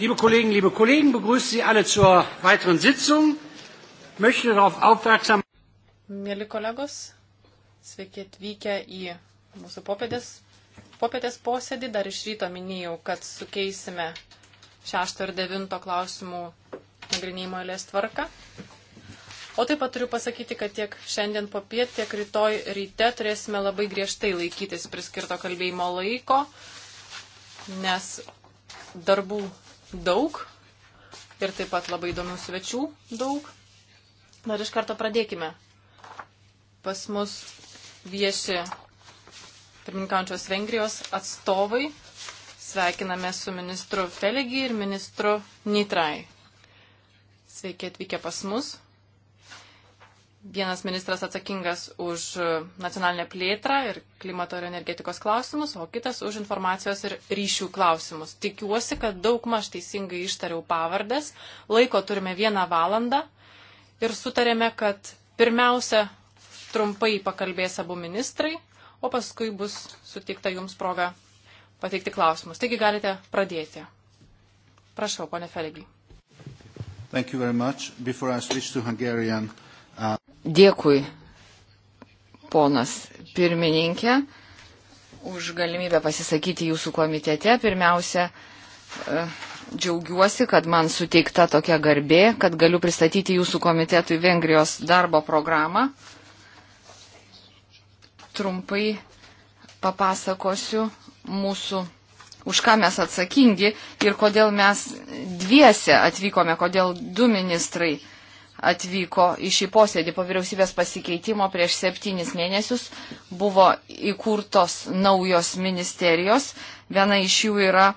Liebe Kolleginnen, liebe Kollegen, begrüße Sie alle zur weiteren Sitzung. Ich möchte darauf aufmerksam. Mėly kolegos, sveiki atvykę į mūsų popietės, popietės posėdį. Dar iš ryto minėjau, kad sukeisime šešto ir devinto klausimų nagrinėjimo eilės tvarką. O taip pat turiu pasakyti, kad tiek šiandien popiet, tiek rytoj ryte turėsime labai griežtai laikytis priskirto kalbėjimo laiko, nes darbų daug ir taip pat labai įdomių svečių daug. Dar iš karto pradėkime. Pas mus vieši pirmininkančios Vengrijos atstovai. Sveikiname su ministru Felegi ir ministru Nitrai. Sveiki atvykę pas mus vienas ministras atsakingas už e, nacionalinę plėtrą ir klimato ir energetikos klausimus, o kitas už informacijos ir ryšių klausimus. Tikiuosi, kad daug maž teisingai ištariau pavardės. Laiko turime vieną valandą ir sutarėme, kad pirmiausia trumpai pakalbės abu ministrai, o paskui bus sutikta jums proga pateikti klausimus. Taigi galite pradėti. Prašau, ponė Feligi. Thank you very much. Before I switch to Hungarian, uh, Dėkui, ponas pirmininkė, už galimybę pasisakyti jūsų komitete. Pirmiausia, e, džiaugiuosi, kad man suteikta tokia garbė, kad galiu pristatyti jūsų komitetui Vengrijos darbo programą. Trumpai papasakosiu mūsų, už ką mes atsakingi ir kodėl mes dviese atvykome, kodėl du ministrai atvyko į šį posėdį po vyriausybės pasikeitimo prieš septynis mėnesius. Buvo įkurtos naujos ministerijos. Viena iš jų yra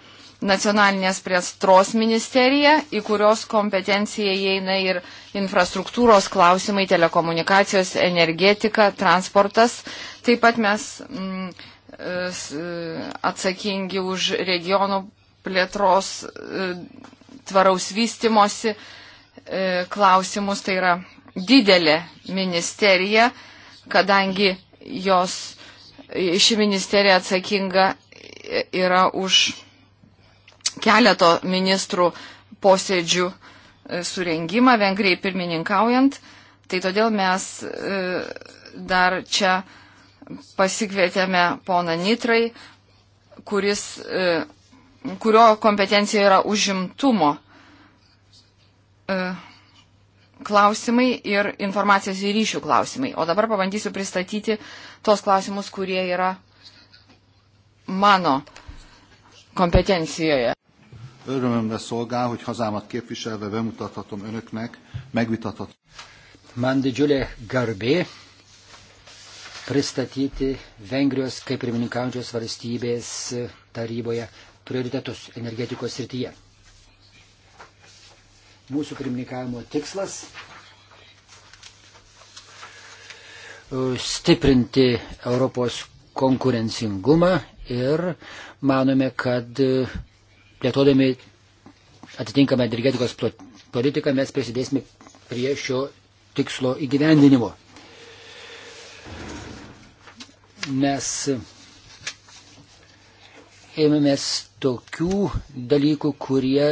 nacionalinės priestros ministerija, į kurios kompetenciją įeina ir infrastruktūros klausimai, telekomunikacijos, energetika, transportas. Taip pat mes mm, atsakingi už regionų plėtros e, tvaraus vystimosi E, klausimus, tai yra didelė ministerija, kadangi jos, ši ministerija atsakinga yra už keleto ministrų posėdžių e, surengimą, vengriai pirmininkaujant. Tai todėl mes e, dar čia pasikvietėme poną Nitrai, kuris, kurio kompetencija yra užimtumo E, klausimai ir informacijos ir ryšių klausimai. O dabar pabandysiu pristatyti tos klausimus, kurie yra mano kompetencijoje. Örömömre szolgál, hogy hazámat képviselve bemutathatom önöknek, megvitathatom. Man didžiulė garbė pristatyti Vengrijos kaip pirmininkaujančios valstybės taryboje prioritetus energetikos srityje mūsų pirmininkavimo tikslas e, stiprinti Europos konkurencingumą ir manome, kad e, plėtodami atitinkamą energetikos politiką mes prisidėsime prie šio tikslo įgyvendinimo. Mes ėmėmės tokių dalykų, kurie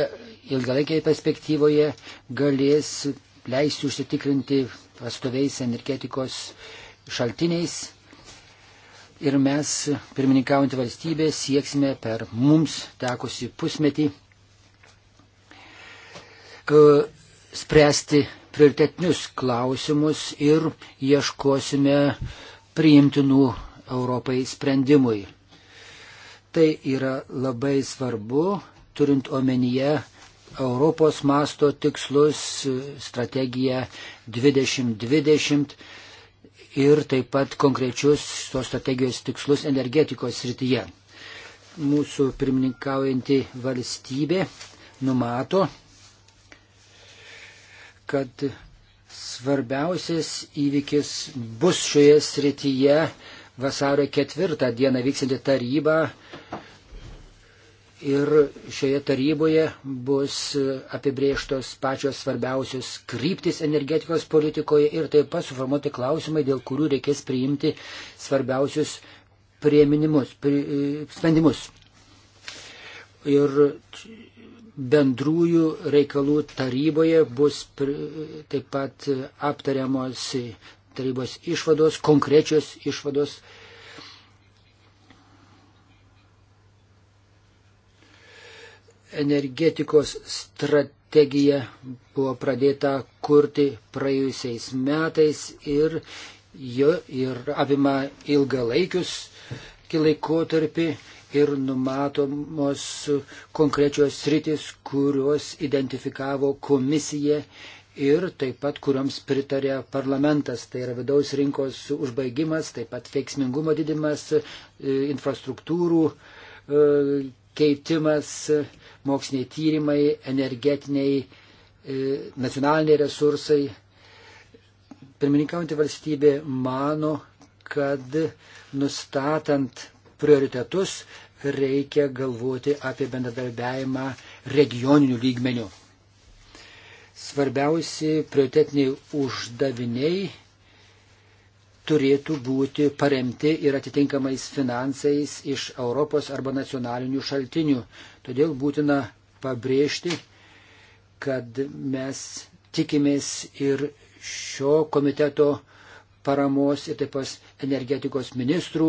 ilgalaikėje perspektyvoje galės leisti užsitikrinti pastoviais energetikos šaltiniais. Ir mes, pirmininkaujantį valstybę, sieksime per mums tekusi pusmetį e, spręsti prioritetinius klausimus ir ieškosime priimtinų Europai sprendimui. Tai yra labai svarbu, turint omenyje Europos masto tikslus, strategiją 2020 ir taip pat konkrečius tos strategijos tikslus energetikos srityje. Mūsų pirmininkaujanti valstybė numato, kad svarbiausias įvykis bus šioje srityje vasario ketvirtą dieną vyksinti taryba ir šioje taryboje bus apibrieštos pačios svarbiausios kryptis energetikos politikoje ir taip pat suformuoti klausimai, dėl kurių reikės priimti svarbiausius prieminimus, pri, e, sprendimus. Ir bendrųjų reikalų taryboje bus taip pat aptariamos tarybos išvados, konkrečios išvados energetikos strategija buvo pradėta kurti praėjusiais metais ir jo ir apima ilgalaikius laikotarpį ir numatomos konkrečios sritis, kurios identifikavo komisija ir taip pat kuriams pritarė parlamentas. Tai yra vidaus rinkos užbaigimas, taip pat veiksmingumo didimas, e, infrastruktūrų e, keitimas, moksliniai tyrimai, energetiniai, e, nacionaliniai resursai. Pirmininkaujantį valstybė mano, kad nustatant prioritetus reikia galvoti apie bendradarbiavimą regioninių lygmenių. Svarbiausi prioritetiniai uždaviniai turėtų būti paremti ir atitinkamais finansais iš Europos arba nacionalinių šaltinių. Todėl būtina pabrėžti, kad mes tikimės ir šio komiteto paramos ir taip pat energetikos ministrų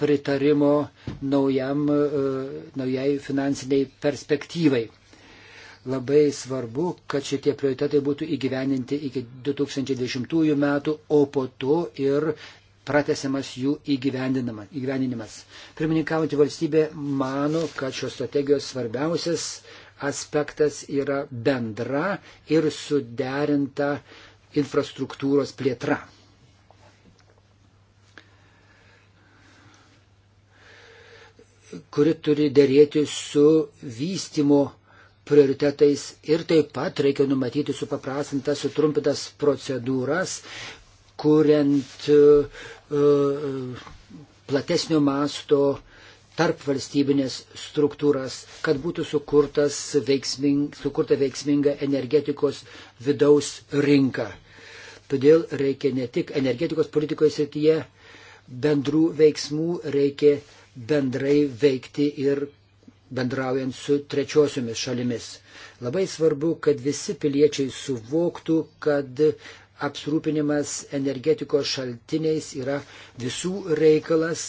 pritarimo naujam, e, naujai finansiniai perspektyvai. Labai svarbu, kad šitie prioritetai būtų įgyveninti iki 2010 metų, o po to ir pratesiamas jų įgyvendinimas. Pirmininkaujantį valstybė mano, kad šios strategijos svarbiausias aspektas yra bendra ir suderinta infrastruktūros plėtra. kuri turi dėrėti su vystimo prioritetais ir taip pat reikia numatyti supaprastintas, sutrumpintas procedūras, kuriant uh, platesnio masto tarp valstybinės struktūras, kad būtų veiksming, sukurta veiksminga energetikos vidaus rinka. Todėl reikia ne tik energetikos politikoje srityje bendrų veiksmų, reikia bendrai veikti ir bendraujant su trečiosiomis šalimis. Labai svarbu, kad visi piliečiai suvoktų, kad apsrūpinimas energetikos šaltiniais yra visų reikalas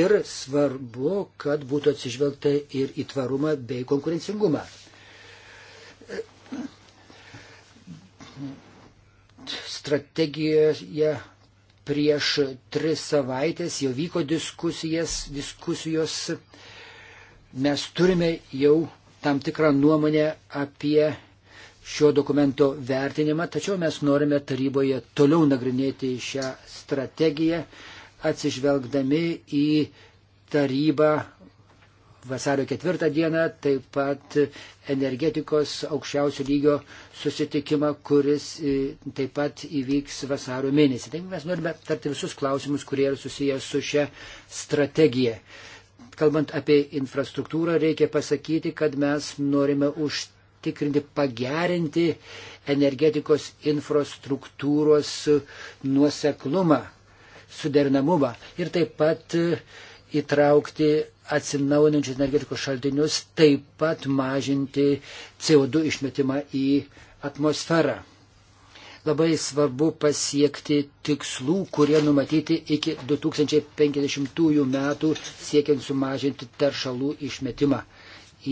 ir svarbu, kad būtų atsižvelgta ir į tvarumą bei konkurencingumą. Strategijoje prieš tris savaitės jau vyko diskusijos mes turime jau tam tikrą nuomonę apie šio dokumento vertinimą, tačiau mes norime taryboje toliau nagrinėti šią strategiją, atsižvelgdami į tarybą vasario ketvirtą dieną, taip pat energetikos aukščiausio lygio susitikimą, kuris e, taip pat įvyks vasario mėnesį. Taigi mes norime tarti visus klausimus, kurie yra susijęs su šia strategija kalbant apie infrastruktūrą, reikia pasakyti, kad mes norime užtikrinti, pagerinti energetikos infrastruktūros nuoseklumą, sudernamumą ir taip pat įtraukti atsinaujinančius energetikos šaltinius, taip pat mažinti CO2 išmetimą į atmosferą. Labai svarbu pasiekti tikslų, kurie numatyti iki 2050 metų siekiant sumažinti teršalų išmetimą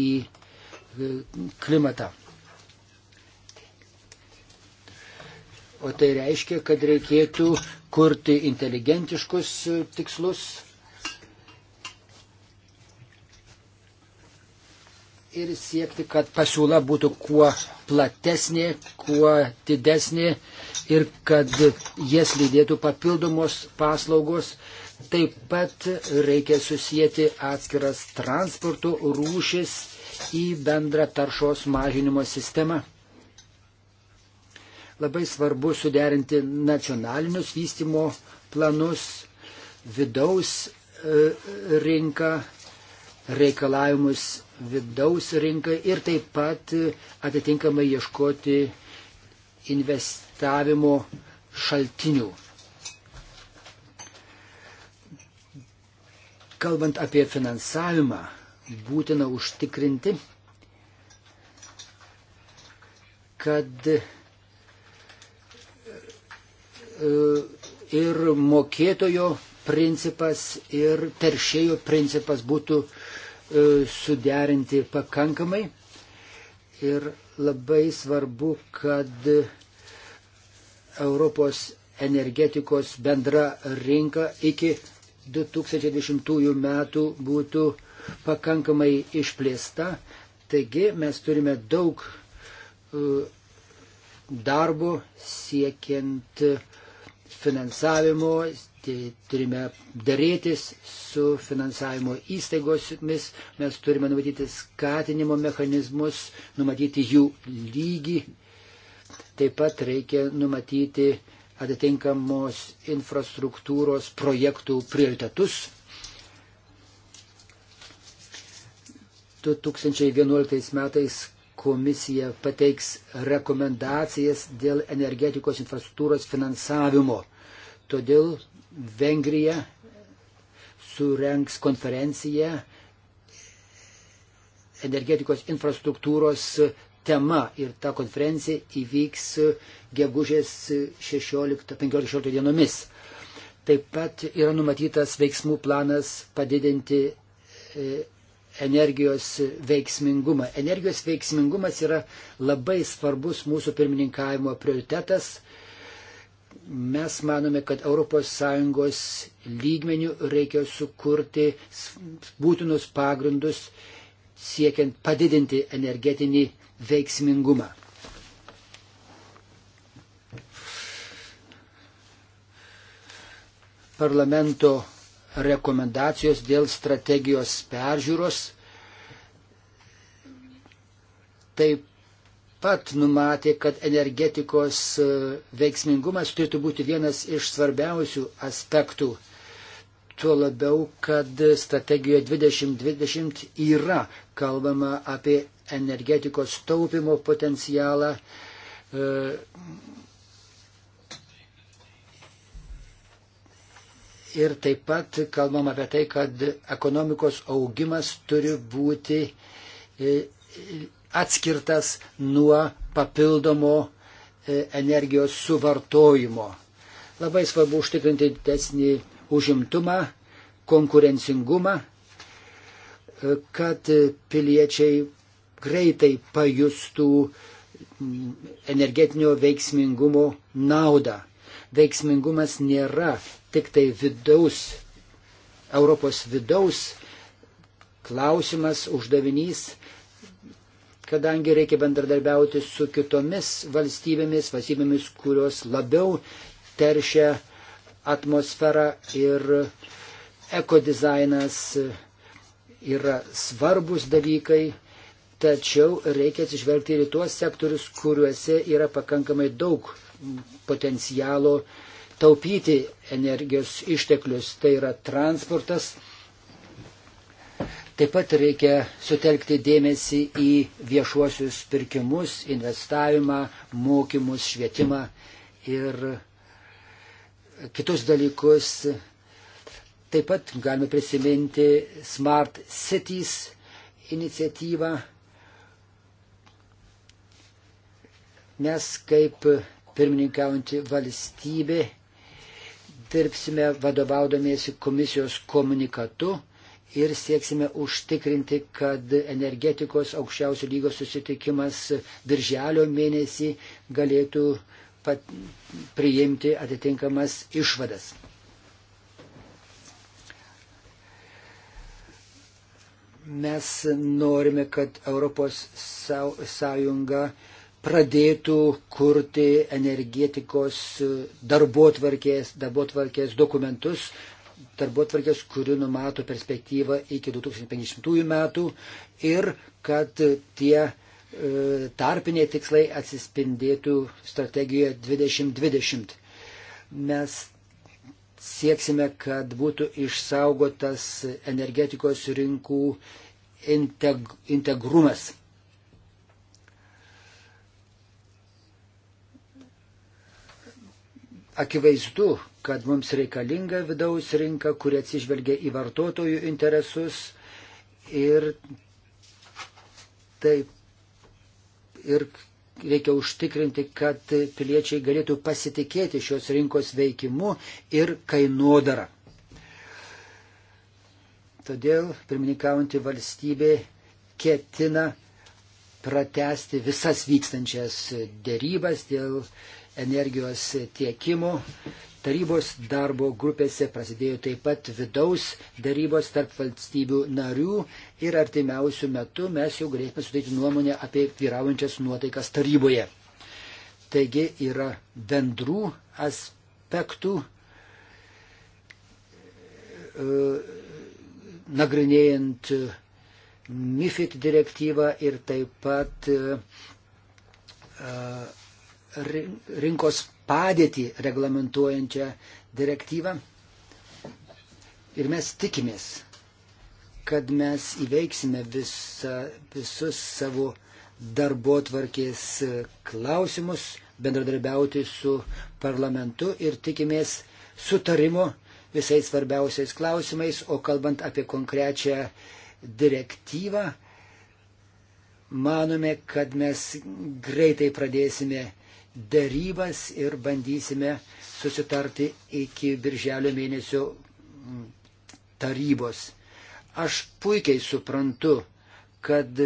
į e, klimatą. O tai reiškia, kad reikėtų kurti inteligentiškus e, tikslus ir siekti, kad pasiūla būtų kuo platesnė, kuo didesnė ir kad jas lydėtų papildomos paslaugos. Taip pat reikia susijęti atskiras transporto rūšis į bendrą taršos mažinimo sistemą. Labai svarbu suderinti nacionalinius vystimo planus, vidaus e, rinką, reikalavimus vidaus rinkai ir taip pat atitinkamai ieškoti investavimo šaltinių. Kalbant apie finansavimą, būtina užtikrinti, kad e, ir mokėtojo principas, ir teršėjo principas būtų uh, E, suderinti pakankamai. Ir labai svarbu, kad Europos energetikos bendra rinka iki 2010 metų būtų pakankamai išplėsta. Taigi mes turime daug e, darbo siekiant finansavimo, Tai turime dėrėtis su finansavimo įstaigomis, mes turime numatyti skatinimo mechanizmus, numatyti jų lygį, taip pat reikia numatyti atitinkamos infrastruktūros projektų prioritetus. 2011 metais komisija pateiks rekomendacijas dėl energetikos infrastruktūros finansavimo. Todėl Vengrija surenks konferenciją energetikos infrastruktūros tema ir ta konferencija įvyks gegužės 16-15 dienomis. Taip pat yra numatytas veiksmų planas padidinti e, energijos veiksmingumą. Energijos veiksmingumas yra labai svarbus mūsų pirmininkavimo prioritetas Mes manome, kad ES lygmenių reikia sukurti būtinus pagrindus siekiant padidinti energetinį veiksmingumą. Parlamento rekomendacijos dėl strategijos peržiūros taip pat numatė, kad energetikos e, veiksmingumas turėtų būti vienas iš svarbiausių aspektų. Tuo labiau, kad strategijoje 2020 yra kalbama apie energetikos taupimo potencialą. E, ir taip pat kalbam apie tai, kad ekonomikos augimas turi būti e, atskirtas nuo papildomo e, energijos suvartojimo. Labai svarbu užtikrinti didesnį užimtumą, konkurencingumą, e, kad piliečiai greitai pajustų mm, energetinio veiksmingumo naudą. Veiksmingumas nėra tik tai vidaus, Europos vidaus klausimas, uždavinys, kadangi reikia bendradarbiauti su kitomis valstybėmis, valstybėmis, kurios labiau teršia atmosferą ir ekodizainas yra svarbus dalykai. Tačiau reikia atsižvelgti ir į tuos sektorius, kuriuose yra pakankamai daug potencialo taupyti energijos išteklius. Tai yra transportas, Taip pat reikia sutelkti dėmesį į viešuosius pirkimus, investavimą, mokymus, švietimą ir kitus dalykus. Taip pat galime prisiminti Smart Cities iniciatyvą. Mes kaip pirmininkaujanti valstybė dirbsime vadovaudomėsi komisijos komunikatu ir sieksime užtikrinti, kad energetikos aukščiausio lygos susitikimas birželio mėnesį galėtų pat, priimti atitinkamas išvadas. Mes norime, kad Europos sąjunga pradėtų kurti energetikos e, darbotvarkės, darbotvarkės dokumentus, darbotvarkės, kuri numato perspektyvą iki 2050 metų ir kad tie e, tarpiniai tikslai atsispindėtų strategijoje 2020. Mes sieksime, kad būtų išsaugotas energetikos rinkų integ integrumas. akivaizdu, kad mums reikalinga vidaus rinka, kuri atsižvelgia į vartotojų interesus ir taip ir reikia užtikrinti, kad piliečiai galėtų pasitikėti šios rinkos veikimu ir kainodara. Todėl pirmininkaujantį valstybė ketina pratesti visas vykstančias dėrybas dėl energijos tiekimo. Tarybos darbo grupėse prasidėjo taip pat vidaus darybos tarp valstybių narių ir artimiausių metų mes jau galėsime sudaryti nuomonę apie vyraujančias nuotaikas taryboje. Taigi yra bendrų aspektų e, nagrinėjant MIFID direktyvą ir taip pat e, e, rinkos padėtį reglamentuojančią direktyvą. Ir mes tikimės, kad mes įveiksime visa, visus savo darbo tvarkės klausimus, bendradarbiauti su parlamentu ir tikimės sutarimo visais svarbiausiais klausimais, o kalbant apie konkrečią direktyvą, manome, kad mes greitai pradėsime dėrybas ir bandysime susitarti iki birželio mėnesio mm, tarybos. Aš puikiai suprantu, kad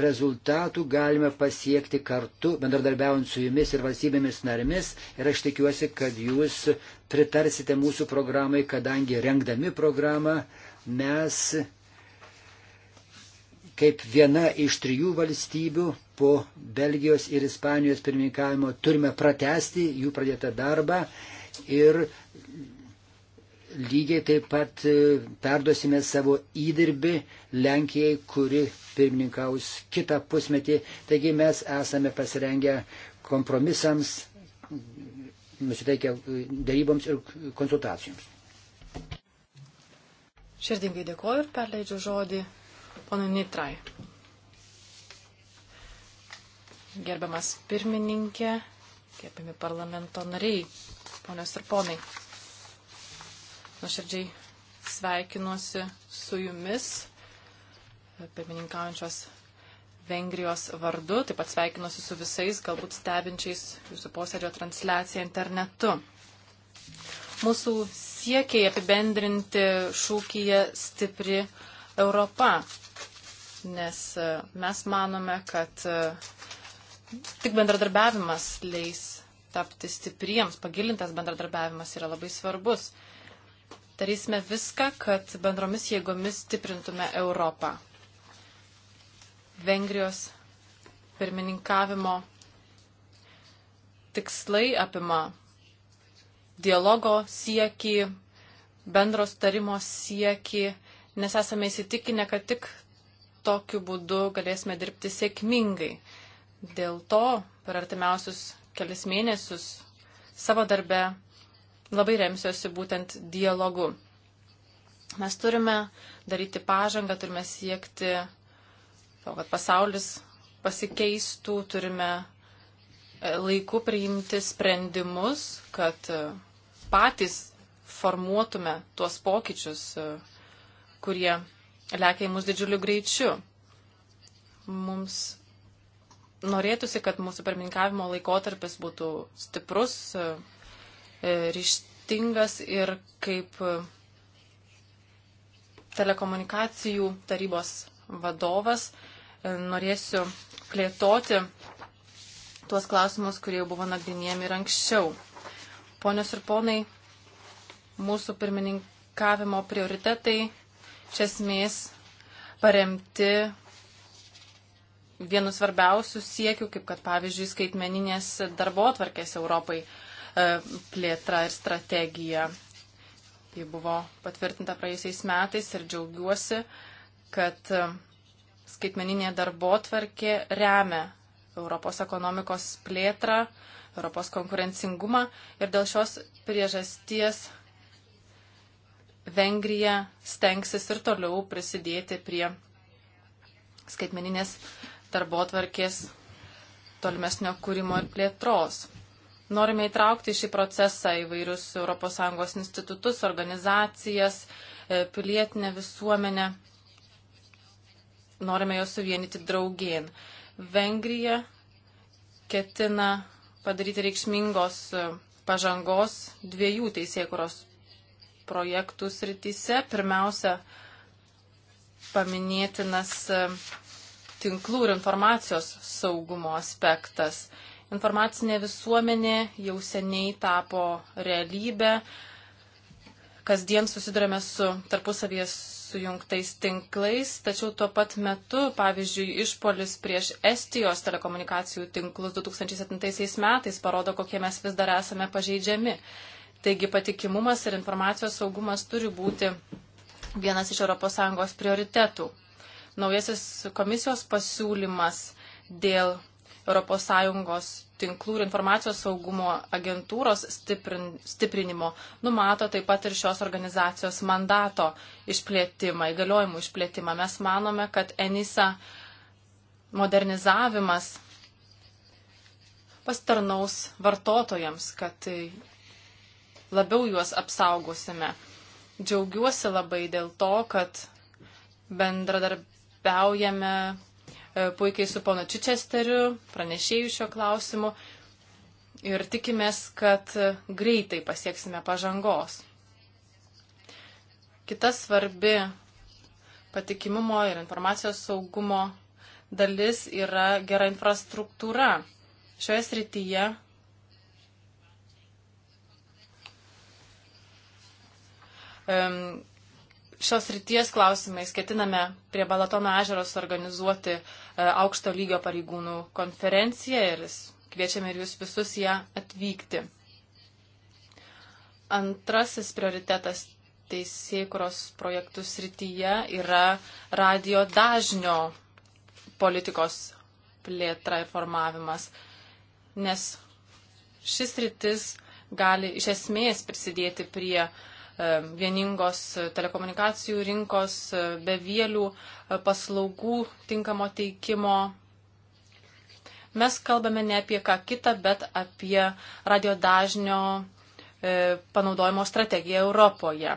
rezultatų galime pasiekti kartu, bendradarbiaujant su jumis ir valstybėmis narimis. Ir aš tikiuosi, kad jūs pritarsite mūsų programai, kadangi rengdami programą mes kaip viena iš trijų valstybių po Belgijos ir Ispanijos pirmininkavimo turime pratesti jų pradėtą darbą ir lygiai taip pat e, perduosime savo įdirbį Lenkijai, kuri pirmininkaus kitą pusmetį. Taigi mes esame pasirengę kompromisams, nusiteikę e, daryboms ir konsultacijoms. Širdingai dėkoju ir perleidžiu žodį ponui Nitrai gerbiamas pirmininkė, gerbiami parlamento nariai, ponios ir ponai. Nuoširdžiai sveikinuosi su jumis, pirmininkaujančios Vengrijos vardu, taip pat sveikinuosi su visais, galbūt stebinčiais jūsų posėdžio transliaciją internetu. Mūsų siekiai apibendrinti šūkyje stipri Europa, nes mes manome, kad tik bendradarbiavimas leis tapti stipriems, pagilintas bendradarbiavimas yra labai svarbus. Darysime viską, kad bendromis jėgomis stiprintume Europą. Vengrijos pirmininkavimo tikslai apima dialogo siekį, bendros tarimo siekį, nes esame įsitikinę, kad tik tokiu būdu galėsime dirbti sėkmingai. Dėl to per artimiausius kelis mėnesius savo darbe labai remsiuosi būtent dialogu. Mes turime daryti pažangą, turime siekti to, kad pasaulis pasikeistų, turime e, laiku priimti sprendimus, kad e, patys formuotume tuos pokyčius, e, kurie lekia į mus didžiuliu greičiu. Mums norėtųsi, kad mūsų pirmininkavimo laikotarpis būtų stiprus, e, ryštingas ir kaip e, telekomunikacijų tarybos vadovas e, norėsiu plėtoti tuos klausimus, kurie jau buvo nagrinėjami ir anksčiau. Ponios ir ponai, mūsų pirmininkavimo prioritetai iš esmės paremti vienu svarbiausių siekių, kaip kad pavyzdžiui skaitmeninės darbo atvarkės Europai e, plėtra ir strategija. Ji tai buvo patvirtinta praėjusiais metais ir džiaugiuosi, kad e, skaitmeninė darbo atvarkė remia Europos ekonomikos plėtrą, Europos konkurencingumą ir dėl šios priežasties Vengrija stengsis ir toliau prisidėti prie skaitmeninės uh, darbo atvarkės tolimesnio kūrimo ir plėtros. Norime įtraukti į šį procesą įvairius ES institutus, organizacijas, e, pilietinę visuomenę. Norime juos suvienyti draugien. Vengrija ketina padaryti reikšmingos e, pažangos dviejų teisėkuros projektų srityse. Pirmiausia, paminėtinas e, tinklų ir informacijos saugumo aspektas. Informacinė visuomenė jau seniai tapo realybė. Kasdien susidurėme su tarpusavėje sujungtais tinklais, tačiau tuo pat metu, pavyzdžiui, išpolis prieš Estijos telekomunikacijų tinklus 2007 metais parodo, kokie mes vis dar esame pažeidžiami. Taigi patikimumas ir informacijos saugumas turi būti vienas iš ES prioritetų naujasis komisijos pasiūlymas dėl ES tinklų ir informacijos saugumo agentūros stiprin, stiprinimo numato taip pat ir šios organizacijos mandato išplėtimą, įgaliojimų išplėtimą. Mes manome, kad ENISA modernizavimas pastarnaus vartotojams, kad labiau juos apsaugosime. Džiaugiuosi labai dėl to, kad bendradarbiavimas bendradarbiaujame e, puikiai su pono Čičesteriu, pranešėjų šio klausimu ir tikimės, kad greitai pasieksime pažangos. Kita svarbi patikimumo ir informacijos saugumo dalis yra gera infrastruktūra. Šioje srityje um, šios ryties klausimais ketiname prie Balatono ežero suorganizuoti e, aukšto lygio pareigūnų konferenciją ir kviečiame ir jūs visus ją atvykti. Antrasis prioritetas teisėkuros projektų srityje yra radio dažnio politikos plėtra ir formavimas, nes šis rytis gali iš esmės prisidėti prie uh, E, vieningos telekomunikacijų rinkos, e, bevėlių e, paslaugų tinkamo teikimo. Mes kalbame ne apie ką kitą, bet apie radiodažnio panaudojimo strategiją Europoje.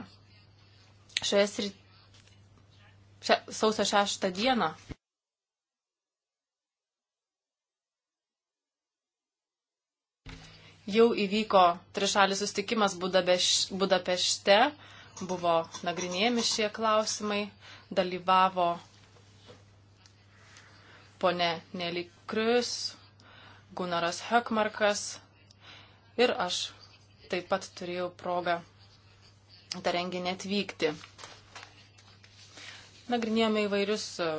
Šioje srityje sausio 6 dieną Jau įvyko trišalis sustikimas Budabeš, Budapešte, buvo nagrinėjami šie klausimai, dalyvavo ponė Nelly Krius, Gunaras Hökmarkas ir aš taip pat turėjau progą tą renginį atvykti. Nagrinėjome įvairius e,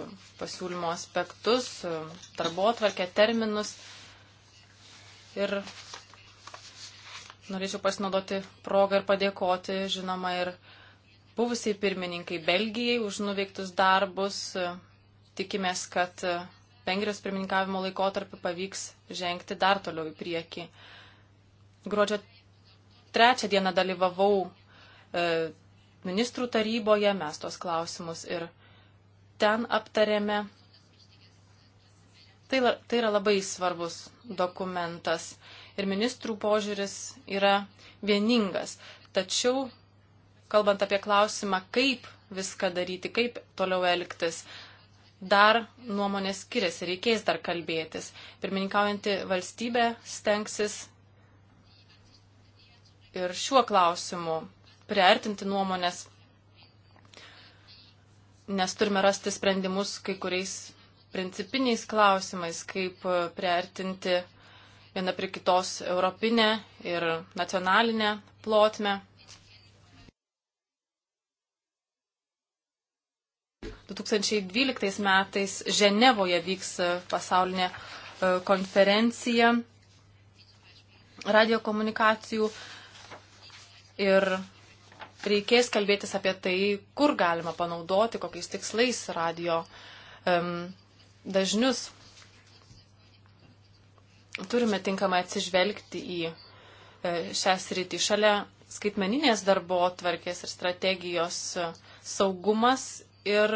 pasiūlymo aspektus, e, darbo atvarkę terminus ir norėčiau pasinaudoti progą ir padėkoti, žinoma, ir buvusiai pirmininkai Belgijai už nuveiktus darbus. Tikimės, kad Vengrijos pirmininkavimo laikotarpiu pavyks žengti dar toliau į priekį. Gruodžio trečią dieną dalyvavau e, ministrų taryboje, mes tos klausimus ir ten aptarėme. Tai, tai yra labai svarbus dokumentas ir ministrų požiūris yra vieningas. Tačiau, kalbant apie klausimą, kaip viską daryti, kaip toliau elgtis, dar nuomonės skiriasi, reikės dar kalbėtis. Pirmininkaujanti valstybė stengsis ir šiuo klausimu priartinti nuomonės, nes turime rasti sprendimus kai kuriais principiniais klausimais, kaip priartinti viena prie kitos europinę ir nacionalinę plotmę. 2012 metais Ženevoje vyks e, pasaulinė e, konferencija radiokomunikacijų ir reikės kalbėtis apie tai, kur galima panaudoti, kokiais tikslais radio um, dažnius turime tinkamai atsižvelgti į e, šią sritį. Šalia skaitmeninės darbo tvarkės ir strategijos e, saugumas ir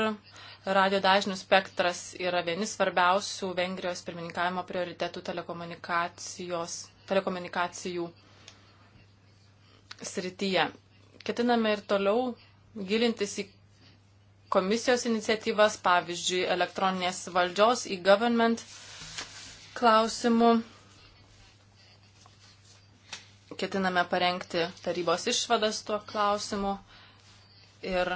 radio dažnių spektras yra vieni svarbiausių Vengrijos pirmininkavimo prioritetų telekomunikacijų srityje. Ketiname ir toliau gilintis į komisijos iniciatyvas, pavyzdžiui, elektroninės valdžios į e government klausimų ketiname parengti tarybos išvadas tuo klausimu ir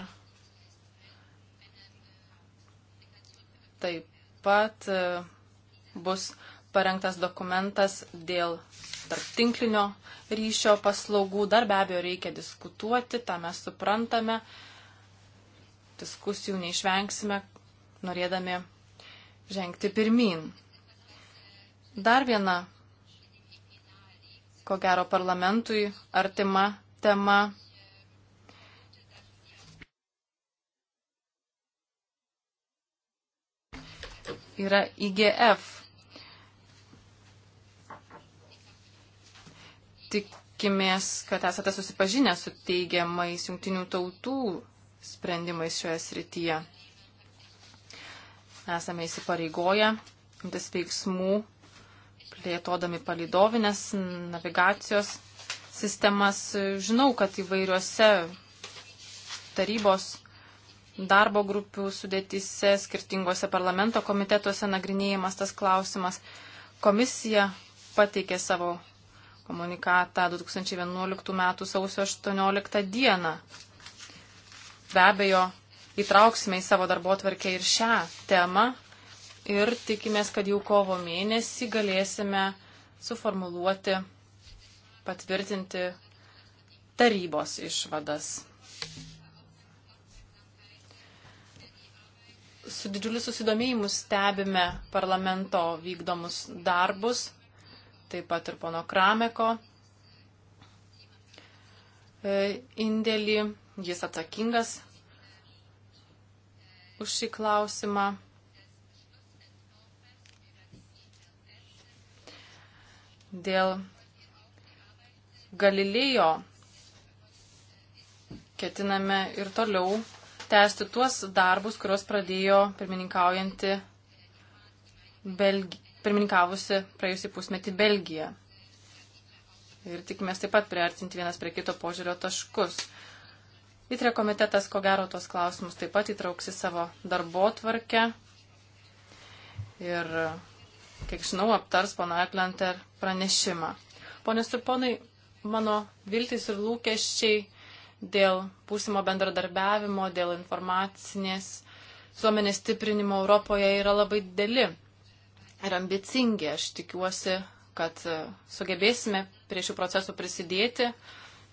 taip pat e, bus parengtas dokumentas dėl tarptinklinio ryšio paslaugų. Dar be abejo reikia diskutuoti, tą mes suprantame. Diskusijų neišvengsime, norėdami žengti pirmin. Dar viena ko gero parlamentui artima tema. Yra IGF. Tikimės, kad esate susipažinę su teigiamais jungtinių tautų sprendimais šioje srityje. Esame įsipareigoję imtis veiksmų plėtodami palidovinės navigacijos sistemas. Žinau, kad įvairiuose tarybos darbo grupių sudėtise, skirtinguose parlamento komitetuose nagrinėjimas tas klausimas. Komisija pateikė savo komunikatą 2011 m. sausio 18 d. Be abejo, įtrauksime į savo darbo tvarkę ir šią temą, ir tikimės, kad jau kovo mėnesį galėsime suformuluoti, patvirtinti tarybos išvadas. Su didžiuliu susidomėjimu stebime parlamento vykdomus darbus, taip pat ir pono Krameko e, indėlį. Jis atsakingas už šį klausimą. dėl Galilėjo ketiname ir toliau tęsti tuos darbus, kuriuos pradėjo pirmininkaujanti Belgi... pirmininkavusi praėjusį pusmetį Belgija. Ir tikimės taip pat priartinti vienas prie kito požiūrio taškus. Įtrė komitetas, ko gero, tos klausimus taip pat įtrauksi savo darbo tvarkę. Ir kiek žinau, aptars pana Eklenter pranešimą. Ponės ir ponai, mano viltis ir lūkesčiai dėl būsimo bendradarbiavimo, dėl informacinės visuomenės stiprinimo Europoje yra labai dideli ir ambicingi. Aš tikiuosi, kad e, sugebėsime prie šių procesų prisidėti.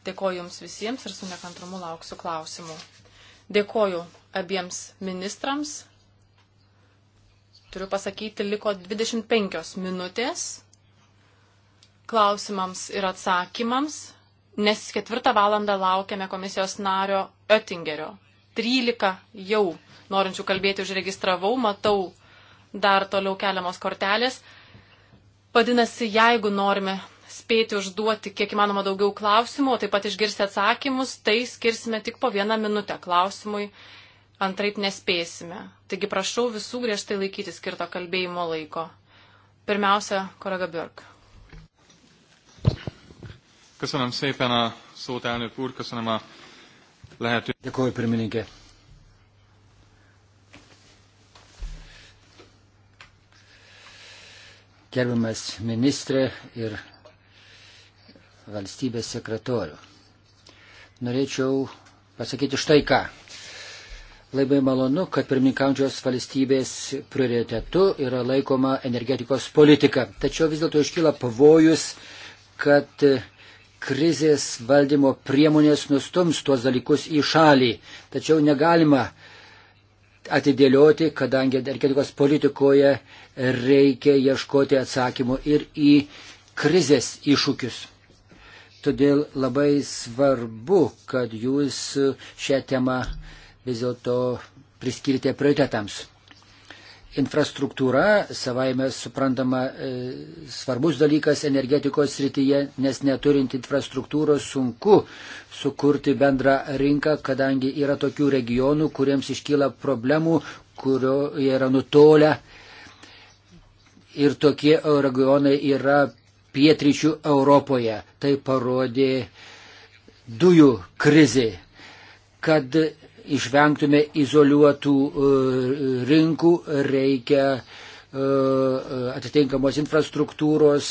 Dėkoju Jums visiems ir su nekantrumu lauksiu klausimų. Dėkoju abiems ministrams turiu pasakyti, liko 25 minutės klausimams ir atsakymams, nes ketvirtą valandą laukiame komisijos nario Oettingerio. 13 jau norinčių kalbėti užregistravau, matau dar toliau keliamos kortelės. Vadinasi, jeigu norime spėti užduoti kiek įmanoma daugiau klausimų, o taip pat išgirsti atsakymus, tai skirsime tik po vieną minutę klausimui antraip nespėsime. Taigi prašau visų griežtai laikyti skirto kalbėjimo laiko. Pirmiausia, kolega Björk. Köszönöm szépen a szót, elnök úr, köszönöm a lehetőséget. Gyakorló pirmininke. Gerbiamas ministrė ir valstybės sekretorių. Norėčiau pasakyti štai ką. Labai malonu, kad pirmininkaujančios valstybės prioritetu yra laikoma energetikos politika. Tačiau vis dėlto iškyla pavojus, kad krizės valdymo priemonės nustums tuos dalykus į šalį. Tačiau negalima atidėlioti, kadangi energetikos politikoje reikia ieškoti atsakymų ir į krizės iššūkius. Todėl labai svarbu, kad jūs šią temą vis dėlto priskirti prioritetams. Infrastruktūra savaime suprantama e, svarbus dalykas energetikos srityje, nes neturint infrastruktūros sunku sukurti bendrą rinką, kadangi yra tokių regionų, kuriems iškyla problemų, kurio yra nutolę. Ir tokie regionai yra pietryčių Europoje. Tai parodė dujų krizė, kad išvengtume izoliuotų e, rinkų, reikia e, atitinkamos infrastruktūros,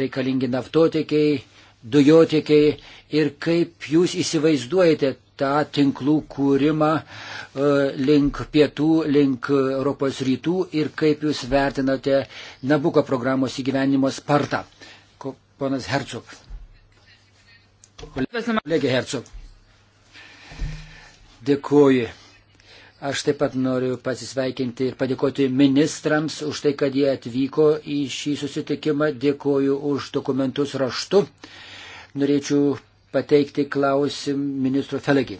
reikalingi naftotiekiai, dujotiekiai ir kaip jūs įsivaizduojate tą tinklų kūrimą e, link pietų, link Europos rytų ir kaip jūs vertinate Nabuko programos įgyvenimo spartą. Ponas Hercog. Kolegė Hercog. Dėkuoju. Aš taip pat noriu pasisveikinti ir padėkoti ministrams už tai, kad jie atvyko į šį susitikimą. Dėkuoju už dokumentus raštu. Norėčiau pateikti klausim ministro Felegi.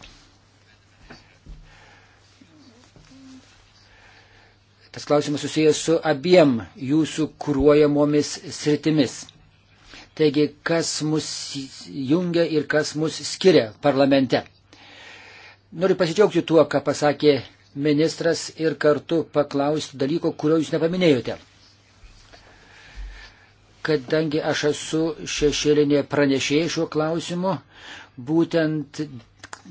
Tas klausimas susijęs su abiem jūsų kūruojamomis sritimis. Taigi, kas mus jungia ir kas mus skiria parlamente. Noriu pasidžiaugti tuo, ką pasakė ministras ir kartu paklausti dalyko, kurio jūs nepaminėjote. Kadangi aš esu šešėlinė pranešėja šiuo klausimu, būtent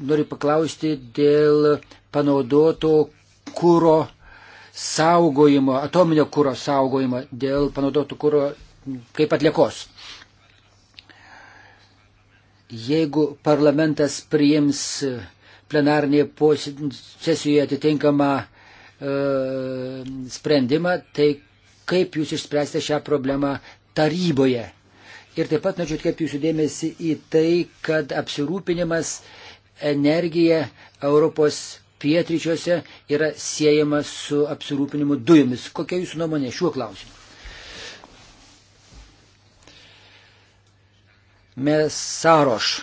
noriu paklausti dėl panaudoto kūro saugojimo, atominio kūro saugojimo, dėl panaudoto kūro kaip atliekos. Jeigu parlamentas priims plenarnėje sesijoje atitinkamą e, sprendimą, tai kaip jūs išspręsite šią problemą taryboje. Ir taip pat norėčiau atkreipti jūsų dėmesį į tai, kad apsirūpinimas energija Europos pietryčiuose yra siejamas su apsirūpinimu dujomis. Kokia jūsų nuomonė šiuo klausimu? Mes Saroš.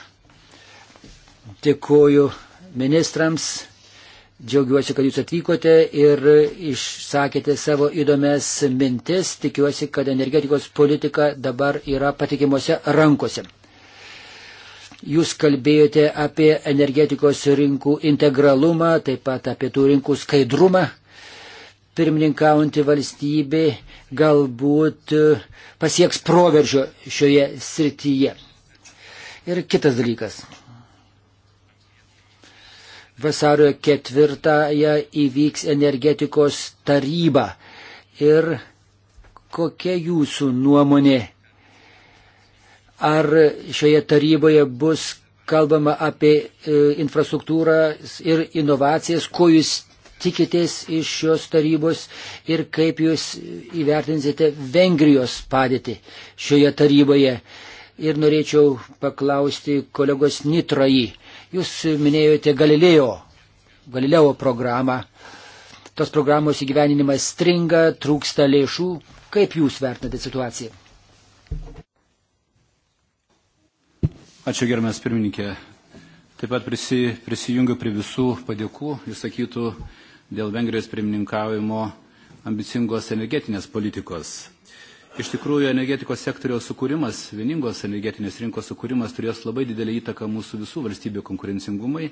Dėkuoju ministrams. Džiaugiuosi, kad jūs atvykote ir išsakėte savo įdomias mintis. Tikiuosi, kad energetikos politika dabar yra patikimuose rankose. Jūs kalbėjote apie energetikos rinkų integralumą, taip pat apie tų rinkų skaidrumą. Pirmininkaujanti valstybė galbūt pasieks proveržio šioje srityje. Ir kitas dalykas. Vasario ketvirtąją įvyks energetikos taryba. Ir kokia jūsų nuomonė? Ar šioje taryboje bus kalbama apie e, infrastruktūrą ir inovacijas, ko jūs tikitės iš šios tarybos ir kaip jūs įvertinsite Vengrijos padėtį šioje taryboje. Ir norėčiau paklausti kolegos Nitrojį, Jūs minėjote Galilėjo, Galilėjo programą. Tos programos įgyveninimas stringa, trūksta lėšų. Kaip jūs vertinate situaciją? Ačiū gerbiamas pirmininkė. Taip pat prisi, prisijungiu prie visų padėkų, išsakytų dėl Vengrijos pirmininkavimo ambicingos energetinės politikos. Iš tikrųjų, energetikos sektoriaus sukūrimas, vieningos energetinės rinkos sukūrimas turės labai didelį įtaką mūsų visų valstybių konkurencingumai.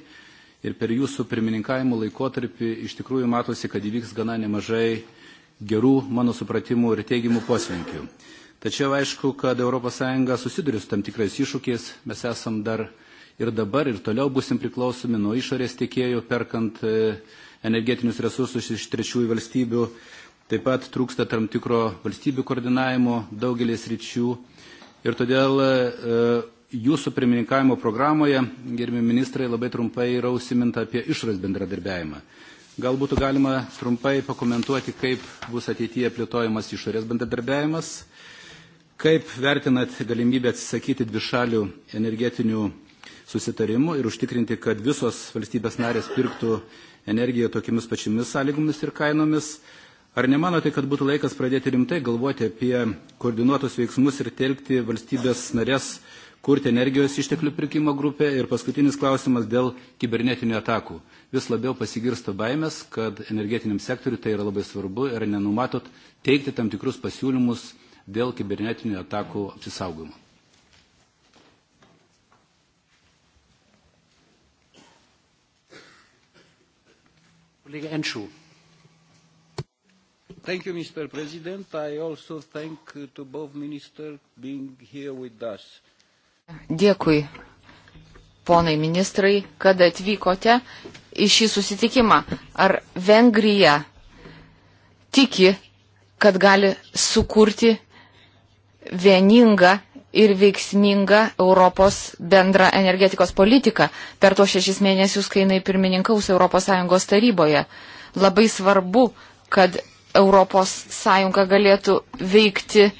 Ir per jūsų pirmininkavimo laikotarpį iš tikrųjų matosi, kad įvyks gana nemažai gerų, mano supratimų, ir teigiamų poslinkių. Tačiau aišku, kad ES susiduria su tam tikrais iššūkiais. Mes esam dar ir dabar, ir toliau busim priklausomi nuo išorės tiekėjų, perkant e, energetinius resursus iš trečiųjų valstybių. Taip pat trūksta tam tikro valstybių koordinavimo daugelis ryčių. Ir todėl e, jūsų pirmininkavimo programoje, gerbimi ministrai, labai trumpai yra užsiminta apie išras bendradarbiavimą. Gal būtų galima trumpai pakomentuoti, kaip bus ateityje plėtojamas išorės bendradarbiavimas, kaip vertinat galimybę atsisakyti dvišalių energetinių susitarimų ir užtikrinti, kad visos valstybės narės pirktų energiją tokiamis pačiamis sąlygomis ir kainomis, Ar nemanote, kad būtų laikas pradėti rimtai galvoti apie koordinuotus veiksmus ir telkti valstybės narės kurti energijos išteklių pirkimo grupę? Ir paskutinis klausimas dėl kibernetinių atakų. Vis labiau pasigirsta baimės, kad energetiniam sektoriu tai yra labai svarbu ir nenumatot teikti tam tikrus pasiūlymus dėl kibernetinių atakų apsisaugojimo. Kollege Enschub. Thank you, Mr. President. I also thank uh, to both minister being here with us. Dėkui, ponai ministrai, kad atvykote į šį susitikimą. Ar Vengrija tiki, kad gali sukurti vieningą ir veiksmingą Europos bendrą energetikos politiką per tuos šešis mėnesius, kai jinai pirmininkaus ES taryboje. Labai svarbu, kad ES galėtų veikti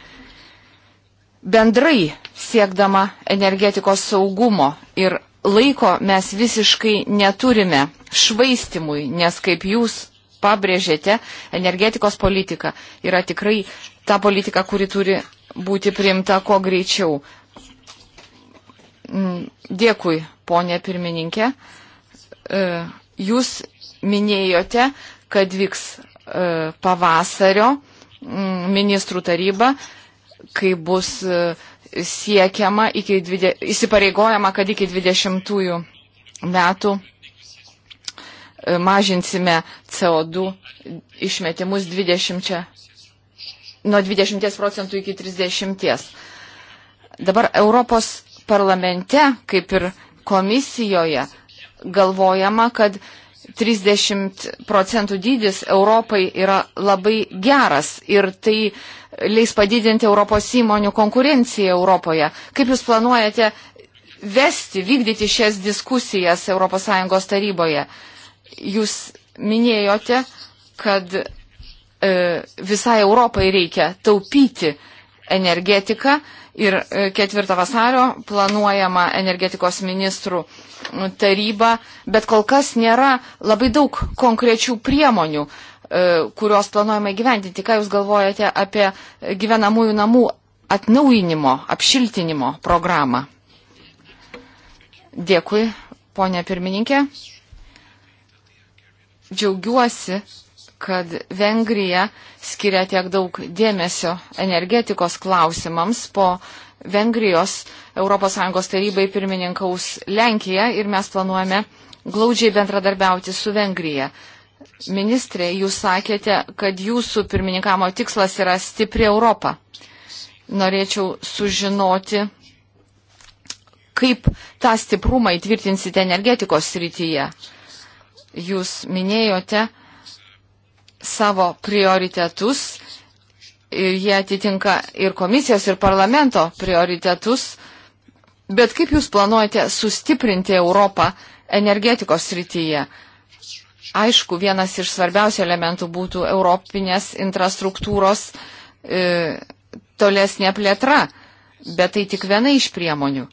bendrai siekdama energetikos saugumo ir laiko mes visiškai neturime švaistimui, nes kaip jūs pabrėžėte, energetikos politika yra tikrai ta politika, kuri turi būti priimta kuo greičiau. Mm, dėkui, ponė pirmininkė. E, jūs minėjote, kad vyks E, pavasario mm, ministrų taryba, kai bus e, siekiama, iki, įsipareigojama, kad iki 20 metų e, mažinsime CO2 išmetimus 20, nuo 20 procentų iki 30. Dabar Europos parlamente, kaip ir komisijoje, galvojama, kad 30 procentų dydis Europai yra labai geras ir tai leis padidinti Europos įmonių konkurenciją Europoje. Kaip Jūs planuojate vesti, vykdyti šias diskusijas ES taryboje? Jūs minėjote, kad e, visai Europai reikia taupyti energetiką ir 4 e, vasario planuojama energetikos ministrų taryba, bet kol kas nėra labai daug konkrečių priemonių, e, kurios planuojama įgyvendinti. Ką Jūs galvojate apie gyvenamųjų namų atnaujinimo, apšiltinimo programą? Dėkui, ponė pirmininkė. Džiaugiuosi, kad Vengrija skiria tiek daug dėmesio energetikos klausimams po Vengrijos ES tarybai pirmininkaus Lenkija ir mes planuojame glaudžiai bendradarbiauti su Vengrija. Ministrė, jūs sakėte, kad jūsų pirmininkamo tikslas yra stipri Europa. Norėčiau sužinoti, kaip tą stiprumą įtvirtinsite energetikos srityje. Jūs minėjote, savo prioritetus ir jie atitinka ir komisijos, ir parlamento prioritetus. Bet kaip jūs planuojate sustiprinti Europą energetikos srityje? Aišku, vienas iš svarbiausių elementų būtų europinės infrastruktūros e, tolesnė plėtra, bet tai tik viena iš priemonių.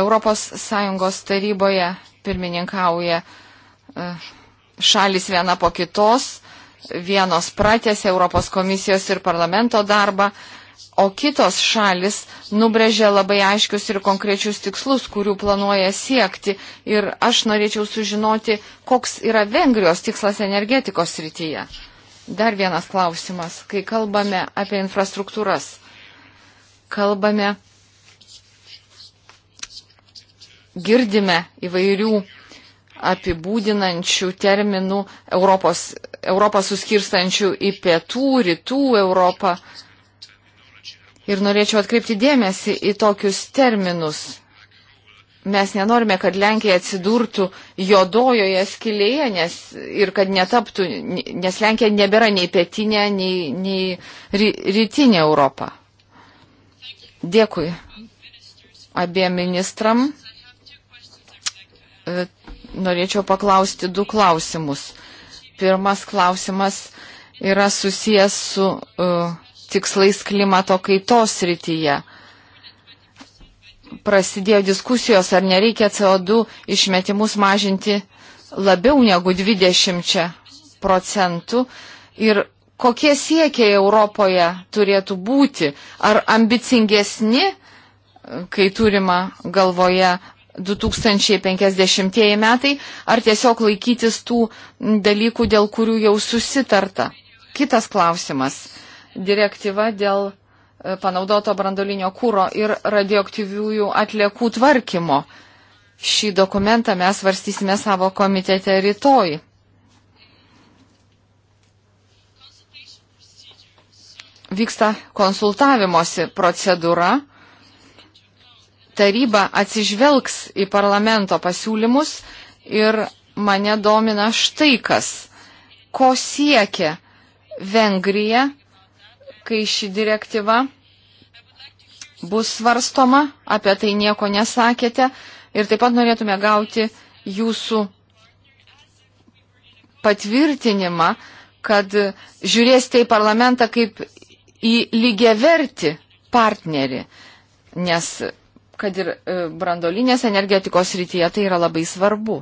Europos Sąjungos taryboje pirmininkauja šalis viena po kitos, vienos pratėsi Europos komisijos ir parlamento darbą, o kitos šalis nubrėžė labai aiškius ir konkrečius tikslus, kurių planuoja siekti. Ir aš norėčiau sužinoti, koks yra Vengrijos tikslas energetikos srityje. Dar vienas klausimas. Kai kalbame apie infrastruktūras, kalbame, girdime įvairių apibūdinančių terminų, Europos, Europą suskirstančių į pietų, rytų Europą. Ir norėčiau atkreipti dėmesį į tokius terminus. Mes nenorime, kad Lenkija atsidurtų jodojoje skilėje nes, ir kad netaptų, nes Lenkija nebėra nei pietinė, nei, nei rytinė Europa. Dėkui abiem ministram norėčiau paklausti du klausimus. Pirmas klausimas yra susijęs su uh, tikslais klimato kaitos rytyje. Prasidėjo diskusijos, ar nereikia CO2 išmetimus mažinti labiau negu 20 procentų ir kokie siekiai Europoje turėtų būti, ar ambicingesni, e, kai turima galvoje 2050 metai, ar tiesiog laikytis tų dalykų, dėl kurių jau susitarta. Kitas klausimas. Direktyva dėl e, panaudoto brandolinio kūro ir radioaktyviųjų atliekų tvarkymo. Šį dokumentą mes varstysime savo komitete rytoj. Vyksta konsultavimosi procedūra taryba atsižvelgs į parlamento pasiūlymus ir mane domina štai kas, ko siekia Vengrija, kai ši direktyva bus svarstoma, apie tai nieko nesakėte ir taip pat norėtume gauti jūsų patvirtinimą, kad žiūrėsite į parlamentą kaip į lygiaverti partnerį, nes kad ir e, brandolinės energetikos rytyje tai yra labai svarbu.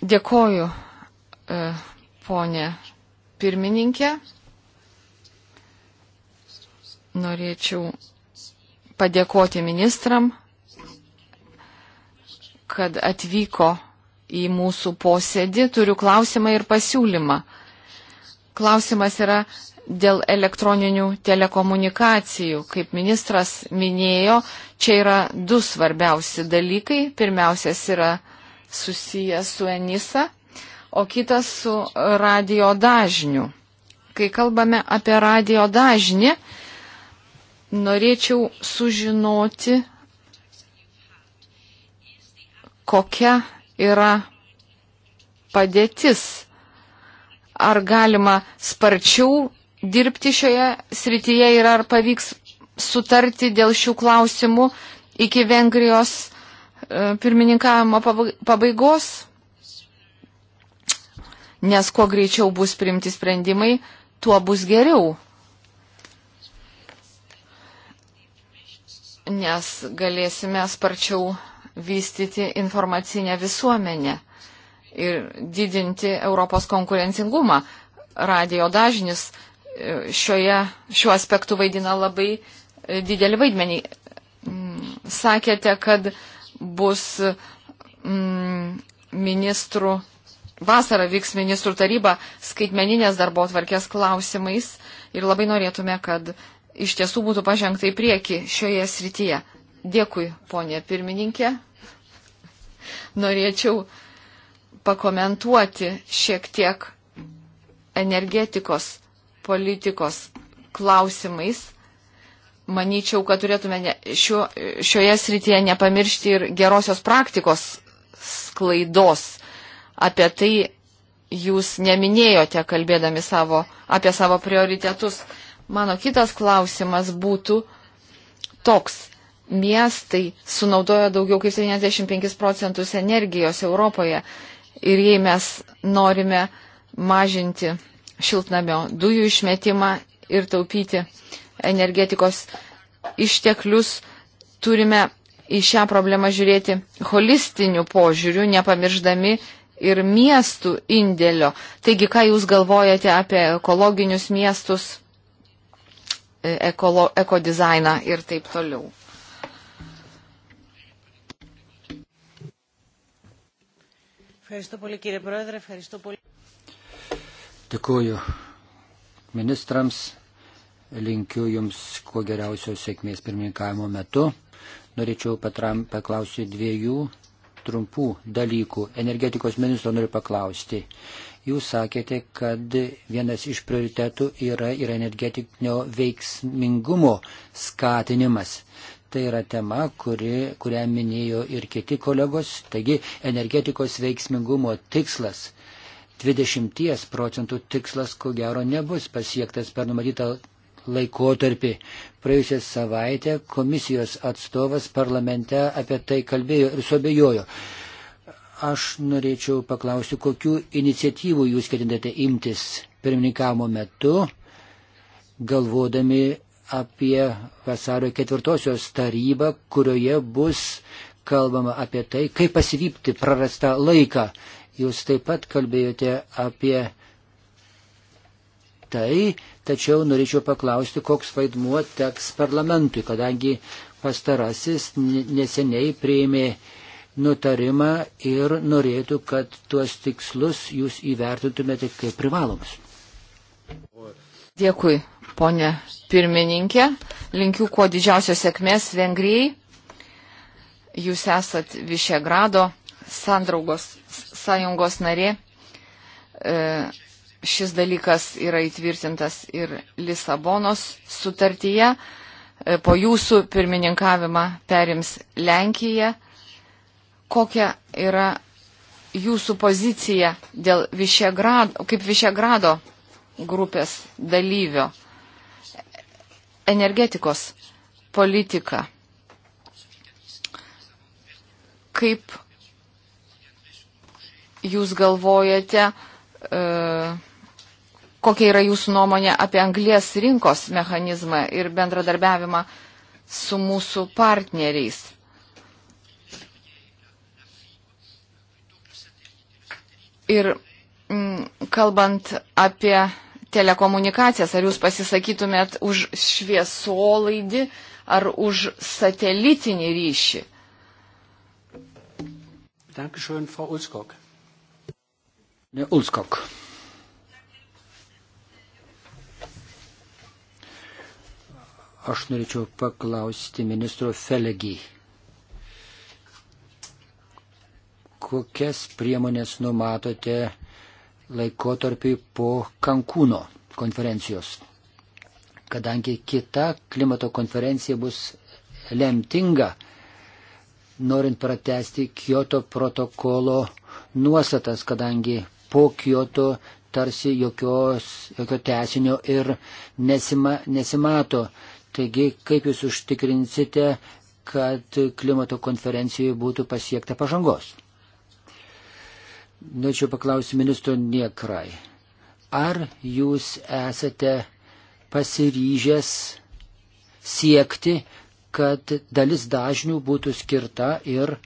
Dėkoju, e, ponė pirmininkė. Norėčiau padėkoti ministram, kad atvyko į mūsų posėdį. Turiu klausimą ir pasiūlymą. Klausimas yra, dėl elektroninių telekomunikacijų. Kaip ministras minėjo, čia yra du svarbiausi dalykai. Pirmiausias yra susijęs su Enisa, o kitas su radio dažniu. Kai kalbame apie radio dažnį, norėčiau sužinoti, kokia yra padėtis. Ar galima sparčiau dirbti šioje srityje ir ar pavyks sutarti dėl šių klausimų iki Vengrijos e, pirmininkavimo pabaigos, nes kuo greičiau bus priimti sprendimai, tuo bus geriau. Nes galėsime sparčiau vystyti informacinę visuomenę ir didinti Europos konkurencingumą. Radio dažnis šioje, šiuo aspektu vaidina labai e, didelį vaidmenį. Mm, sakėte, kad bus mm, ministrų, vasarą vyks ministrų taryba skaitmeninės darbo tvarkės klausimais ir labai norėtume, kad iš tiesų būtų pažengta į priekį šioje srityje. Dėkui, ponė pirmininkė. Norėčiau pakomentuoti šiek tiek energetikos politikos klausimais, manyčiau, kad turėtume ne, šio, šioje srityje nepamiršti ir gerosios praktikos sklaidos. Apie tai jūs neminėjote, kalbėdami savo, apie savo prioritetus. Mano kitas klausimas būtų toks. Miestai sunaudoja daugiau kaip 75 procentus energijos Europoje ir jei mes norime mažinti šiltnamio dujų išmetimą ir taupyti energetikos išteklius, turime į šią problemą žiūrėti holistiniu požiūriu, nepamirždami ir miestų indėlio. Taigi, ką Jūs galvojate apie ekologinius miestus, e, ekolo, ekodizainą ir taip toliau? Dėkuoju ministrams, linkiu jums kuo geriausios sėkmės pirmininkavimo metu. Norėčiau patram, paklausti dviejų trumpų dalykų. Energetikos ministro noriu paklausti. Jūs sakėte, kad vienas iš prioritetų yra ir energetinio veiksmingumo skatinimas. Tai yra tema, kuri, kurią minėjo ir kiti kolegos. Taigi, energetikos veiksmingumo tikslas 20 procentų tikslas, ko gero, nebus pasiektas per numatytą laikotarpį. Praėjusią savaitę komisijos atstovas parlamente apie tai kalbėjo ir suabejojo. Aš norėčiau paklausti, kokiu iniciatyvu jūs ketinate imtis pirmininkamo metu, galvodami apie vasario ketvirtosios tarybą, kurioje bus kalbama apie tai, kaip pasivypti prarastą laiką. Jūs taip pat kalbėjote apie tai, tačiau norėčiau paklausti, koks vaidmuo teks parlamentui, kadangi pastarasis neseniai prieimė nutarimą ir norėtų, kad tuos tikslus jūs įvertintumėte kaip privalomus. Dėkui, ponė pirmininkė. Linkiu kuo didžiausios sėkmės Vengrijai. Jūs esat Višegrado sandraugos sąjungos narė. E, šis dalykas yra įtvirtintas ir Lisabonos sutartyje. E, po jūsų pirmininkavimą perims Lenkija. Kokia yra jūsų pozicija dėl Višegrado, kaip Višegrado grupės dalyvio energetikos politika? Kaip jūs galvojate, e, kokia yra jūsų nuomonė apie anglės rinkos mechanizmą ir bendradarbiavimą su mūsų partneriais. Ir mm, kalbant apie telekomunikacijas, ar jūs pasisakytumėt už šviesolaidį ar už satelitinį ryšį? Dankeschön, Frau Ulskog. Ulskok. Aš norėčiau paklausti ministro Felegį. Kokias priemonės numatote laikotarpį po Kankūno konferencijos? Kadangi kita klimato konferencija bus lemtinga, norint pratesti Kyoto protokolo nuostatas, kadangi po Kyoto tarsi jokios, jokio tesinio ir nesima, nesimato. Taigi, kaip jūs užtikrinsite, kad klimato konferencijoje būtų pasiekta pažangos? Norėčiau paklausti ministro Niekrai. Ar jūs esate pasiryžęs siekti, kad dalis dažnių būtų skirta ir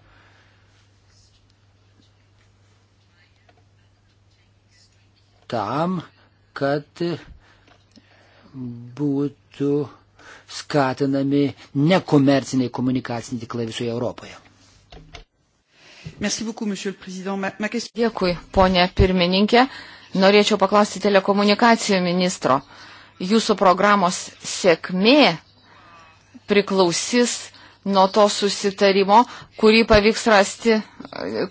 tam, kad būtų skatinami nekomerciniai komunikaciniai tiklai visoje Europoje. Beaucoup, ma, ma question... Dėkui, ponė pirmininkė. Norėčiau paklausti telekomunikacijų ministro. Jūsų programos sėkmė priklausys nuo to susitarimo, kurį pavyks, rasti,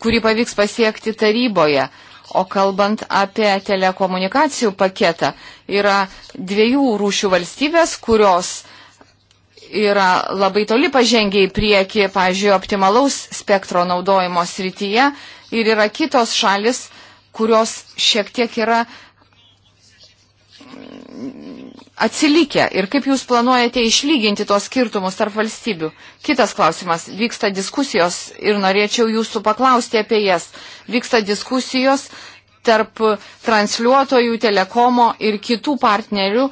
kurį pavyks pasiekti taryboje. O kalbant apie telekomunikacijų paketą, yra dviejų rūšių valstybės, kurios yra labai toli pažengiai į priekį, pažiūrėjau, optimalaus spektro naudojimo srityje ir yra kitos šalis, kurios šiek tiek yra atsilikę ir kaip jūs planuojate išlyginti tos skirtumus tarp valstybių? Kitas klausimas. Vyksta diskusijos ir norėčiau jūsų paklausti apie jas. Vyksta diskusijos tarp transliuotojų, telekomo ir kitų partnerių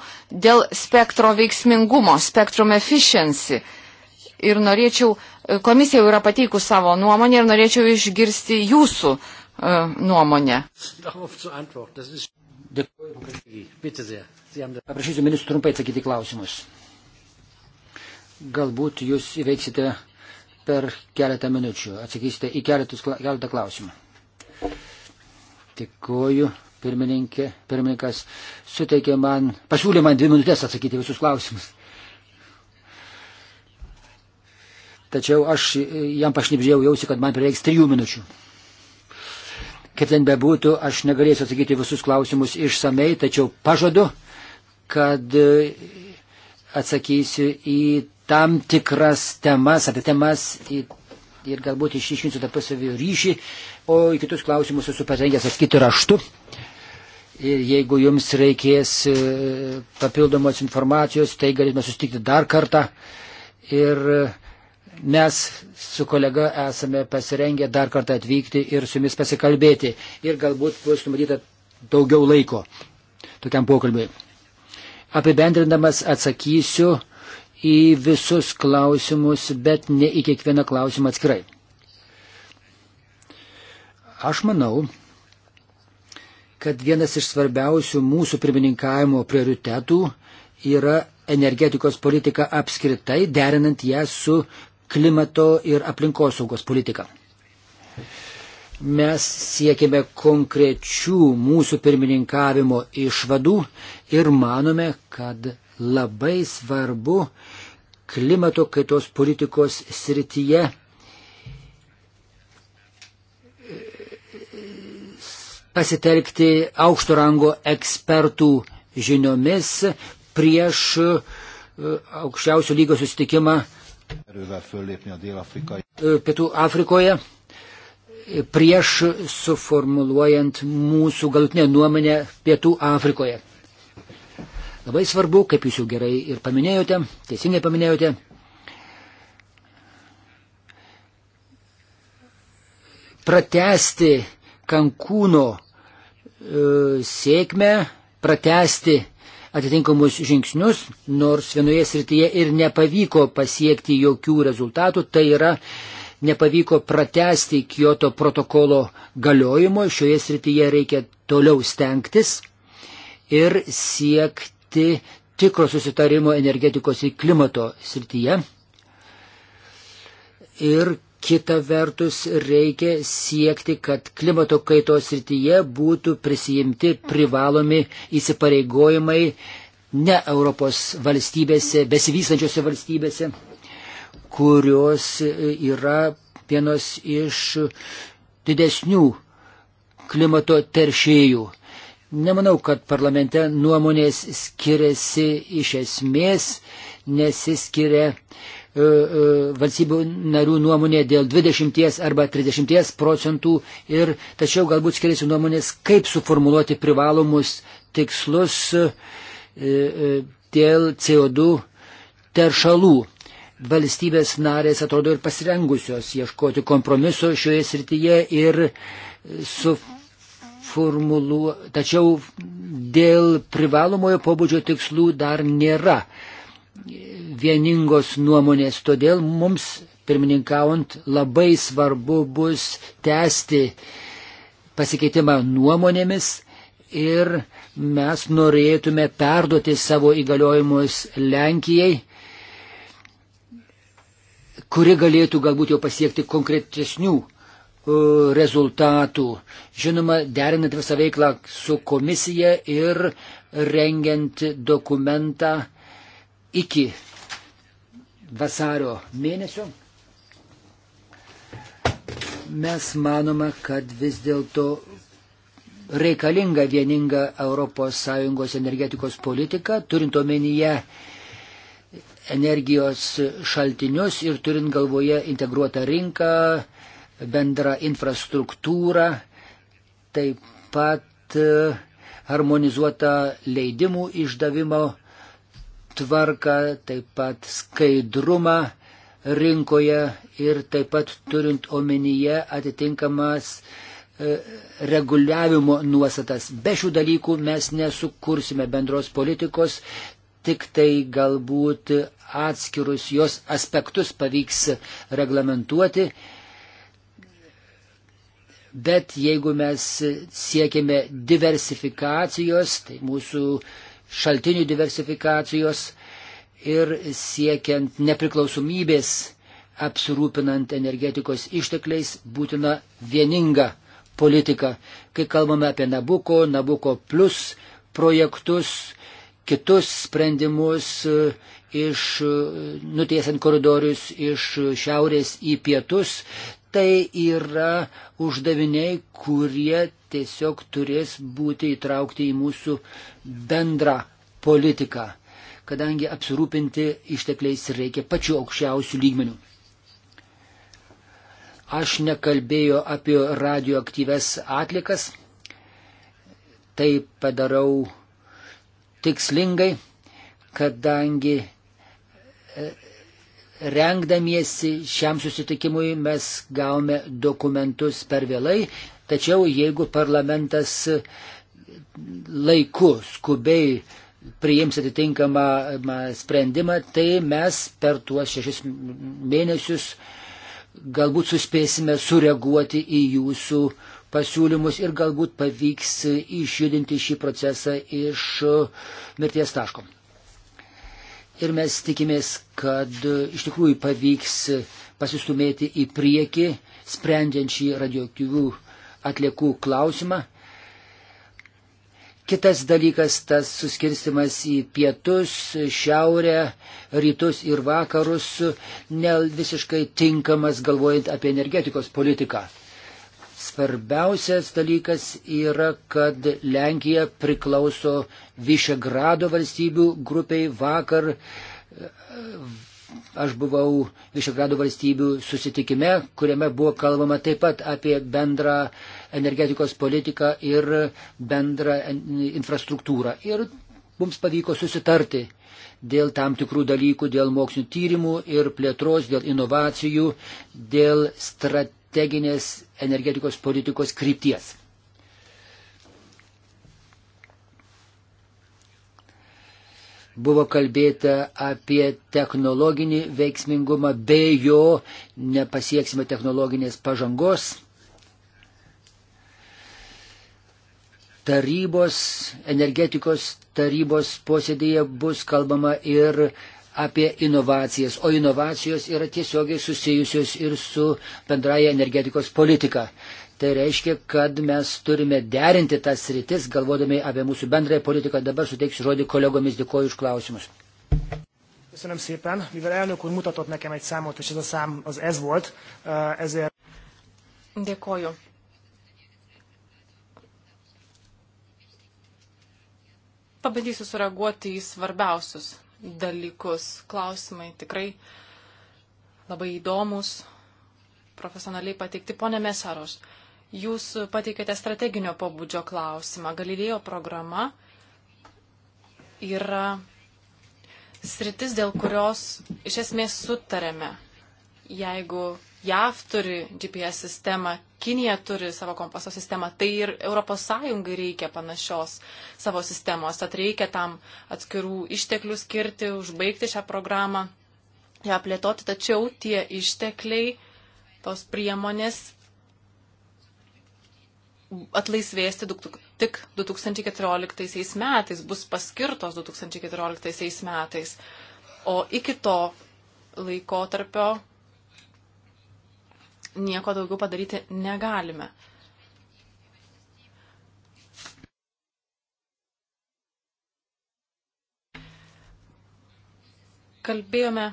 dėl spektro veiksmingumo, spektrum efficiency. Ir norėčiau, komisija jau yra pateikus savo nuomonę ir norėčiau išgirsti jūsų uh, nuomonę. Dėkuoju. Paprašysiu ministrų trumpai atsakyti klausimus. Galbūt jūs įveiksite per keletą minučių, atsakysite į keletus, keletą klausimų. Dėkuoju, pirmininkė, pirmininkas suteikė man, pasiūlė man dvi minutės atsakyti visus klausimus. Tačiau aš e, jam pašnibžėjau jausi, kad man prireiks trijų minučių. Kaip ten bebūtų, aš negalėsiu atsakyti visus klausimus išsamei, tačiau pažadu, kad e, atsakysiu į tam tikras temas, apie temas į, ir galbūt išiškinsiu tarpusavį ryšį, o į kitus klausimus esu pasirengęs atsakyti raštu. Ir jeigu jums reikės e, papildomos informacijos, tai galime sustikti dar kartą. Ir e, mes su kolega esame pasirengę dar kartą atvykti ir su jumis pasikalbėti. Ir galbūt bus numatyta daugiau laiko tokiam pokalbiui. Apibendrindamas atsakysiu į visus klausimus, bet ne į kiekvieną klausimą atskirai. Aš manau, kad vienas iš svarbiausių mūsų pirmininkavimo prioritetų yra energetikos politika apskritai, derinant ją su klimato ir aplinkosaugos politiką. Mes siekime konkrečių mūsų pirmininkavimo išvadų ir manome, kad labai svarbu klimato kaitos politikos srityje e, pasitelkti aukšto rango ekspertų žiniomis prieš e, aukščiausio lygio susitikimą Pietų Afrikoje e, prieš suformuluojant mūsų galutinę nuomonę Pietų Afrikoje. Labai svarbu, kaip jūs jau gerai ir paminėjote, teisingai paminėjote, pratesti Kankūno e, sėkmę, pratesti atitinkamus žingsnius, nors vienoje srityje ir nepavyko pasiekti jokių rezultatų, tai yra nepavyko pratesti Kyoto protokolo galiojimo, šioje srityje reikia toliau stengtis ir siekti tikro susitarimo energetikos ir klimato srityje. Ir Kita vertus, reikia siekti, kad klimato kaitos rytyje būtų prisijimti privalomi įsipareigojimai ne Europos valstybėse, besivystančiose valstybėse, kurios yra vienos iš didesnių klimato teršėjų. Nemanau, kad parlamente nuomonės skiriasi iš esmės, nesiskiria E, e, valstybių narių nuomonė dėl 20 arba 30 procentų ir tačiau galbūt skiriasi nuomonės, kaip suformuluoti privalomus tikslus e, dėl CO2 teršalų. Valstybės narės atrodo ir pasirengusios ieškoti kompromiso šioje srityje ir su formulu, tačiau dėl privalomojo pobūdžio tikslų dar nėra vieningos nuomonės, todėl mums, pirmininkaujant, labai svarbu bus tęsti pasikeitimą nuomonėmis ir mes norėtume perduoti savo įgaliojimus Lenkijai, kuri galėtų galbūt jau pasiekti konkretesnių e, rezultatų. Žinoma, derinant visą veiklą su komisija ir rengiant dokumentą iki vasario mėnesio. Mes manome, kad vis dėlto reikalinga vieninga ES energetikos politika, turint omenyje energijos šaltinius ir turint galvoje integruotą rinką, bendrą infrastruktūrą, taip pat e, harmonizuotą leidimų išdavimo tvarką, taip pat skaidrumą rinkoje ir taip pat turint omenyje atitinkamas e, reguliavimo nuostatas. Be šių dalykų mes nesukursime bendros politikos, tik tai galbūt atskirus jos aspektus pavyks reglamentuoti. Bet jeigu mes siekime diversifikacijos, tai mūsų uh, šaltinių diversifikacijos ir siekiant nepriklausomybės apsirūpinant energetikos ištekliais būtina vieninga politika. Kai kalbame apie Nabuko, Nabuko plus projektus, kitus sprendimus e, iš e, nutiesiant koridorius iš šiaurės į pietus, tai yra uždaviniai, kurie tiesiog turės būti įtraukti į mūsų bendrą politiką, kadangi apsirūpinti ištekliais reikia pačiu aukščiausių lygmenių. Aš nekalbėjau apie radioaktyves atlikas, tai padarau tikslingai, kadangi e, Rengdamiesi šiam susitikimui mes gavome dokumentus per vėlai, tačiau jeigu parlamentas laiku skubiai priims atitinkamą sprendimą, tai mes per tuos šešis mėnesius galbūt suspėsime sureaguoti į jūsų pasiūlymus ir galbūt pavyks išjudinti šį procesą iš mirties taško ir mes tikimės, kad e, iš tikrųjų pavyks e, pasistumėti į priekį, sprendžiant šį radioaktyvių atliekų klausimą. Kitas dalykas - tas suskirstimas į pietus, šiaurę, rytus ir vakarus, ne visiškai tinkamas galvojant apie energetikos politiką. Svarbiausias dalykas yra, kad Lenkija priklauso Višegrado valstybių grupiai. Vakar e, aš buvau Višegrado valstybių susitikime, kuriame buvo kalbama taip pat apie bendrą energetikos politiką ir bendrą infrastruktūrą. Ir mums pavyko susitarti dėl tam tikrų dalykų, dėl mokslinių tyrimų ir plėtros, dėl inovacijų, dėl strateginės energetikos politikos krypties. Buvo kalbėta apie technologinį veiksmingumą, be jo nepasieksime technologinės pažangos. Tarybos, energetikos tarybos posėdėje bus kalbama ir apie inovacijas, o inovacijos yra tiesiogiai susijusios ir su bendraja energetikos politika. Tai reiškia, kad mes turime derinti tas rytis, galvodami apie mūsų bendrąją politiką. Dabar suteiksiu žodį kolegomis, dėkoju už klausimus. Köszönöm szépen. Mivel elnök úr mutatott nekem egy számot, és ez a szám az ez volt, eh, ezért... Dėkoju. Pabandysiu suraguoti į svarbiausius dalykus. Klausimai tikrai labai įdomus, profesionaliai pateikti. Pone Mesaros, jūs pateikėte strateginio pobūdžio klausimą. Galilėjo programa yra sritis, dėl kurios iš esmės sutarėme. Jeigu JAV turi GPS sistemą, Kinija turi savo kompaso sistemą, tai ir ES reikia panašios savo sistemos. Tad reikia tam atskirų išteklių skirti, užbaigti šią programą, ją plėtoti, tačiau tie ištekliai, tos priemonės atlaisvėsti tik 2014 metais, bus paskirtos 2014 metais. O iki to laikotarpio nieko daugiau padaryti negalime. Kalbėjome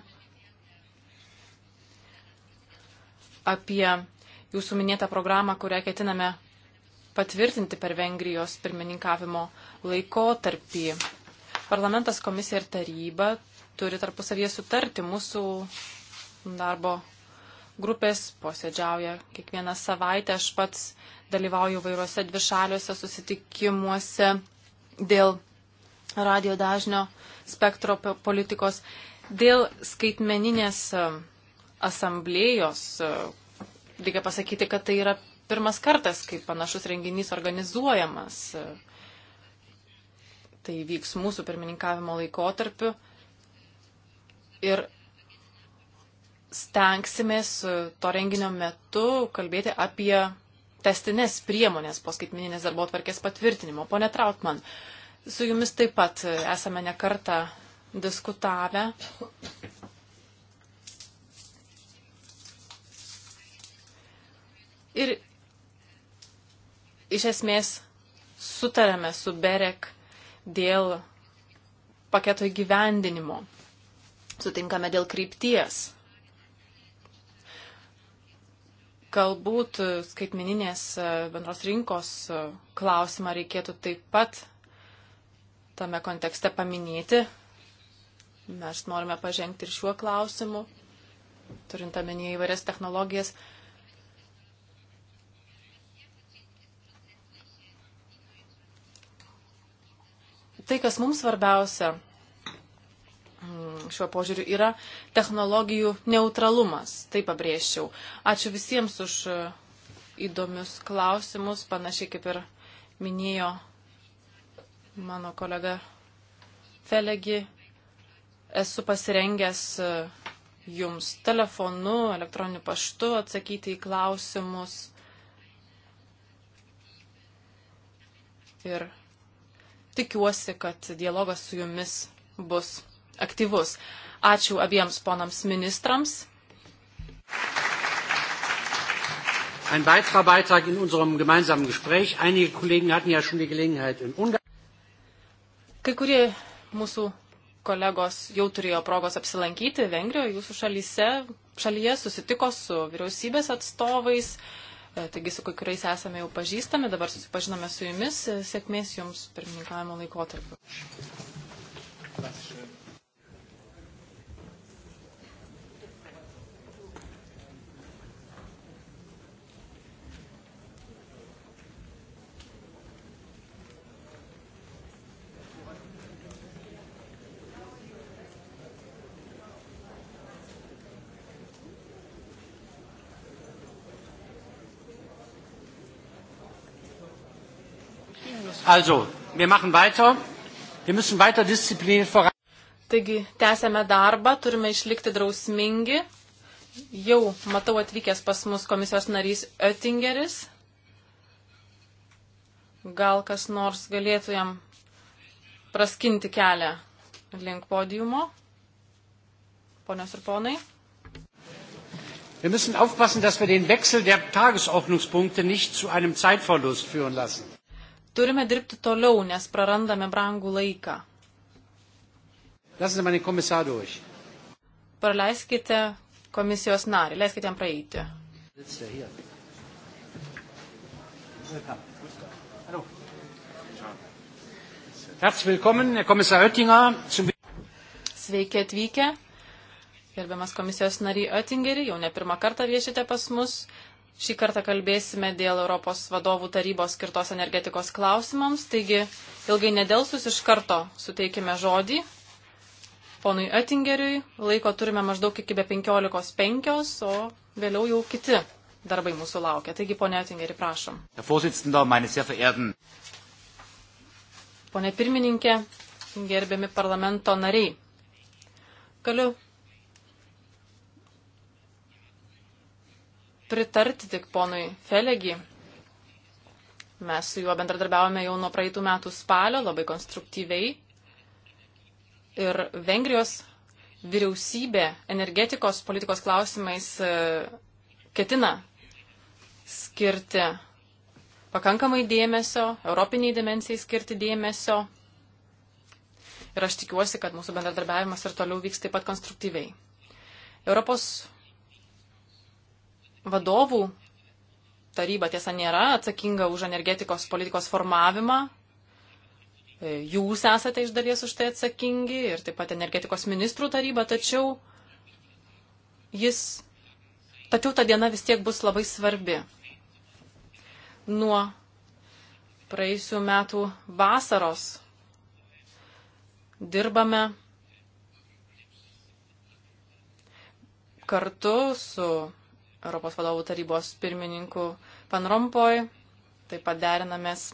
apie jūsų minėtą programą, kurią ketiname patvirtinti per Vengrijos pirmininkavimo laikotarpį. Parlamentas, komisija ir taryba turi tarpusavėje sutarti mūsų darbo grupės posėdžiauja kiekvieną savaitę. Aš pats dalyvauju vairuose dvišaliuose susitikimuose dėl radio dažnio spektro politikos, dėl skaitmeninės e, asamblėjos. E, reikia pasakyti, kad tai yra pirmas kartas, kai panašus renginys organizuojamas. E, tai vyks mūsų pirmininkavimo laikotarpiu. Ir stengsimės to renginio metu kalbėti apie testinės priemonės po skaitmininės darbo atvarkės patvirtinimo. Pone Trautman, su jumis taip pat esame nekartą diskutavę. Ir iš esmės sutarėme su Berek dėl paketo įgyvendinimo. Sutinkame dėl krypties. Galbūt e, skaitmeninės e, bendros rinkos e, klausimą reikėtų taip pat tame kontekste paminėti. Mes norime pažengti ir šiuo klausimu, turint omenyje įvairias technologijas. Tai, kas mums svarbiausia, šiuo požiūriu yra technologijų neutralumas, tai pabrėžčiau. Ačiū visiems už e, įdomius klausimus, panašiai kaip ir minėjo mano kolega Felegi. Esu pasirengęs e, jums telefonu, elektroniniu paštu atsakyti į klausimus. Ir tikiuosi, kad dialogas su jumis bus aktyvus. Ačiū abiems ponams ministrams. Ein weiterer Beitrag in unserem gemeinsamen Gespräch. Einige Kollegen hatten ja schon die Gelegenheit in Ungarn. Kai kurie mūsų kolegos jau turėjo progos apsilankyti Vengrijoje, jūsų šalyse, šalyje susitiko su vyriausybės atstovais, e, taigi su kuriais esame jau pažįstami, dabar susipažinome su jumis, e, sėkmės jums pirmininkavimo laikotarpiu. Ačiū. Also, wir machen weiter. Wir müssen weiter diszipliniert voran. Taigi, tęsėme darbą, turime išlikti drausmingi. Jau matau atvykęs pas mus komisijos narys Oettingeris. Gal kas nors galėtų jam praskinti kelią link podiumo. Ponios ir ponai. Wir müssen aufpassen, dass wir den Wechsel der Tagesordnungspunkte nicht zu einem Zeitverlust führen lassen. Turime dirbti toliau, nes prarandame brangų laiką. Lasime mane komisarų už. Praleiskite komisijos narį, leiskite jam praeiti. Er Sveiki atvykę. Gerbiamas komisijos nariai Oettingeri, jau ne pirmą kartą viešite pas mus. Šį kartą kalbėsime dėl Europos vadovų tarybos skirtos energetikos klausimams, taigi ilgai nedelsus iš karto suteikime žodį. Ponui Oettingeriui laiko turime maždaug iki be 15.05, o vėliau jau kiti darbai mūsų laukia. Taigi, ponė Oettingeri, prašom. Pone pirmininkė, gerbiami parlamento nariai, galiu pritarti tik ponui Felegį. Mes su juo bendradarbiavome jau nuo praeitų metų spalio labai konstruktyviai. Ir Vengrijos vyriausybė energetikos politikos klausimais e, ketina skirti pakankamai dėmesio, europiniai dimensijai skirti dėmesio. Ir aš tikiuosi, kad mūsų bendradarbiavimas ir toliau vyks taip pat konstruktyviai. Europos vadovų taryba tiesa nėra atsakinga už energetikos politikos formavimą. E, jūs esate iš dalies už tai atsakingi ir taip pat energetikos ministrų taryba, tačiau jis, tačiau ta diena vis tiek bus labai svarbi. Nuo praeisių metų vasaros dirbame kartu su Europos vadovų tarybos pirmininku Van Rompoj. Taip pat derinamės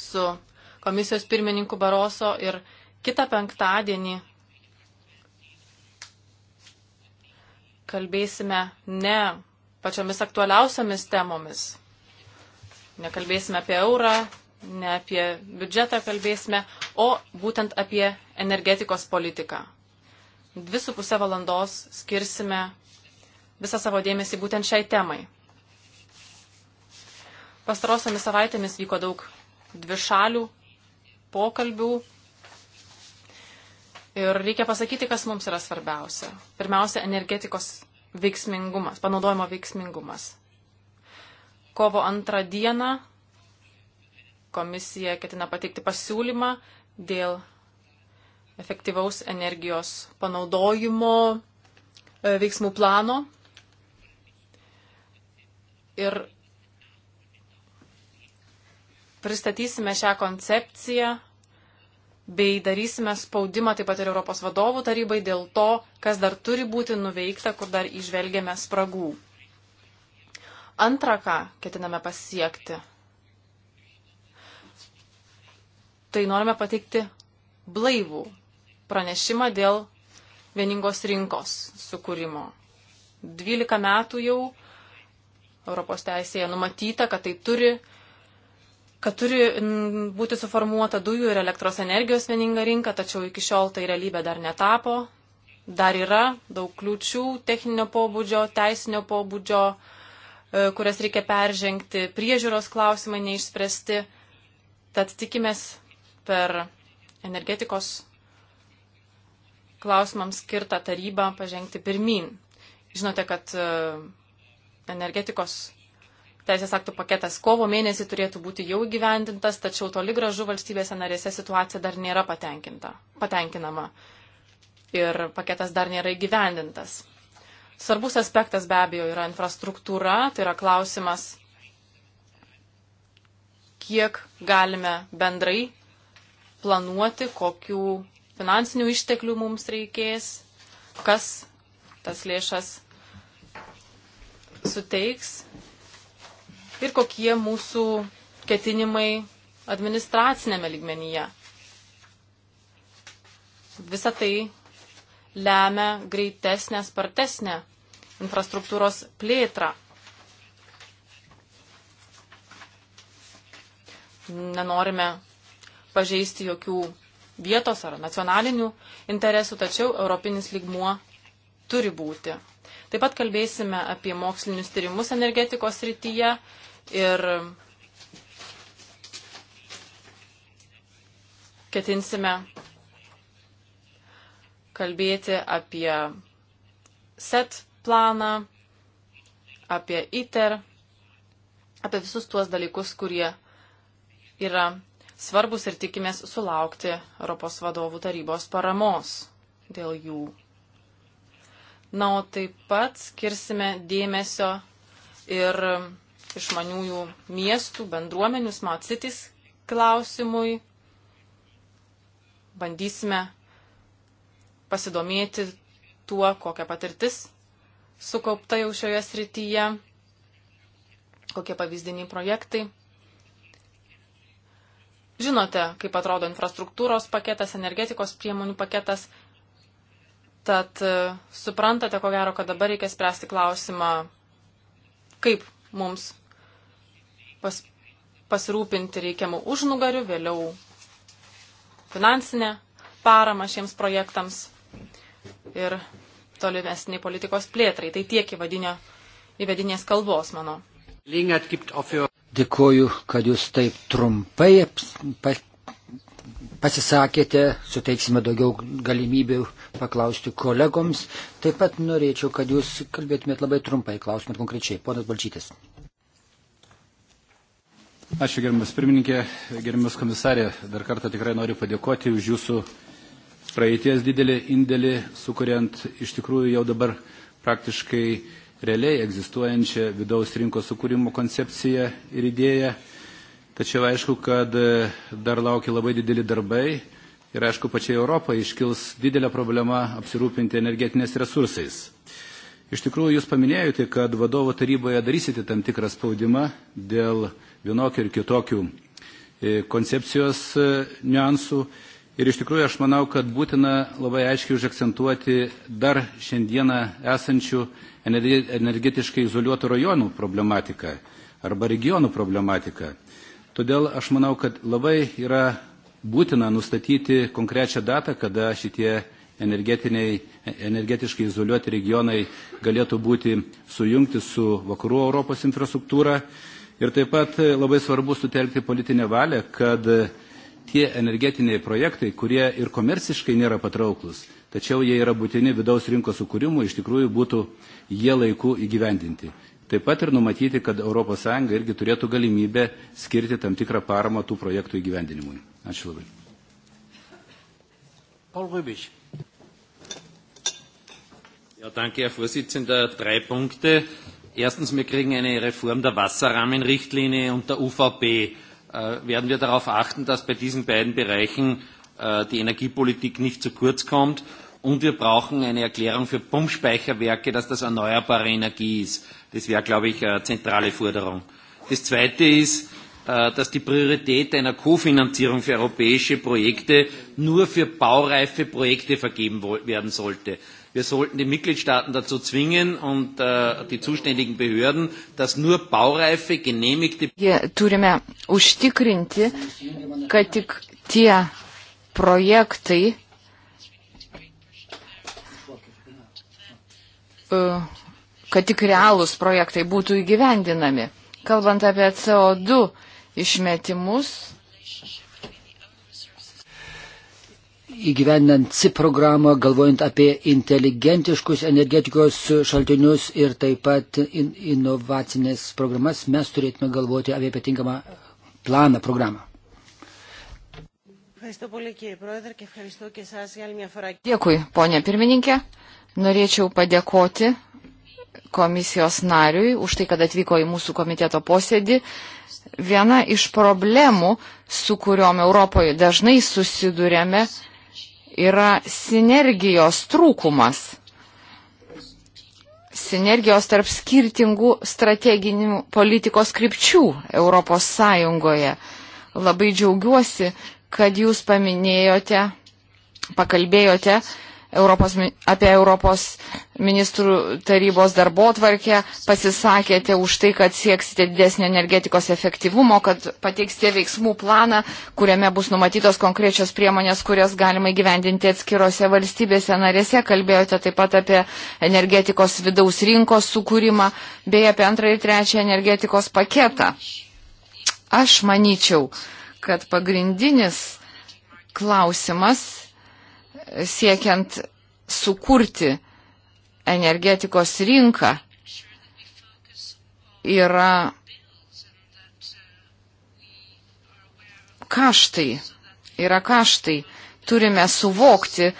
su komisijos pirmininku Baroso ir kitą penktadienį kalbėsime ne pačiomis aktualiausiamis temomis. Nekalbėsime apie eurą, ne apie biudžetą kalbėsime, o būtent apie energetikos politiką. Dvi su pusę valandos skirsime visą savo dėmesį būtent šiai temai. Pastarosiamis savaitėmis vyko daug dvišalių pokalbių ir reikia pasakyti, kas mums yra svarbiausia. Pirmiausia, energetikos veiksmingumas, panaudojimo veiksmingumas. Kovo antrą dieną komisija ketina pateikti pasiūlymą dėl efektyvaus energijos panaudojimo e, veiksmų plano ir pristatysime šią koncepciją bei darysime spaudimą taip pat ir Europos vadovų tarybai dėl to, kas dar turi būti nuveikta, kur dar išvelgėme spragų. Antra, ką ketiname pasiekti, tai norime pateikti blaivų pranešimą dėl vieningos rinkos sukūrimo. 12 metų jau Europos teisėje numatyta, kad tai turi kad turi mm, būti suformuota dujų ir elektros energijos vieninga rinka, tačiau iki šiol tai realybė dar netapo. Dar yra daug kliučių techninio pobūdžio, teisinio pobūdžio, e, kurias reikia peržengti, priežiūros klausimai neišspręsti. Tad tikimės per energetikos klausimams skirtą tarybą pažengti pirmin. Žinote, kad e, energetikos teisės aktų paketas kovo mėnesį turėtų būti jau gyvendintas, tačiau toli gražu valstybėse narėse situacija dar nėra patenkinama ir paketas dar nėra įgyvendintas. Svarbus aspektas be abejo yra infrastruktūra, tai yra klausimas, kiek galime bendrai planuoti, kokių finansinių išteklių mums reikės, kas tas lėšas suteiks ir kokie mūsų ketinimai administracinėme ligmenyje. Visą tai lemia greitesnę, spartesnę infrastruktūros plėtrą. Nenorime pažeisti jokių vietos ar nacionalinių interesų, tačiau europinis ligmuo turi būti. Taip pat kalbėsime apie mokslinius tyrimus energetikos rytyje ir ketinsime kalbėti apie set planą, apie ITER, apie visus tuos dalykus, kurie yra svarbus ir tikimės sulaukti Europos vadovų tarybos paramos dėl jų. Na, o taip pat skirsime dėmesio ir išmaniųjų miestų, bendruomenių, smart cities klausimui. Bandysime pasidomėti tuo, kokia patirtis sukaupta jau šioje srityje, kokie pavyzdiniai projektai. Žinote, kaip atrodo infrastruktūros paketas, energetikos priemonių paketas, Tad e, suprantate, ko gero, kad dabar reikia spręsti klausimą, kaip mums pas, pasirūpinti reikiamų užnugarių, vėliau finansinę paramą šiems projektams ir tolimesnį politikos plėtrai. Tai tiek įvadinio, įvedinės kalbos, mano. Dėkoju, kad jūs taip trumpai pasisakėte, suteiksime daugiau galimybių paklausti kolegoms. Taip pat norėčiau, kad jūs kalbėtumėt labai trumpai, klausimėt konkrečiai. Ponas Balčytis. Ačiū gerbimas pirmininkė, gerbimas komisarė. Dar kartą tikrai noriu padėkoti už jūsų praeities didelį indėlį, sukuriant iš tikrųjų jau dabar praktiškai realiai egzistuojančią vidaus rinkos sukūrimo koncepciją ir idėją Tačiau aišku, kad e, dar laukia labai dideli darbai ir aišku, pačiai Europai iškils didelė problema apsirūpinti energetinės resursais. Iš tikrųjų, jūs paminėjote, kad vadovo taryboje darysite tam tikrą spaudimą dėl vienokių ir kitokių e, koncepcijos e, niuansų. Ir iš tikrųjų, aš manau, kad būtina labai aiškiai užakcentuoti dar šiandieną esančių energetiškai izoliuotų rajonų problematiką arba regionų problematiką. Todėl aš manau, kad labai yra būtina nustatyti konkrečią datą, kada šitie energetiškai izoliuoti regionai galėtų būti sujungti su vakarų Europos infrastruktūra. Ir taip pat e, labai svarbu sutelkti politinę valią, kad tie energetiniai projektai, kurie ir komerciškai nėra patrauklus, tačiau jie yra būtini vidaus rinkos sukūrimui, iš tikrųjų būtų jie laiku įgyvendinti. Taip pat ir numatyti, kad ES irgi turėtų galimybę skirti tam tikrą paramą tų projektų įgyvendinimui. Ačiū labai. Paul Rübisch. Ja, danke, Herr Vorsitzender. Drei Punkte. Erstens, wir kriegen eine Reform der Wasserrahmenrichtlinie und der UVP. Äh, werden wir darauf achten, dass bei diesen beiden Bereichen äh, die Energiepolitik nicht zu kurz kommt? Und wir brauchen eine Erklärung für Pumpspeicherwerke, dass das erneuerbare Energie ist. Das wäre, glaube ich, eine zentrale Forderung. Das Zweite ist, äh, dass die Priorität einer Kofinanzierung für europäische Projekte nur für baureife Projekte vergeben werden sollte. Wir sollten die Mitgliedstaaten dazu zwingen und äh, die zuständigen Behörden, dass nur baureife, genehmigte. Ja, turime užtikrinti, kad tik tie projektai, uh, kad tik realūs projektai būtų įgyvendinami. Kalbant apie CO2 išmetimus. Įgyvendinant CIP programą, galvojant apie inteligentiškus energetikos šaltinius ir taip pat in inovacinės programas, mes turėtume galvoti apie patinkamą planą programą. Dėkui, ponė pirmininkė. Norėčiau padėkoti komisijos nariui už tai, kad atvyko į mūsų komiteto posėdį. Viena iš problemų, su kuriuom Europoje dažnai susidurėme, yra sinergijos trūkumas. Sinergijos tarp skirtingų strateginių politikos krypčių Europos Sąjungoje. Labai džiaugiuosi, kad jūs paminėjote, pakalbėjote, Europos, apie Europos ministrų tarybos darbo tvarkę, pasisakėte už tai, kad sieksite didesnį energetikos efektyvumo, kad pateiksite veiksmų planą, kuriame bus numatytos konkrečios priemonės, kurias galima įgyvendinti atskirose valstybėse narėse. Kalbėjote taip pat apie energetikos vidaus rinkos sukūrimą, bei apie antrą ir trečią energetikos paketą. Aš manyčiau, kad pagrindinis klausimas siekiant sukurti energetikos rinką yra kaštai. Yra kaštai. Turime suvokti e,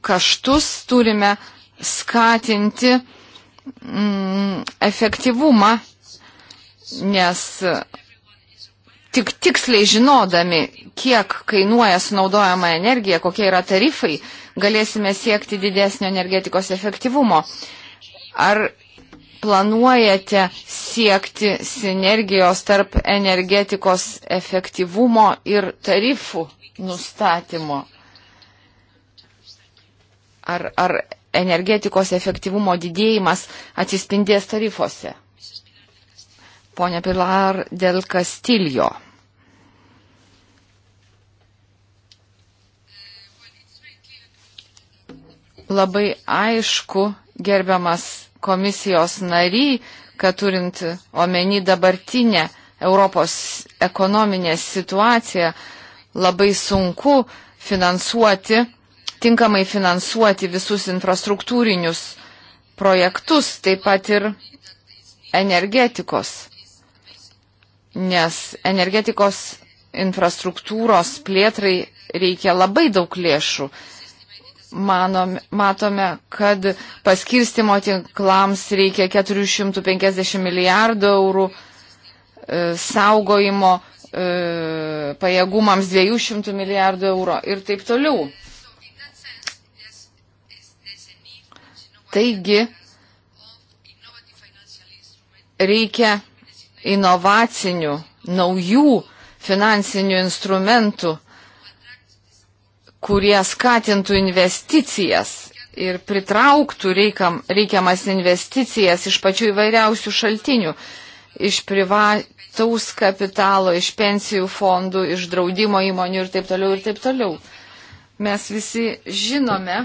kaštus, turime skatinti mm, efektyvumą, nes tik tiksliai žinodami, kiek kainuoja sunaudojama energija, kokie yra tarifai, galėsime siekti didesnio energetikos efektyvumo. Ar planuojate siekti sinergijos tarp energetikos efektyvumo ir tarifų nustatymo? Ar, ar energetikos efektyvumo didėjimas atsispindės tarifuose? Pone Pilar del Castillo. labai aišku, gerbiamas komisijos nary, kad turint omeny dabartinę Europos ekonominę situaciją, labai sunku finansuoti, tinkamai finansuoti visus infrastruktūrinius projektus, taip pat ir energetikos. Nes energetikos infrastruktūros plėtrai reikia labai daug lėšų manom, matome, kad paskirstimo tinklams reikia 450 milijardų eurų, e, saugojimo e, pajėgumams 200 milijardų eurų ir taip toliau. Taigi, reikia inovacinių, naujų finansinių instrumentų kurie skatintų investicijas ir pritrauktų reikam, reikiamas investicijas iš pačių įvairiausių šaltinių, iš privataus kapitalo, iš pensijų fondų, iš draudimo įmonių ir taip toliau ir taip toliau. Mes visi žinome,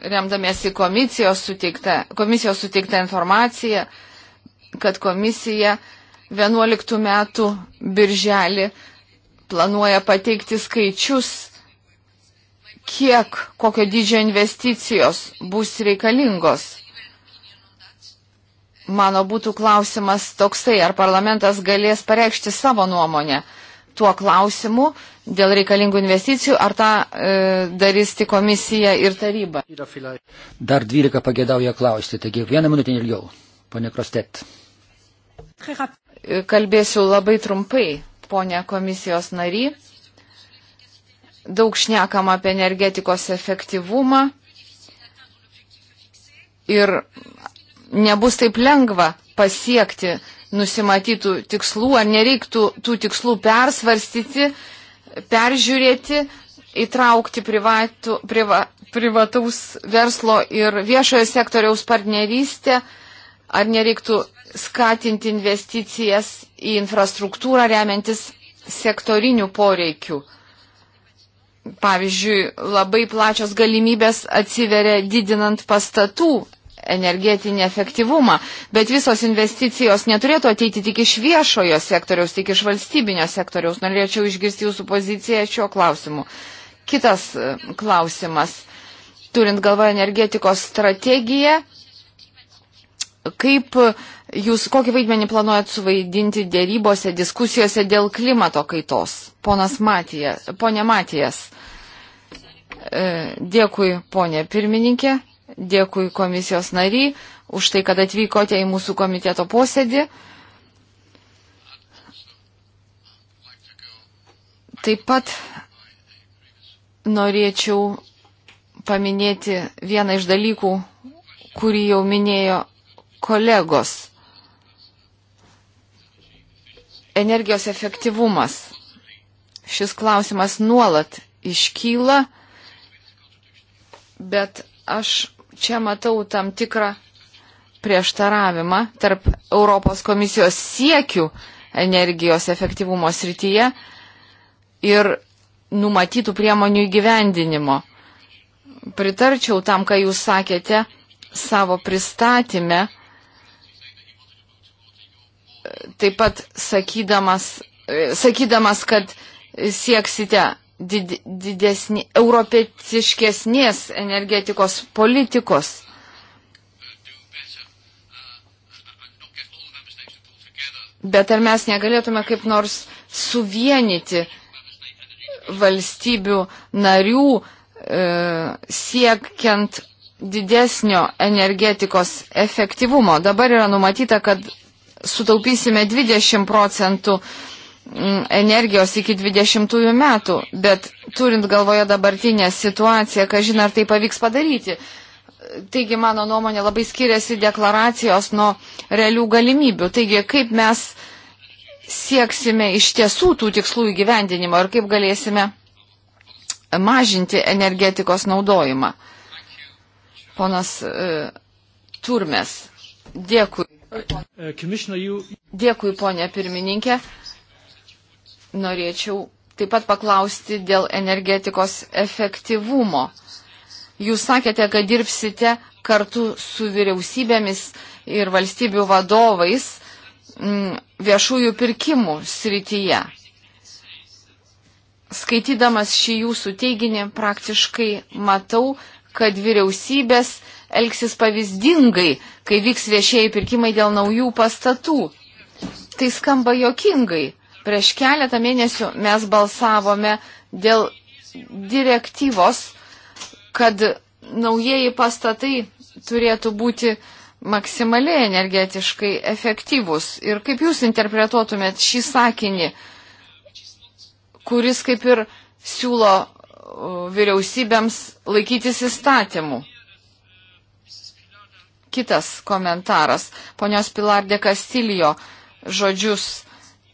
remdamiesi komisijos suteiktą, komisijos suteiktą informaciją, kad komisija 11 metų birželį uh, planuoja pateikti skaičius, kiek, kokio dydžio investicijos bus reikalingos. Mano būtų klausimas toksai, ar parlamentas galės pareikšti savo nuomonę tuo klausimu dėl reikalingų investicijų, ar tą e, darys tik komisija ir taryba. Dar 12 pagėdauja klausti, taigi vieną minutę ilgiau, ponė Krostet. Kalbėsiu labai trumpai ponė komisijos nary. Daug šnekam apie energetikos efektyvumą ir nebus taip lengva pasiekti nusimatytų tikslų, ar nereiktų tų tikslų persvarstyti, peržiūrėti, įtraukti privatų, priva, privataus verslo ir viešojo sektoriaus partnerystę Ar nereiktų skatinti investicijas į infrastruktūrą remiantis sektorinių poreikių? Pavyzdžiui, labai plačios galimybės atsiveria didinant pastatų energetinį efektyvumą, bet visos investicijos neturėtų ateiti tik iš viešojo sektoriaus, tik iš valstybinio sektoriaus. Norėčiau išgirsti jūsų poziciją šiuo klausimu. Kitas e, klausimas. Turint galvoje energetikos strategiją, Kaip jūs, kokį vaidmenį planuojat suvaidinti dėrybose, diskusijose dėl klimato kaitos? Ponas Matijas, ponė Matijas, e, dėkui ponė pirmininkė, dėkui komisijos nariai už tai, kad atvykote į mūsų komiteto posėdį. Taip pat norėčiau paminėti vieną iš dalykų, kurį jau minėjo kolegos. Energijos efektyvumas. Šis klausimas nuolat iškyla, bet aš čia matau tam tikrą prieštaravimą tarp Europos komisijos siekių energijos efektyvumo srityje ir numatytų priemonių įgyvendinimo. Pritarčiau tam, ką jūs sakėte savo pristatymę taip pat sakydamas, e, sakydamas kad sieksite did, didesnį, europietiškesnės energetikos politikos. Bet ar mes negalėtume kaip nors suvienyti valstybių narių e, siekiant didesnio energetikos efektyvumo? Dabar yra numatyta, kad sutaupysime 20 procentų mm, energijos iki 20 metų, bet turint galvoje dabartinę situaciją, kažin ar tai pavyks padaryti. Taigi, mano nuomonė labai skiriasi deklaracijos nuo realių galimybių. Taigi, kaip mes sieksime iš tiesų tų tikslų įgyvendinimo ir kaip galėsime mažinti energetikos naudojimą. Ponas e, Turmes, dėkui. Dėkui, ponė pirmininkė. Norėčiau taip pat paklausti dėl energetikos efektyvumo. Jūs sakėte, kad dirbsite kartu su vyriausybėmis ir valstybių vadovais mm, viešųjų pirkimų srityje. Skaitydamas šį jūsų teiginį praktiškai matau, kad vyriausybės elgsis pavyzdingai, kai vyks viešieji pirkimai dėl naujų pastatų. Tai skamba jokingai. Prieš keletą mėnesių mes balsavome dėl direktyvos, kad naujieji pastatai turėtų būti maksimaliai energetiškai efektyvus. Ir kaip jūs interpretuotumėt šį sakinį, kuris kaip ir siūlo uh, vyriausybėms laikytis įstatymų? kitas komentaras. Ponios Pilardė Kastilijo žodžius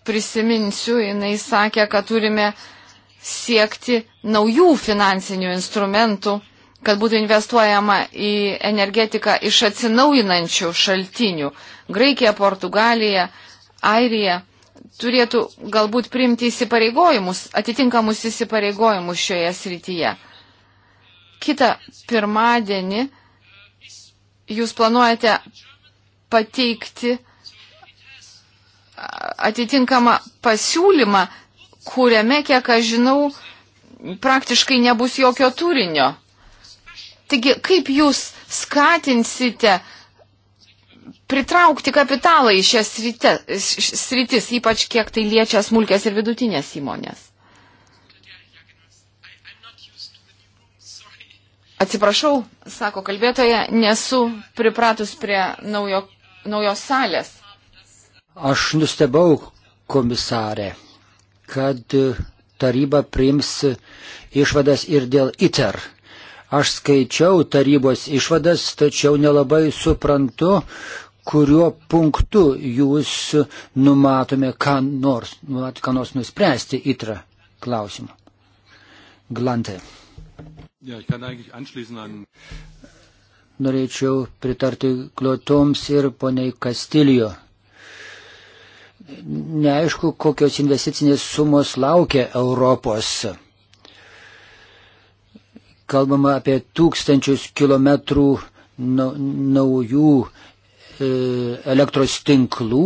prisiminsiu, jinai sakė, kad turime siekti naujų finansinių instrumentų, kad būtų investuojama į energetiką iš atsinaujinančių šaltinių. Graikija, Portugalija, Airija turėtų galbūt priimti įsipareigojimus, atitinkamus įsipareigojimus šioje srityje. Kita pirmadienį jūs planuojate pateikti atitinkamą pasiūlymą, kuriame, kiek aš žinau, praktiškai nebus jokio turinio. Taigi, kaip jūs skatinsite pritraukti kapitalą į šias sritis, ypač kiek tai liečia smulkės ir vidutinės įmonės? Atsiprašau, sako kalbėtoja, nesu pripratus prie naujo, naujos salės. Aš nustebau, komisarė, kad taryba priims išvadas ir dėl ITER. Aš skaičiau tarybos išvadas, tačiau nelabai suprantu, kuriuo punktu jūs numatome, ką nors, numat, ką nors nuspręsti ITER klausimą. Glantė. Norėčiau pritarti kliotoms ir poniai Kastilijo. Neaišku, kokios investicinės sumos laukia Europos. Kalbama apie tūkstančius kilometrų naujų e, elektros tinklų,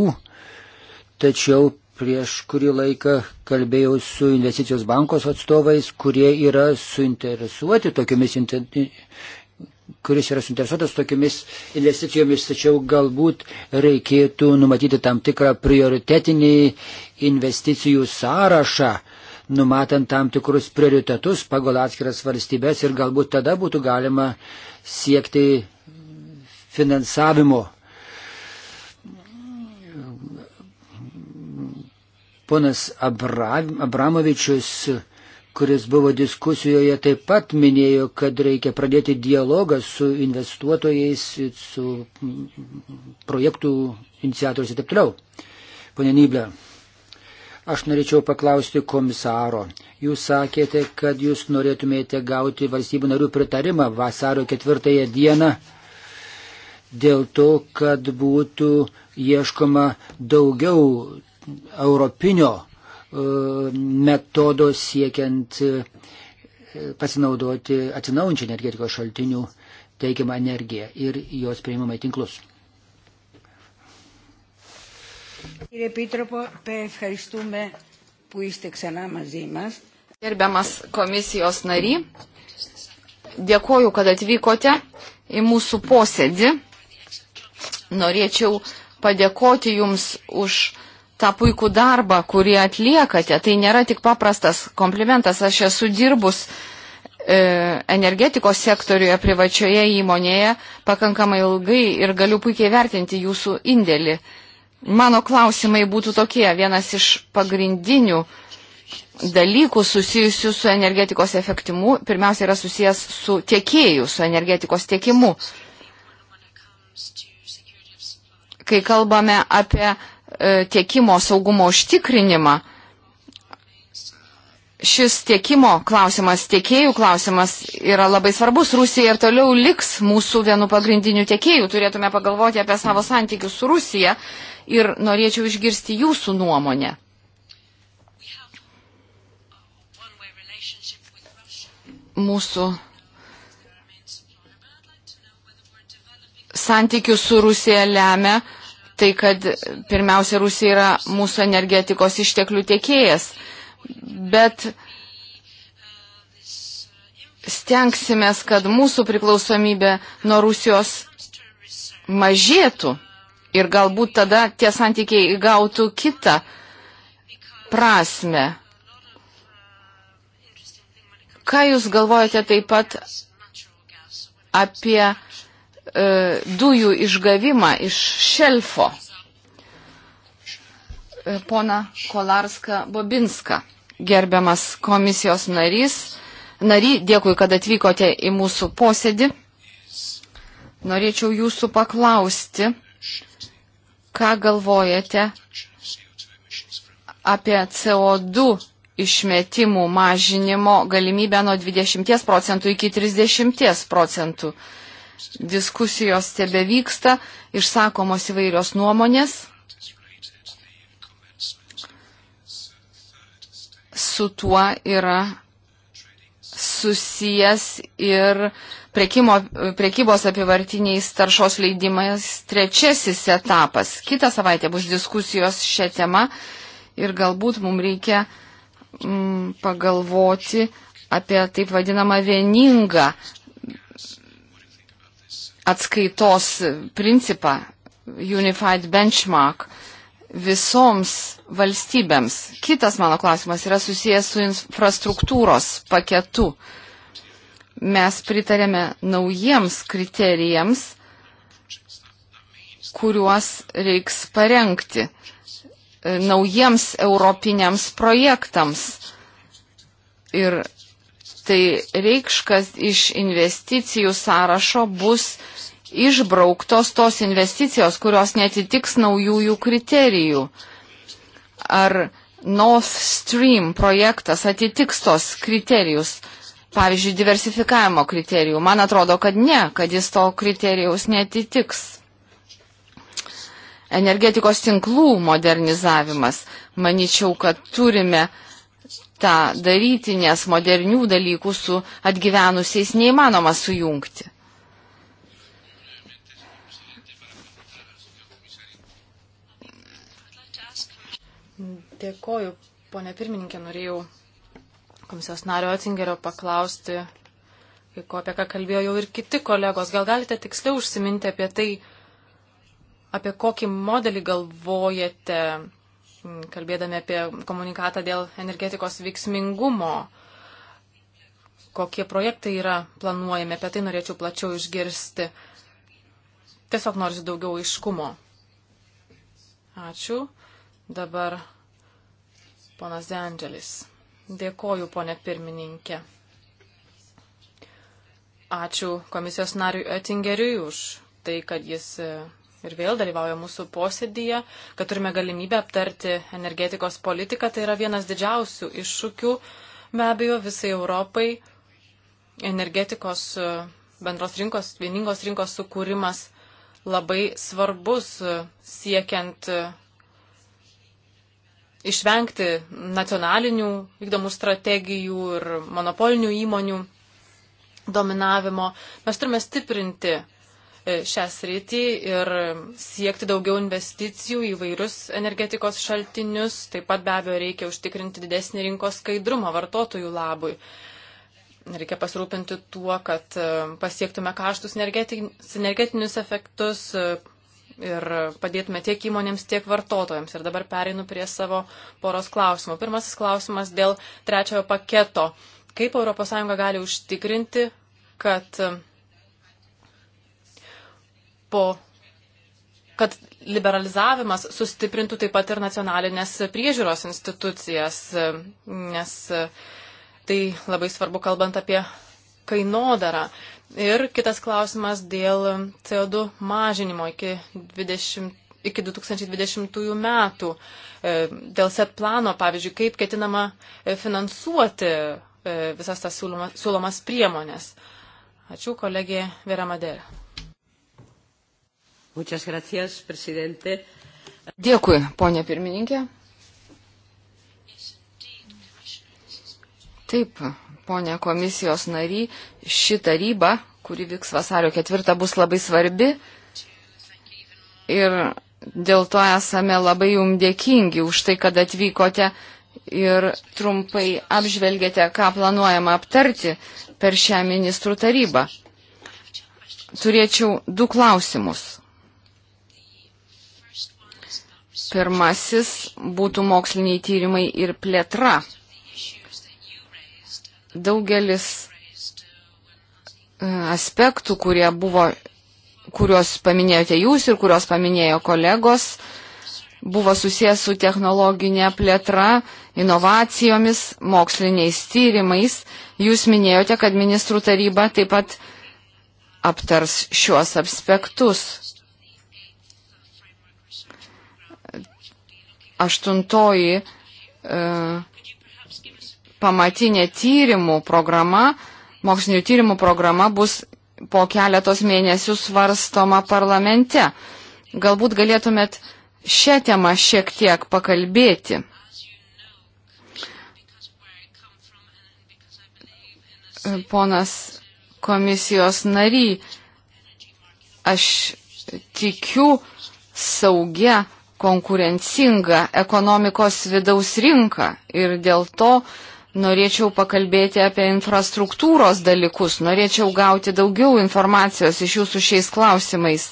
tačiau Prieš kurį laiką kalbėjau su investicijos bankos atstovais, kurie yra suinteresuoti tokiamis, kuris yra suinteresuotas tokiamis investicijomis, tačiau galbūt reikėtų numatyti tam tikrą prioritetinį investicijų sąrašą, numatant tam tikrus prioritetus pagal atskiras valstybės ir galbūt tada būtų galima siekti finansavimo Ponas Abra, Abramovičius, kuris buvo diskusijoje, taip pat minėjo, kad reikia pradėti dialogą su investuotojais, su projektų iniciatoriais ir taip toliau. Pone Nyblė. Aš norėčiau paklausti komisaro. Jūs sakėte, kad jūs norėtumėte gauti valstybių narių pritarimą vasario ketvirtąją dieną dėl to, kad būtų ieškoma daugiau europinio e, metodo siekiant e, pasinaudoti atsinaujančių energetikos šaltinių teikiamą energiją ir jos priimamą į tinklus. Gerbiamas komisijos nary, dėkoju, kad atvykote į mūsų posėdį. Norėčiau padėkoti Jums už tą puikų darbą, kurį atliekate. Tai nėra tik paprastas komplimentas. Aš esu dirbus e, energetikos sektoriuje privačioje įmonėje pakankamai ilgai ir galiu puikiai vertinti jūsų indėlį. Mano klausimai būtų tokie. Vienas iš pagrindinių dalykų susijusių su energetikos efektimu pirmiausia yra susijęs su tiekėjų, su energetikos tiekimu. Kai kalbame apie E, tiekimo saugumo užtikrinimą. Šis tiekimo klausimas, tiekėjų klausimas yra labai svarbus. Rusija ir toliau liks mūsų vienu pagrindiniu tiekėjų. Turėtume pagalvoti apie savo santykius su Rusija ir norėčiau išgirsti jūsų nuomonę. Mūsų santykius su Rusija lemia tai, kad pirmiausia Rusija yra mūsų energetikos išteklių tiekėjas, bet stengsime, kad mūsų priklausomybė nuo Rusijos mažėtų ir galbūt tada tie santykiai įgautų kitą prasme. Ką Jūs galvojate taip pat apie E, dujų išgavimą iš šelfo. E, pona Kolarska Bobinska, gerbiamas komisijos narys, nary, dėkui, kad atvykote į mūsų posėdį. Norėčiau jūsų paklausti, ką galvojate apie CO2 išmetimų mažinimo galimybę nuo 20 procentų iki 30 procentų diskusijos tebe vyksta, išsakomos įvairios nuomonės. Su tuo yra susijęs ir prekimo, prekybos apivartiniais taršos leidimais trečiasis etapas. Kita savaitė bus diskusijos šią temą ir galbūt mums reikia mm, pagalvoti apie taip vadinamą vieningą atskaitos principą, Unified Benchmark, visoms valstybėms. Kitas mano klausimas yra susijęs su infrastruktūros paketu. Mes pritarėme naujiems kriterijams, kuriuos reiks parengti e, naujiems europiniams projektams. Ir tai reikš, kad iš investicijų sąrašo bus išbrauktos tos investicijos, kurios netitiks naujųjų kriterijų. Ar North Stream projektas atitiks tos kriterijus, pavyzdžiui, diversifikavimo kriterijų? Man atrodo, kad ne, kad jis to kriterijaus netitiks. Energetikos tinklų modernizavimas. Maničiau, kad turime uh, tą daryti, nes modernių dalykų su atgyvenusiais neįmanoma sujungti. Dėkoju, ponė pirmininkė, norėjau komisijos nario Atsingerio paklausti, ko apie ką kalbėjo jau ir kiti kolegos. Gal galite tiksliau užsiminti apie tai, apie kokį modelį galvojate kalbėdami apie komunikatą dėl energetikos veiksmingumo, kokie projektai yra planuojami, apie tai norėčiau plačiau išgirsti. Tiesiog noriu daugiau aiškumo. Ačiū. Dabar ponas Deandželis. Dėkoju, ponė pirmininkė. Ačiū komisijos nariui Ettingeriui už tai, kad jis ir vėl dalyvauja mūsų posėdyje, kad turime galimybę aptarti energetikos politiką. Tai yra vienas didžiausių iššūkių, be abejo, visai Europai energetikos e, bendros rinkos, vieningos rinkos sukūrimas labai svarbus e, siekiant e, išvengti nacionalinių vykdomų strategijų ir monopolinių įmonių dominavimo. Mes turime stiprinti E, šią sritį ir siekti daugiau investicijų į vairius energetikos šaltinius. Taip pat be abejo reikia užtikrinti didesnį rinkos skaidrumą vartotojų labui. Reikia pasirūpinti tuo, kad e, pasiektume kaštus energetinius efektus e, ir padėtume tiek įmonėms, tiek vartotojams. Ir dabar pereinu prie savo poros klausimų. Pirmasis klausimas dėl trečiojo paketo. Kaip ES gali užtikrinti, kad po kad liberalizavimas sustiprintų taip pat ir nacionalinės priežiūros institucijas, nes tai labai svarbu kalbant apie kainodarą. Ir kitas klausimas dėl CO2 mažinimo iki, 20, iki 2020 metų. E, dėl set plano, pavyzdžiui, kaip ketinama e, finansuoti e, visas tas siūlomas priemonės. Ačiū kolegė Vera Mader. Gracias, Dėkui, ponė pirmininkė. Taip, ponė komisijos nary, ši taryba, kuri vyks vasario ketvirtą, bus labai svarbi. Ir dėl to esame labai jum dėkingi už tai, kad atvykote ir trumpai apžvelgėte, ką planuojama aptarti per šią ministrų tarybą. Turėčiau du klausimus. Pirmasis būtų moksliniai tyrimai ir plėtra. Daugelis e, aspektų, kurie buvo, kuriuos paminėjote jūs ir kuriuos paminėjo kolegos, buvo susijęs su technologinė plėtra, inovacijomis, moksliniais tyrimais. Jūs minėjote, kad ministrų taryba taip pat aptars šiuos aspektus. aštuntoji e, pamatinė tyrimų programa, mokslinių tyrimų programa bus po keletos mėnesių svarstoma parlamente. Galbūt galėtumėt šią temą šiek tiek pakalbėti. Ponas komisijos nary, aš tikiu saugia konkurencingą ekonomikos vidaus rinką ir dėl to norėčiau pakalbėti apie infrastruktūros dalykus, norėčiau gauti daugiau informacijos iš jūsų šiais klausimais,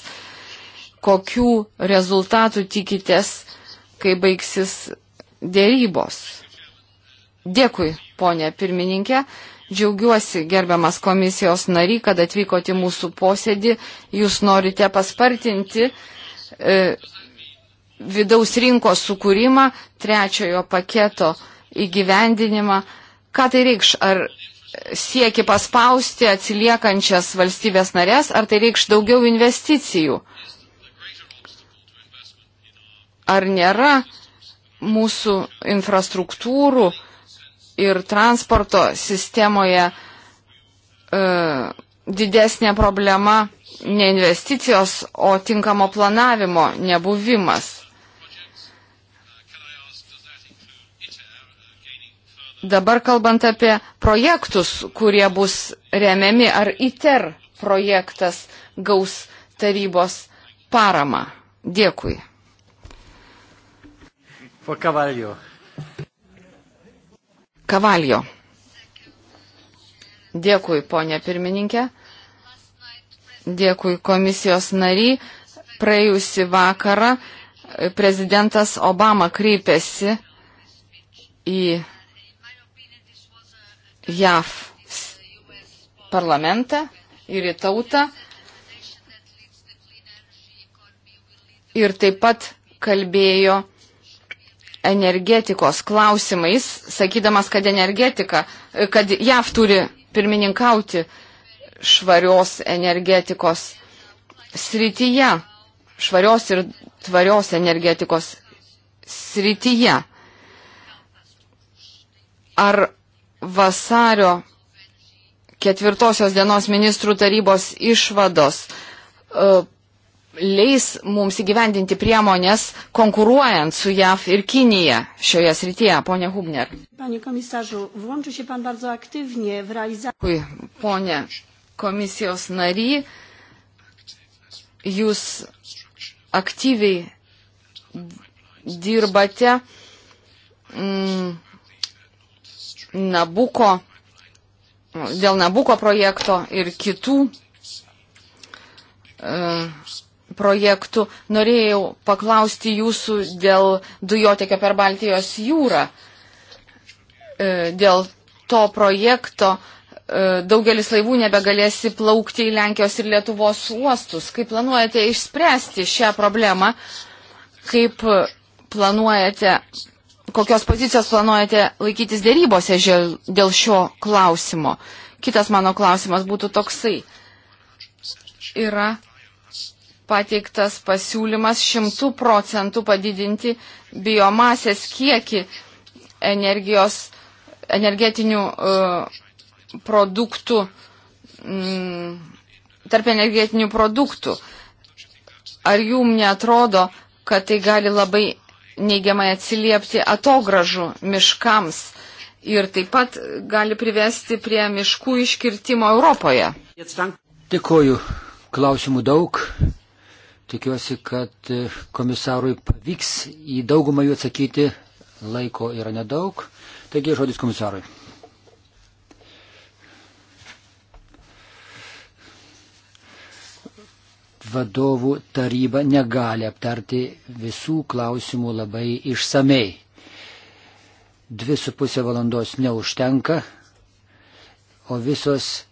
kokių rezultatų tikitės, kai baigsis dėrybos. Dėkui, ponė pirmininkė. Džiaugiuosi, gerbiamas komisijos nary, kad atvykote į mūsų posėdį. Jūs norite paspartinti e, vidaus rinkos sukūrimą, trečiojo paketo įgyvendinimą. Ką tai reikš? Ar sieki paspausti atsiliekančias valstybės narės, ar tai reikš daugiau investicijų? Ar nėra mūsų infrastruktūrų ir transporto sistemoje e, didesnė problema ne investicijos, o tinkamo planavimo nebuvimas? Dabar kalbant apie projektus, kurie bus remiami, ar ITER projektas gaus tarybos paramą. Dėkui. Po kavalio. Kavalio. Dėkui, ponė pirmininkė. Dėkui komisijos nariai. Praėjusi vakarą prezidentas Obama kreipėsi į JAV parlamentą ir į tautą. Ir taip pat kalbėjo energetikos klausimais, sakydamas, kad energetika, kad JAV turi pirmininkauti švarios energetikos srityje, švarios ir tvarios energetikos srityje. Ar vasario ketvirtosios dienos ministrų tarybos išvados e, leis mums įgyvendinti priemonės konkuruojant su JAV ir Kinija šioje srityje, ponė Hubner. Panie komisarzu, włączy się pan bardzo aktywnie w realizację. Ponė komisijos nary, jūs aktyviai dirbate. Mm, Nabuko, dėl Nabuko projekto ir kitų e, projektų. Norėjau paklausti jūsų dėl dujotekio per Baltijos jūrą. E, dėl to projekto e, daugelis laivų nebegalės įplaukti į Lenkijos ir Lietuvos uostus. Kaip planuojate išspręsti šią problemą? Kaip planuojate kokios pozicijos planuojate laikytis dėrybose dėl šio klausimo. Kitas mano klausimas būtų toksai. Yra pateiktas pasiūlymas šimtų procentų padidinti biomasės kiekį energijos, energetinių uh, produktų, mm, tarp energetinių produktų. Ar jum netrodo, kad tai gali labai neigiamai atsiliepti atogražų miškams ir taip pat gali privesti prie miškų iškirtimo Europoje. Dėkoju. Klausimų daug. Tikiuosi, kad e, komisarui pavyks į daugumą jų atsakyti. Laiko yra nedaug. Taigi žodis komisarui. vadovų taryba negali aptarti visų klausimų labai išsamei. Dvi su pusė valandos neužtenka, o visos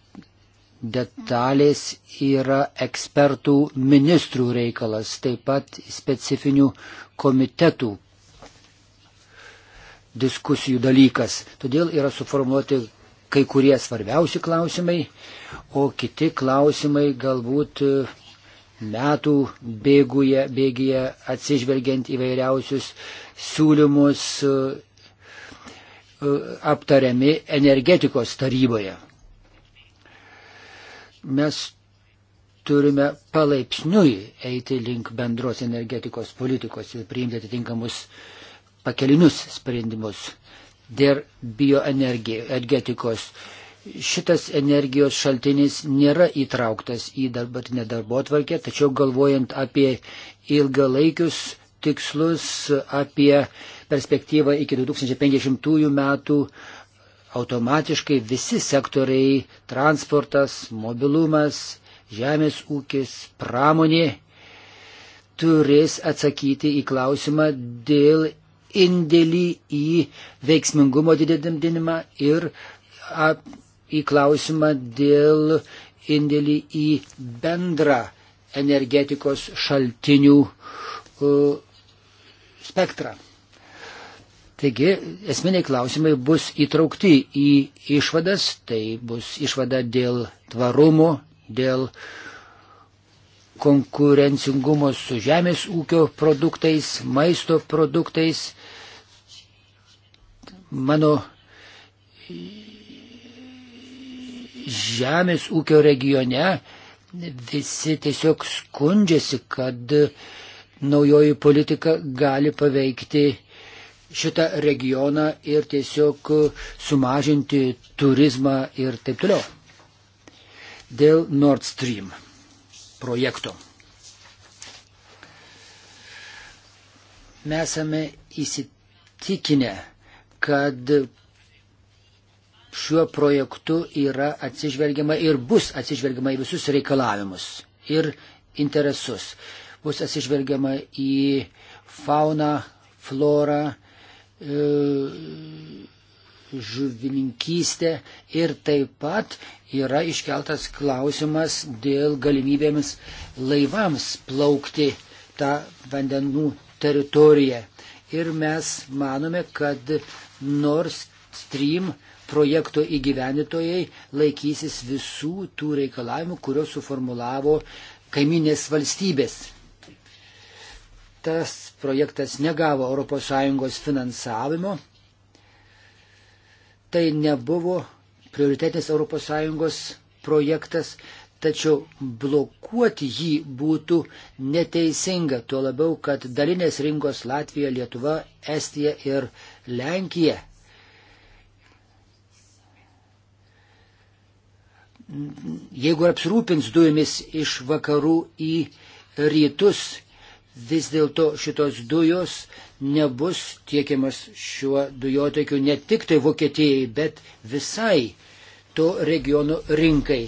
detalės yra ekspertų ministrų reikalas, taip pat specifinių komitetų diskusijų dalykas. Todėl yra suformuoti kai kurie svarbiausi klausimai, o kiti klausimai galbūt metų bėguje, bėgyje atsižvelgiant įvairiausius siūlymus e, e, aptariami energetikos taryboje. Mes turime palaipsniui eiti link bendros energetikos politikos ir priimti atitinkamus pakelinius sprendimus dėl bioenergetikos. Bioenergi Šitas energijos šaltinis nėra įtrauktas į dabartinę darbo atvarkę, tačiau galvojant apie ilgalaikius tikslus, apie perspektyvą iki 2050 metų, automatiškai visi sektoriai - transportas, mobilumas, žemės ūkis, pramonė - turės atsakyti į klausimą dėl indėlį į veiksmingumo didinimą ir į klausimą dėl indėlį į bendrą energetikos šaltinių spektrą. Taigi esminiai klausimai bus įtraukti į išvadas, tai bus išvada dėl tvarumo, dėl konkurencingumo su žemės ūkio produktais, maisto produktais. Mano žemės ūkio regione visi tiesiog skundžiasi, kad naujoji politika gali paveikti šitą regioną ir tiesiog sumažinti turizmą ir taip toliau. Dėl Nord Stream projekto. Mes esame įsitikinę, kad šiuo projektu yra atsižvelgiama ir bus atsižvelgiama į visus reikalavimus ir interesus. Bus atsižvelgiama į fauną, florą, e, žuvininkystę ir taip pat yra iškeltas klausimas dėl galimybėmis laivams plaukti tą vandenų teritoriją. Ir mes manome, kad nors stream projekto įgyvenitojai laikysis visų tų reikalavimų, kuriuos suformulavo kaiminės valstybės. Tas projektas negavo ES finansavimo. Tai nebuvo prioritetinis ES projektas, tačiau blokuoti jį būtų neteisinga, tuo labiau, kad dalinės rinkos Latvija, Lietuva, Estija ir Lenkija jeigu apsirūpins dujomis iš vakarų į rytus, vis dėlto šitos dujos nebus tiekiamas šiuo dujotekiu ne tik tai Vokietijai, bet visai to regiono rinkai.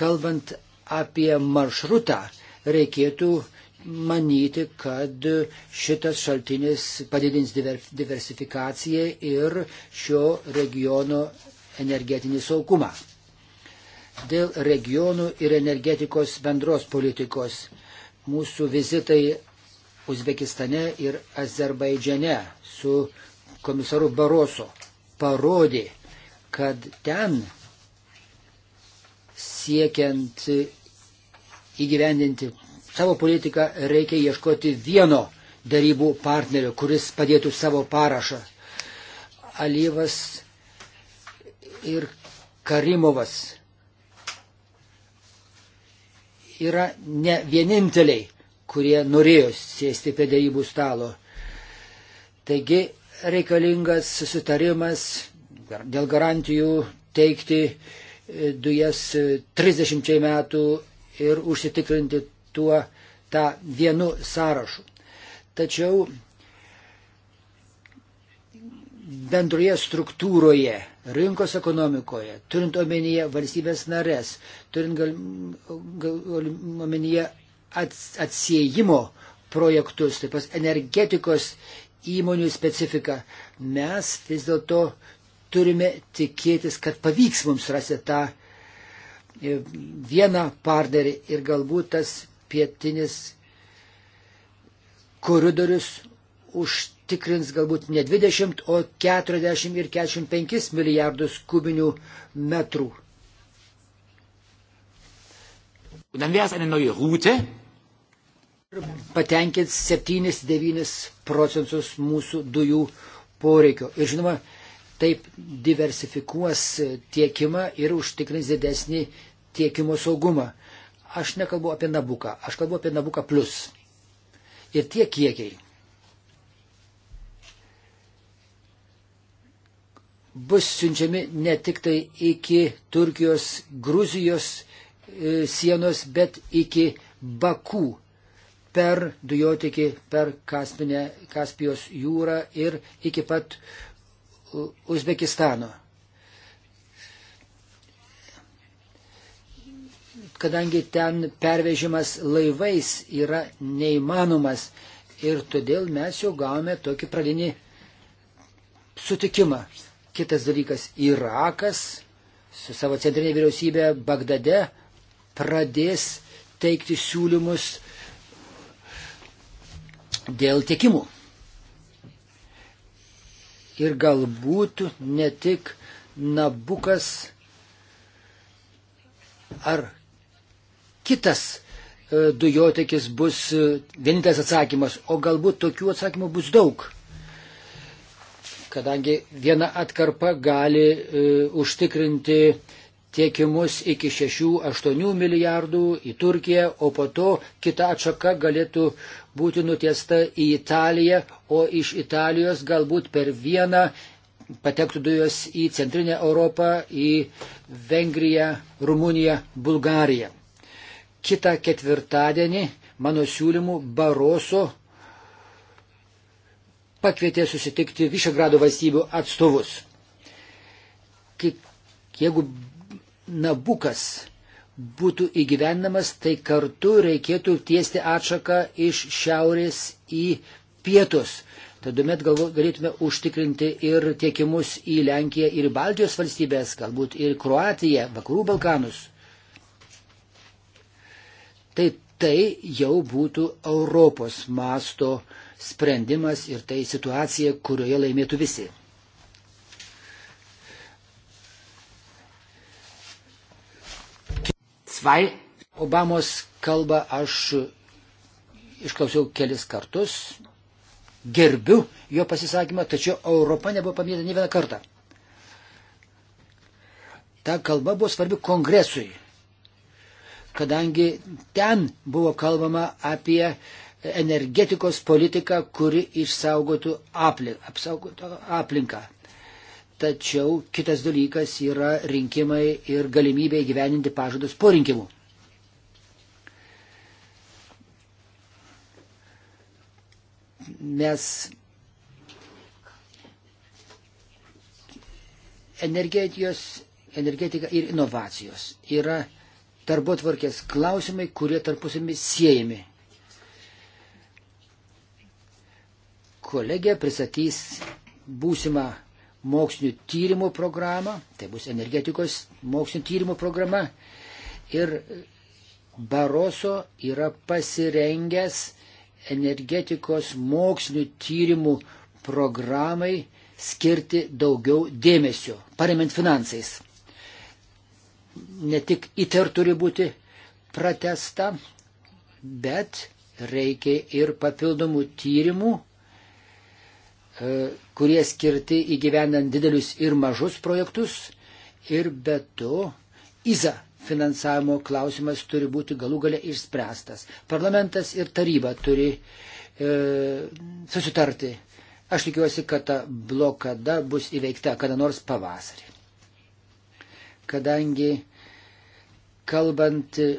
Kalbant apie maršrutą, reikėtų manyti, kad šitas šaltinis padidins diversifikaciją ir šio regiono energetinį saugumą dėl regionų ir energetikos bendros politikos. Mūsų vizitai Uzbekistane ir Azerbaidžiane su komisaru Baroso parodė, kad ten siekiant įgyvendinti savo politiką reikia ieškoti vieno darybų partnerio, kuris padėtų savo parašą. Alyvas ir Karimovas yra ne vieninteliai, kurie norėjo sėsti prie dėrybų stalo. Taigi reikalingas susitarimas dėl garantijų teikti e, dujas 30 e, metų ir užsitikrinti tuo tą vienu sąrašu. Tačiau bendroje struktūroje rinkos ekonomikoje, turint omenyje valstybės narės, turint gal, gal, omenyje ats, atsiejimo projektus, taip pat energetikos įmonių specifiką, mes vis dėlto turime tikėtis, kad pavyks mums rasti tą e, vieną partnerį ir galbūt tas pietinis koridorius užtikrinti tikrins galbūt ne 20, o 40 ir 45 milijardus kubinių metrų. Patenkins 7-9 procentus mūsų dujų poreikio. Ir žinoma, taip diversifikuos tiekimą ir užtikrins didesnį tiekimo saugumą. Aš nekalbu apie nabuką, aš kalbu apie nabuką plus. Ir tie kiekiai bus siunčiami ne tik tai iki Turkijos, Gruzijos e, sienos, bet iki Bakų per dujotikį, per Kaspinę, Kaspijos jūrą ir iki pat Uzbekistano. Kadangi ten pervežimas laivais yra neįmanomas ir todėl mes jau gavome tokį pradinį sutikimą. Kitas dalykas - Irakas su savo centrinė vyriausybė Bagdade pradės teikti siūlymus dėl tiekimų. Ir galbūt ne tik Nabukas ar kitas e, dujotekis bus e, vienintelis atsakymas, o galbūt tokių atsakymų bus daug kadangi viena atkarpa gali e, užtikrinti tiekimus iki 6-8 milijardų į Turkiją, o po to kita atšaka galėtų būti nutiesta į Italiją, o iš Italijos galbūt per vieną patektų dujos į Centrinę Europą, į Vengriją, Rumuniją, Bulgariją. Kita ketvirtadienį mano siūlymų Baroso pakvietė susitikti Višegrado valstybių atstovus. Kaip, jeigu Nabukas būtų įgyvendamas, tai kartu reikėtų tiesti atšaką iš šiaurės į pietus. Tada met galėtume užtikrinti ir tiekimus į Lenkiją ir Baltijos valstybės, galbūt ir Kroatiją, Vakarų Balkanus. Tai tai jau būtų Europos masto uh, sprendimas ir tai situacija, kurioje laimėtų visi. Zwei. Obamos kalbą aš išklausiau kelis kartus, gerbiu jo pasisakymą, tačiau Europa nebuvo paminėta ne vieną kartą. Ta kalba buvo svarbi kongresui, kadangi ten buvo kalbama apie uh, energetikos politiką, kuri išsaugotų aplinką. Tačiau kitas dalykas yra rinkimai ir galimybė įgyveninti pažadus po rinkimų. Mes energetijos, energetika ir inovacijos yra darbo tvarkės klausimai, kurie tarpusami siejami. kolegė pristatys būsimą mokslinių tyrimų programą, tai bus energetikos mokslinių tyrimų programa. Ir Baroso yra pasirengęs energetikos mokslinių tyrimų programai skirti daugiau dėmesio, paremint finansais. Ne tik ITER turi būti pratesta, bet reikia ir papildomų tyrimų E, kurie skirti įgyvendant didelius ir mažus projektus. Ir be to, IZA finansavimo klausimas turi būti galų gale išspręstas. Parlamentas ir taryba turi e, susitarti. Aš tikiuosi, kad ta blokada bus įveikta kada nors pavasarį. Kadangi kalbant e,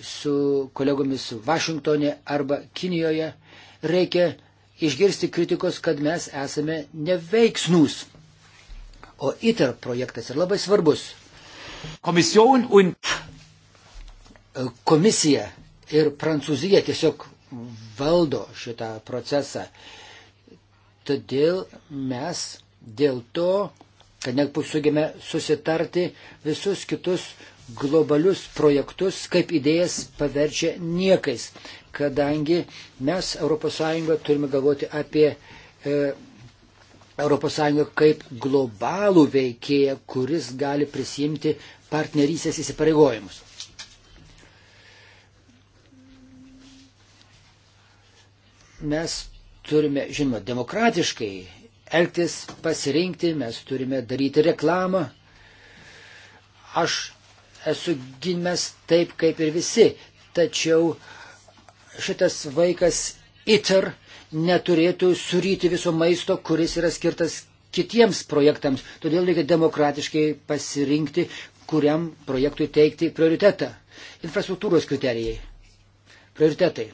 su kolegomis Vašingtonė arba Kinijoje, reikia išgirsti kritikos, kad mes esame neveiksnūs. O ITER projektas yra labai svarbus. Komision un... Komisija ir Prancūzija tiesiog valdo šitą procesą. Todėl mes dėl to, kad nepusugėme susitarti visus kitus globalius projektus, kaip idėjas paverčia niekais kadangi mes ES turime galvoti apie e, ES kaip globalų veikėją, kuris gali prisimti partnerysės įsipareigojimus. Mes turime, žinoma, demokratiškai elgtis, pasirinkti, mes turime daryti reklamą. Aš esu gimęs taip kaip ir visi, tačiau uh, šitas vaikas ITER neturėtų suryti viso maisto, kuris yra skirtas kitiems projektams. Todėl reikia demokratiškai pasirinkti, kuriam projektui teikti prioritetą. Infrastruktūros kriterijai. Prioritetai.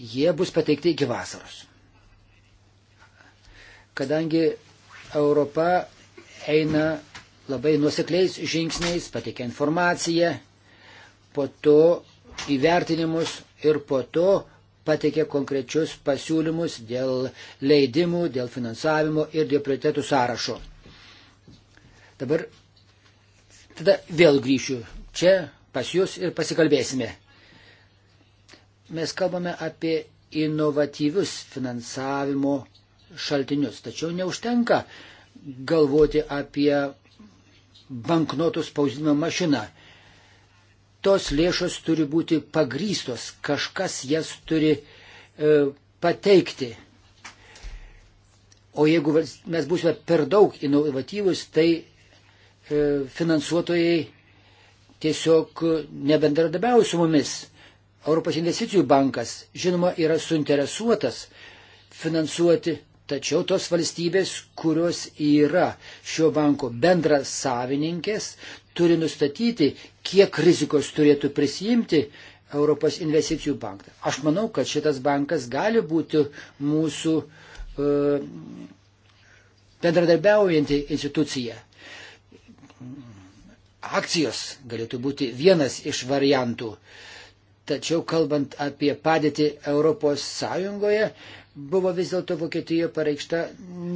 Jie bus pateikti iki vasaros. Kadangi Europa eina labai nuosekliais žingsniais, pateikia informaciją, po to įvertinimus ir po to pateikė konkrečius pasiūlymus dėl leidimų, dėl finansavimo ir dėl prioritetų sąrašo. Dabar tada vėl grįšiu čia pas jūs ir pasikalbėsime. Mes kalbame apie inovatyvius finansavimo šaltinius, tačiau neužtenka galvoti apie banknotų spausdinimo mašiną tos lėšos turi būti pagrystos, kažkas jas turi e, pateikti. O jeigu mes būsime per daug inovatyvus, tai e, finansuotojai tiesiog nebendradabiauja su mumis. Europos investicijų bankas, žinoma, yra suinteresuotas finansuoti, tačiau tos valstybės, kurios yra šio banko bendras savininkės, turi nustatyti, kiek rizikos turėtų prisijimti Europos investicijų bankas. Aš manau, kad šitas bankas gali būti mūsų uh, bendradarbiaujanti institucija. Akcijos galėtų būti vienas iš variantų. Tačiau kalbant apie padėtį Europos Sąjungoje, buvo vis dėlto Vokietijoje pareikšta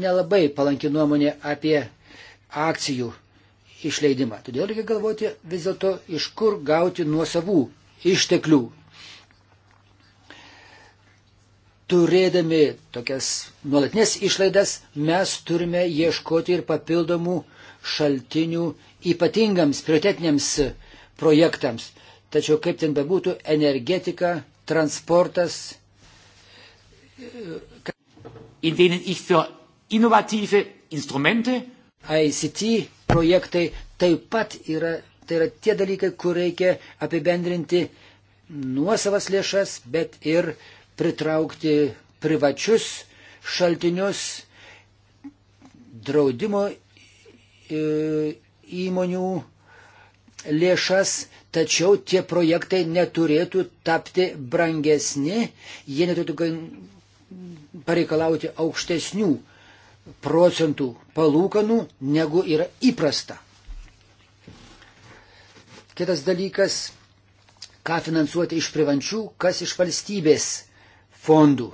nelabai palanki nuomonė apie akcijų išleidimą. Todėl reikia galvoti vis dėlto, iš kur gauti nuo savų išteklių. Turėdami tokias nuolatinės išlaidas, mes turime ieškoti ir papildomų šaltinių ypatingams, prioritetiniams projektams. Tačiau kaip ten bebūtų, energetika, transportas. In denen ich für innovative Instrumente ICT projektai taip pat yra, tai yra tie dalykai, kur reikia apibendrinti nuosavas lėšas, bet ir pritraukti privačius šaltinius draudimo e, įmonių lėšas, tačiau tie projektai neturėtų tapti brangesni, jie neturėtų pareikalauti aukštesnių procentų palūkanų, negu yra įprasta. Kitas dalykas, ką finansuoti iš privančių, kas iš valstybės fondų.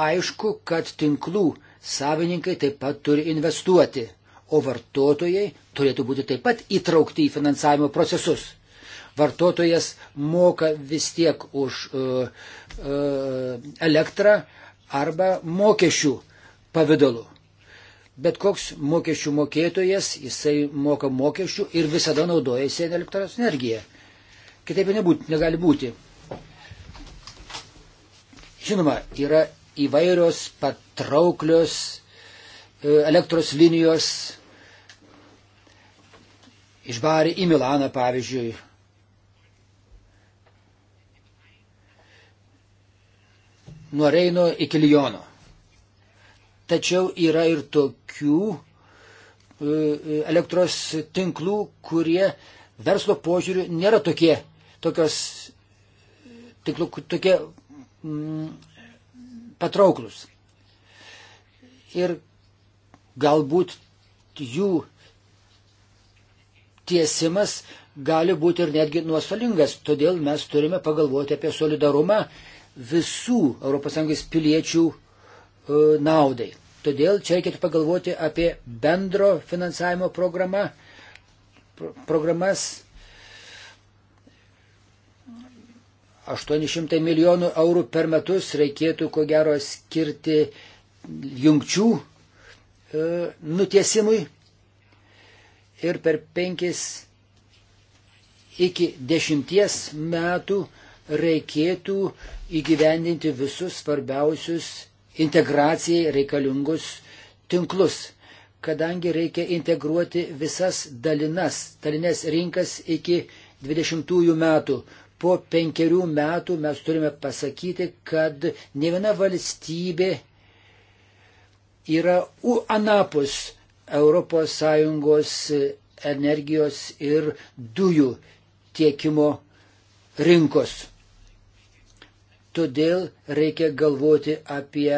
Aišku, kad tinklų savininkai taip pat turi investuoti, o vartotojai turėtų būti taip pat įtraukti į finansavimo procesus vartotojas moka vis tiek už uh, uh, elektrą, arba mokesčių pavydalu. Bet koks mokesčių mokėtojas, jisai moka mokesčių ir visada naudojasi elektros energiją. Kitaip nebūt, negali būti. Žinoma, yra įvairios patrauklios e, elektros linijos iš Bari į Milaną, pavyzdžiui, nuo Reino iki Lyono. Tačiau yra ir tokių e, e, elektros tinklų, kurie verslo požiūriu nėra tokie, tokios, tinklų, tokie mm, patrauklus. Ir galbūt jų tiesimas gali būti ir netgi nuostolingas. Todėl mes turime pagalvoti apie solidarumą visų ES piliečių e, naudai. Todėl čia reikėtų pagalvoti apie bendro finansavimo programą, programas 800 milijonų eurų per metus reikėtų ko gero skirti jungčių e, nutiesimui ir per 5 iki 10 metų reikėtų įgyvendinti visus svarbiausius integracijai reikalingus tinklus, kadangi reikia integruoti visas dalinas, dalinės rinkas iki 20 metų. Po penkerių metų mes turime pasakyti, kad ne viena valstybė yra u anapus ES energijos ir dujų tiekimo rinkos. Todėl reikia galvoti apie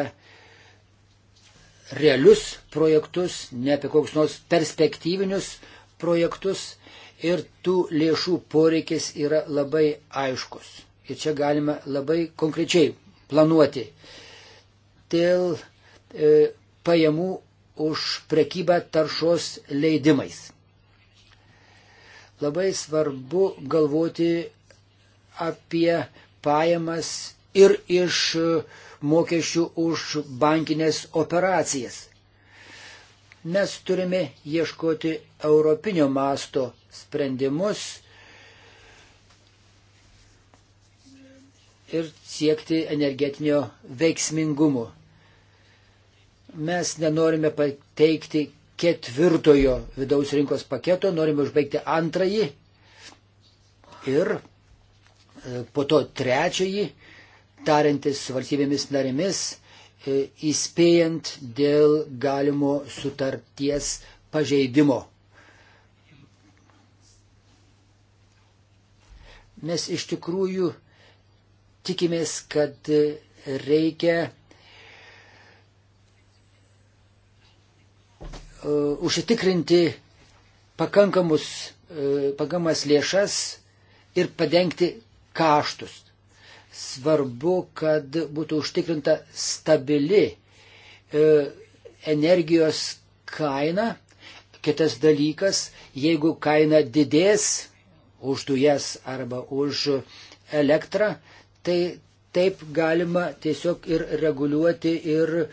realius projektus, ne apie koks nors perspektyvinius projektus ir tų lėšų poreikis yra labai aiškus. Ir čia galima labai konkrečiai planuoti. Dėl e, pajamų už prekybą taršos leidimais. Labai svarbu galvoti apie pajamas ir iš e, mokesčių už bankinės operacijas. Mes turime ieškoti europinio masto sprendimus ir siekti energetinio veiksmingumo. Mes nenorime pateikti ketvirtojo vidaus rinkos paketo, norime užbaigti antrąjį ir e, po to trečiąjį tarintis valstybėmis narėmis, e, įspėjant dėl galimo sutarties pažeidimo. Mes iš tikrųjų tikimės, kad reikia e, užsitikrinti pakankamus, e, pakankamas lėšas ir padengti kaštus svarbu, kad būtų užtikrinta stabili e, energijos kaina. Kitas dalykas, jeigu kaina didės už dujas arba už elektrą, tai taip galima tiesiog ir reguliuoti ir e,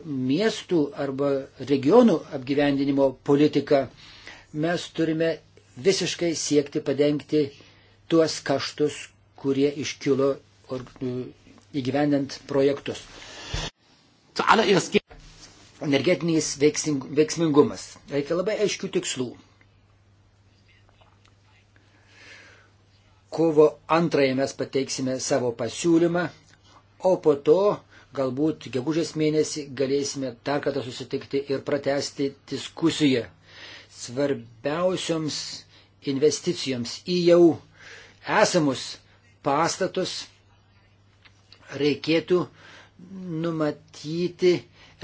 miestų arba regionų apgyvendinimo politiką. Mes turime visiškai siekti padengti tuos kaštus, kurie iškilo įgyvendant projektus. Energetinis veiksmingumas. Reikia labai aiškių tikslų. Kovo antrąją mes pateiksime savo pasiūlymą, o po to galbūt gegužės mėnesį galėsime dar kartą susitikti ir pratesti diskusiją. Svarbiausioms investicijoms į jau esamus pastatus reikėtų numatyti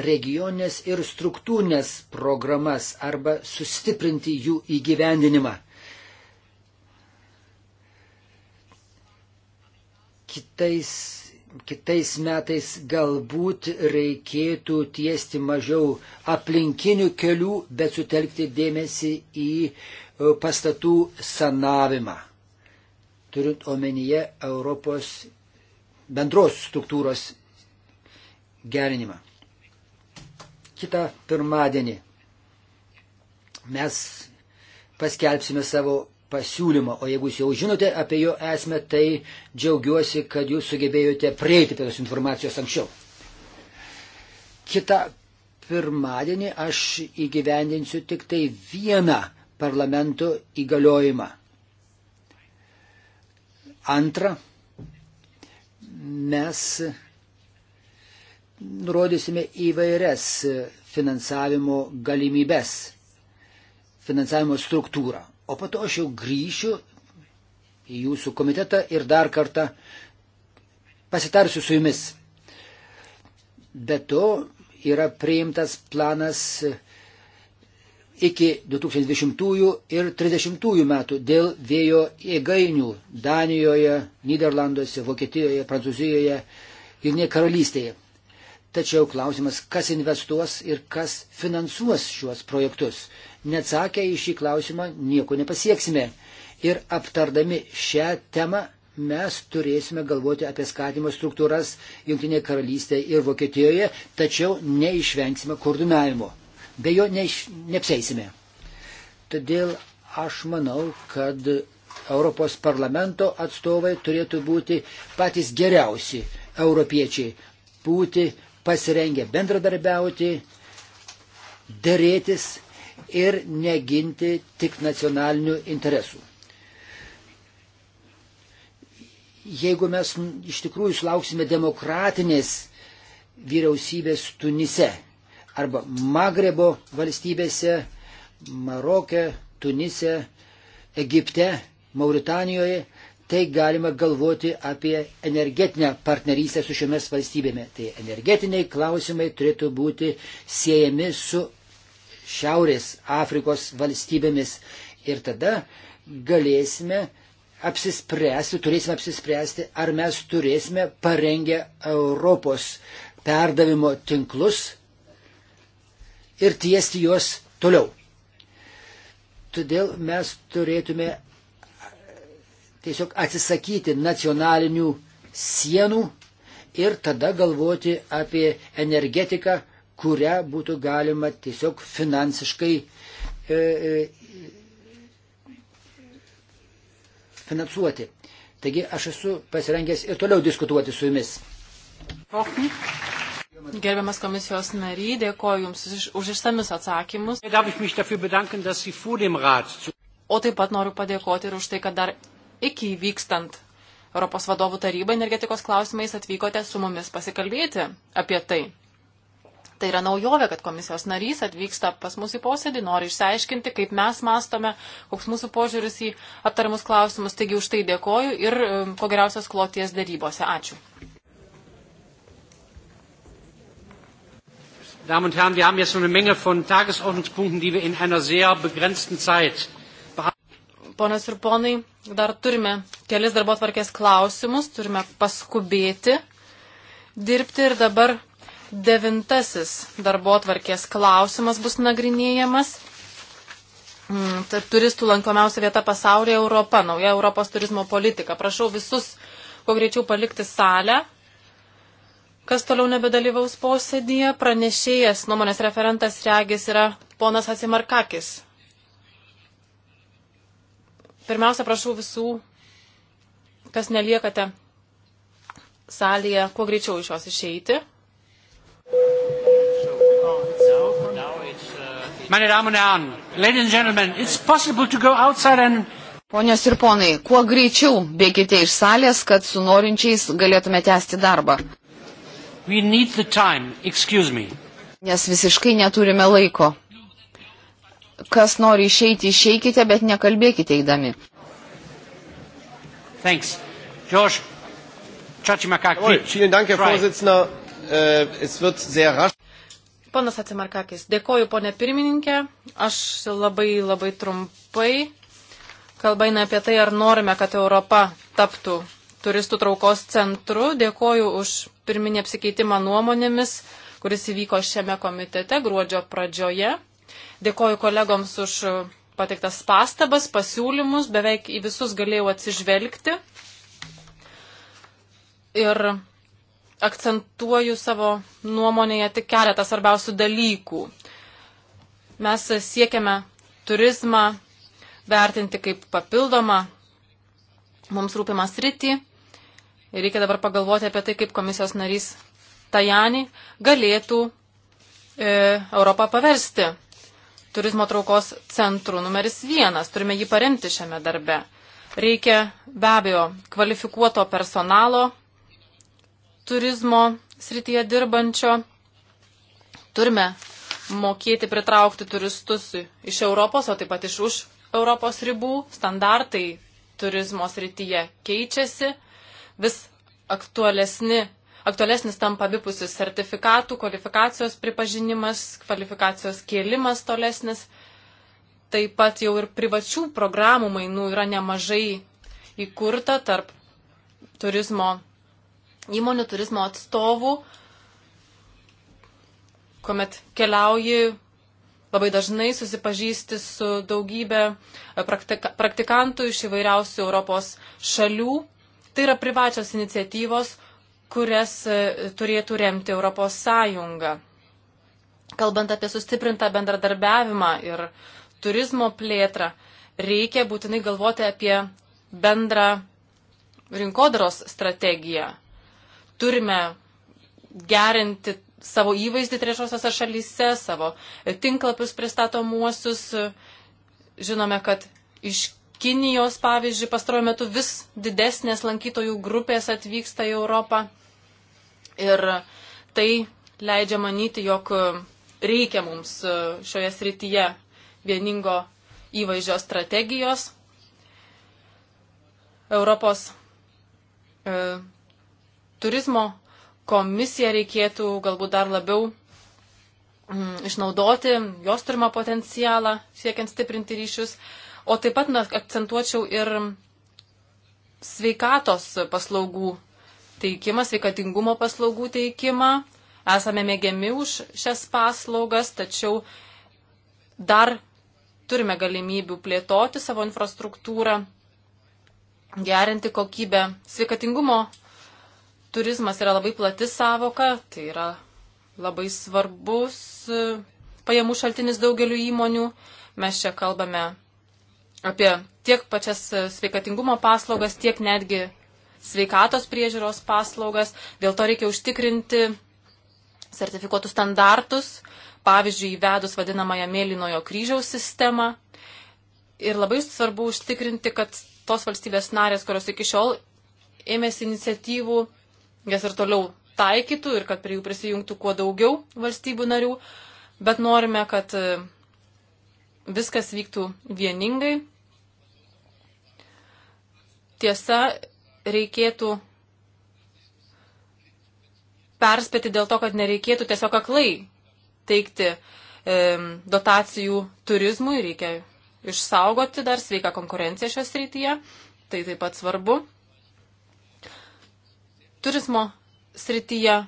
regionės ir struktūrinės programas arba sustiprinti jų įgyvendinimą. Kitais, kitais metais galbūt reikėtų tiesti mažiau aplinkinių kelių, bet sutelkti dėmesį į e, pastatų sanavimą turint omenyje Europos bendros struktūros gerinimą. Kita pirmadienį mes paskelbsime savo pasiūlymą, o jeigu jūs jau žinote apie jo esmę, tai džiaugiuosi, kad jūs sugebėjote prieiti prie tos informacijos anksčiau. Kita pirmadienį aš įgyvendinsiu tik tai vieną parlamento įgaliojimą. Antra, mes nurodysime įvairias finansavimo galimybes, finansavimo struktūrą. O po to aš jau grįšiu į jūsų komitetą ir dar kartą pasitarsiu su jumis. Be to yra priimtas planas iki 2020 ir 30 metų dėl vėjo jėgainių Danijoje, Niderlanduose, Vokietijoje, Prancūzijoje ir ne karalystėje. Tačiau klausimas, kas investuos ir kas finansuos šiuos projektus. Neatsakę į šį klausimą nieko nepasieksime. Ir aptardami šią temą mes turėsime galvoti apie skatimo struktūras Junktinėje karalystėje ir Vokietijoje, tačiau neišvengsime koordinavimo. Be jo neiš, neapsėsime. Todėl aš manau, kad Europos parlamento atstovai turėtų būti patys geriausi europiečiai, būti pasirengę bendradarbiauti, dėrėtis ir neginti tik nacionalinių interesų. Jeigu mes iš tikrųjų sulauksime demokratinės vyriausybės Tunise, arba Magrebo valstybėse, Marokė, Tunise, Egipte, Mauritanijoje, tai galima galvoti apie energetinę partnerystę su šiomis valstybėmis. Tai energetiniai klausimai turėtų būti siejami su Šiaurės Afrikos valstybėmis ir tada galėsime apsispręsti, turėsime apsispręsti, ar mes turėsime parengę Europos perdavimo tinklus ir tiesti juos toliau. Todėl mes turėtume tiesiog atsisakyti nacionalinių sienų ir tada galvoti apie energetiką, kurią būtų galima tiesiog finansiškai e, e, finansuoti. Taigi aš esu pasirengęs ir toliau diskutuoti su jumis. Okay. Gerbiamas komisijos nary, dėkoju Jums iš, už išsamius atsakymus. O taip pat noriu padėkoti ir už tai, kad dar iki vykstant Europos vadovų taryba energetikos klausimais atvykote su mumis pasikalbėti apie tai. Tai yra naujovė, kad komisijos narys atvyksta pas mūsų posėdį, nori išsiaiškinti, kaip mes mastome, koks mūsų požiūris į aptariamus klausimus. Taigi už tai dėkoju ir e, ko geriausios kloties darybose. Ačiū. Damen und Herren, wir haben jetzt noch eine Menge von Tagesordnungspunkten, die wir in einer sehr begrenzten Zeit Ponas ir ponai, dar turime kelis darbo tvarkės klausimus, turime paskubėti dirbti ir dabar devintasis darbo tvarkės klausimas bus nagrinėjamas. Hmm, tai turistų lankomiausia vieta pasaulyje Europa, nauja Europos turizmo politika. Prašau visus kuo greičiau palikti salę. Kas toliau nebedalyvaus posėdėje? Pranešėjas, nuomonės referentas regis yra ponas Asimarkakis. Pirmiausia, prašau visų, kas neliekate salėje, kuo greičiau iš jos išeiti. Meine Damen und Herren, Ladies and Gentlemen, it's possible to go outside and Ponios ir ponai, kuo greičiau bėgite iš salės, kad su norinčiais galėtume tęsti darbą. Nes visiškai neturime laiko. Kas nori išeiti, išeikite, bet nekalbėkite įdami. Thanks. George, Jawohl, vielen Dank, Herr Vorsitzender. Äh, es wird sehr rasch. Ponas Atsimarkakis, dėkoju ponė pirmininkė. Aš labai labai trumpai. Kalba eina apie tai, ar norime, kad Europa taptų turistų traukos centru. Dėkoju už pirminį apsikeitimą nuomonėmis, kuris įvyko šiame komitete gruodžio pradžioje. Dėkoju kolegoms už pateiktas pastabas, pasiūlymus, beveik į visus galėjau atsižvelgti. Ir akcentuoju savo nuomonėje tik keletą svarbiausių dalykų. Mes siekiame turizmą vertinti kaip papildomą mums rūpimą sritį reikia dabar pagalvoti apie tai, kaip komisijos narys Tajani galėtų e, Europą paversti turizmo traukos centrų numeris vienas. Turime jį paremti šiame darbe. Reikia be abejo kvalifikuoto personalo turizmo srityje dirbančio. Turime mokėti pritraukti turistus iš Europos, o taip pat iš už Europos ribų. Standartai turizmo srityje keičiasi vis aktualesni, aktualesnis tampa abipusis sertifikatų, kvalifikacijos pripažinimas, kvalifikacijos kėlimas tolesnis. Taip pat jau ir privačių programų mainų yra nemažai įkurta tarp turizmo įmonių, turizmo atstovų, kuomet keliauji labai dažnai susipažįsti su daugybė praktika, praktikantų iš įvairiausių Europos šalių Tai yra privačios iniciatyvos, kurias e, turėtų remti Europos Sąjunga. Kalbant apie sustiprintą bendradarbiavimą ir turizmo plėtrą, reikia būtinai galvoti apie bendrą rinkodaros strategiją. Turime gerinti savo įvaizdį trečiosiose šalyse, savo tinklapius pristatomuosius. Žinome, kad iš Kinijos, pavyzdžiui, pastaruoju metu vis didesnės lankytojų grupės atvyksta į Europą. Ir tai leidžia manyti, jog reikia mums e, šioje srityje vieningo įvaizdžio strategijos. Europos e, turizmo komisiją reikėtų galbūt dar labiau mm, išnaudoti jos turimą potencialą, siekiant stiprinti ryšius O taip pat na, akcentuočiau ir sveikatos paslaugų teikimą, sveikatingumo paslaugų teikimą. Esame mėgiami už šias paslaugas, tačiau dar turime galimybių plėtoti savo infrastruktūrą, gerinti kokybę. Sveikatingumo turizmas yra labai plati savoka, tai yra labai svarbus e, pajamų šaltinis daugeliu įmonių. Mes čia kalbame apie tiek pačias e, sveikatingumo paslaugas, tiek netgi sveikatos priežiūros paslaugas. Dėl to reikia užtikrinti sertifikuotus standartus, pavyzdžiui, įvedus vadinamąją mėlynojo kryžiaus sistemą. Ir labai svarbu užtikrinti, kad tos valstybės narės, kurios iki šiol ėmėsi iniciatyvų, jas ir toliau taikytų ir kad prie jų prisijungtų kuo daugiau valstybių narių. Bet norime, kad e, viskas vyktų vieningai. Tiesa, reikėtų perspėti dėl to, kad nereikėtų tiesiog aklai teikti e, dotacijų turizmui, reikia išsaugoti dar sveiką konkurenciją šios rytyje, tai taip pat svarbu. Turizmo srityje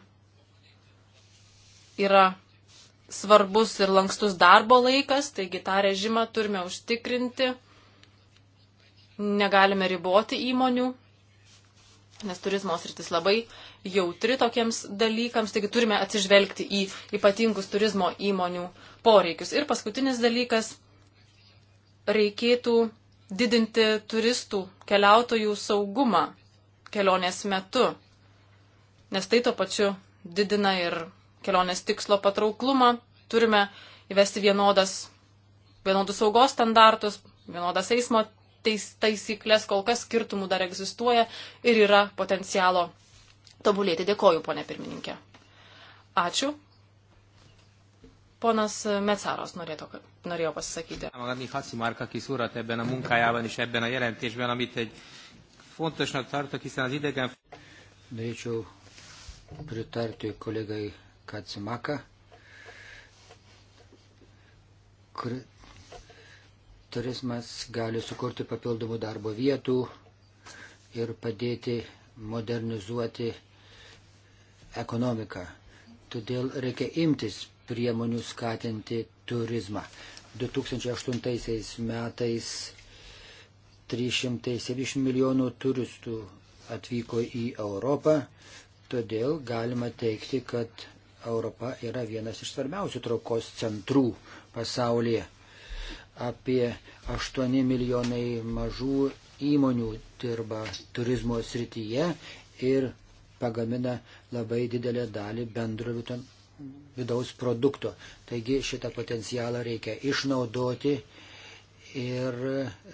yra svarbus ir lankstus darbo laikas, taigi tą režimą turime užtikrinti, negalime riboti įmonių, nes turizmo sritis labai jautri tokiems dalykams, taigi turime atsižvelgti į ypatingus turizmo įmonių poreikius. Ir paskutinis dalykas, reikėtų didinti turistų, keliautojų saugumą kelionės metu, nes tai tuo pačiu didina ir kelionės tikslo patrauklumą, turime įvesti vienodas, vienodus saugos standartus, vienodas eismo tais, taisyklės, kol kas skirtumų dar egzistuoja ir yra potencialo tobulėti. Dėkoju, ponė pirmininkė. Ačiū. Ponas Mecaros norėto, norėjo pasisakyti. Magam így haszimarka kiszúrat ebben a munkájában és ebben a jelentésben, amit egy fontosnak tartok, hiszen az idegen... Norėčiau pritarti kolegai Katsumaka, kur turizmas gali sukurti papildomų darbo vietų ir padėti modernizuoti ekonomiką. Todėl reikia imtis priemonių skatinti turizmą. 2008 metais 370 milijonų turistų atvyko į Europą, todėl galima teikti, kad Europa yra vienas iš svarbiausių traukos centrų pasaulyje. Apie 8 milijonai mažų įmonių dirba turizmo srityje ir pagamina labai didelę dalį bendro vidaus produkto. Taigi šitą potencialą reikia išnaudoti ir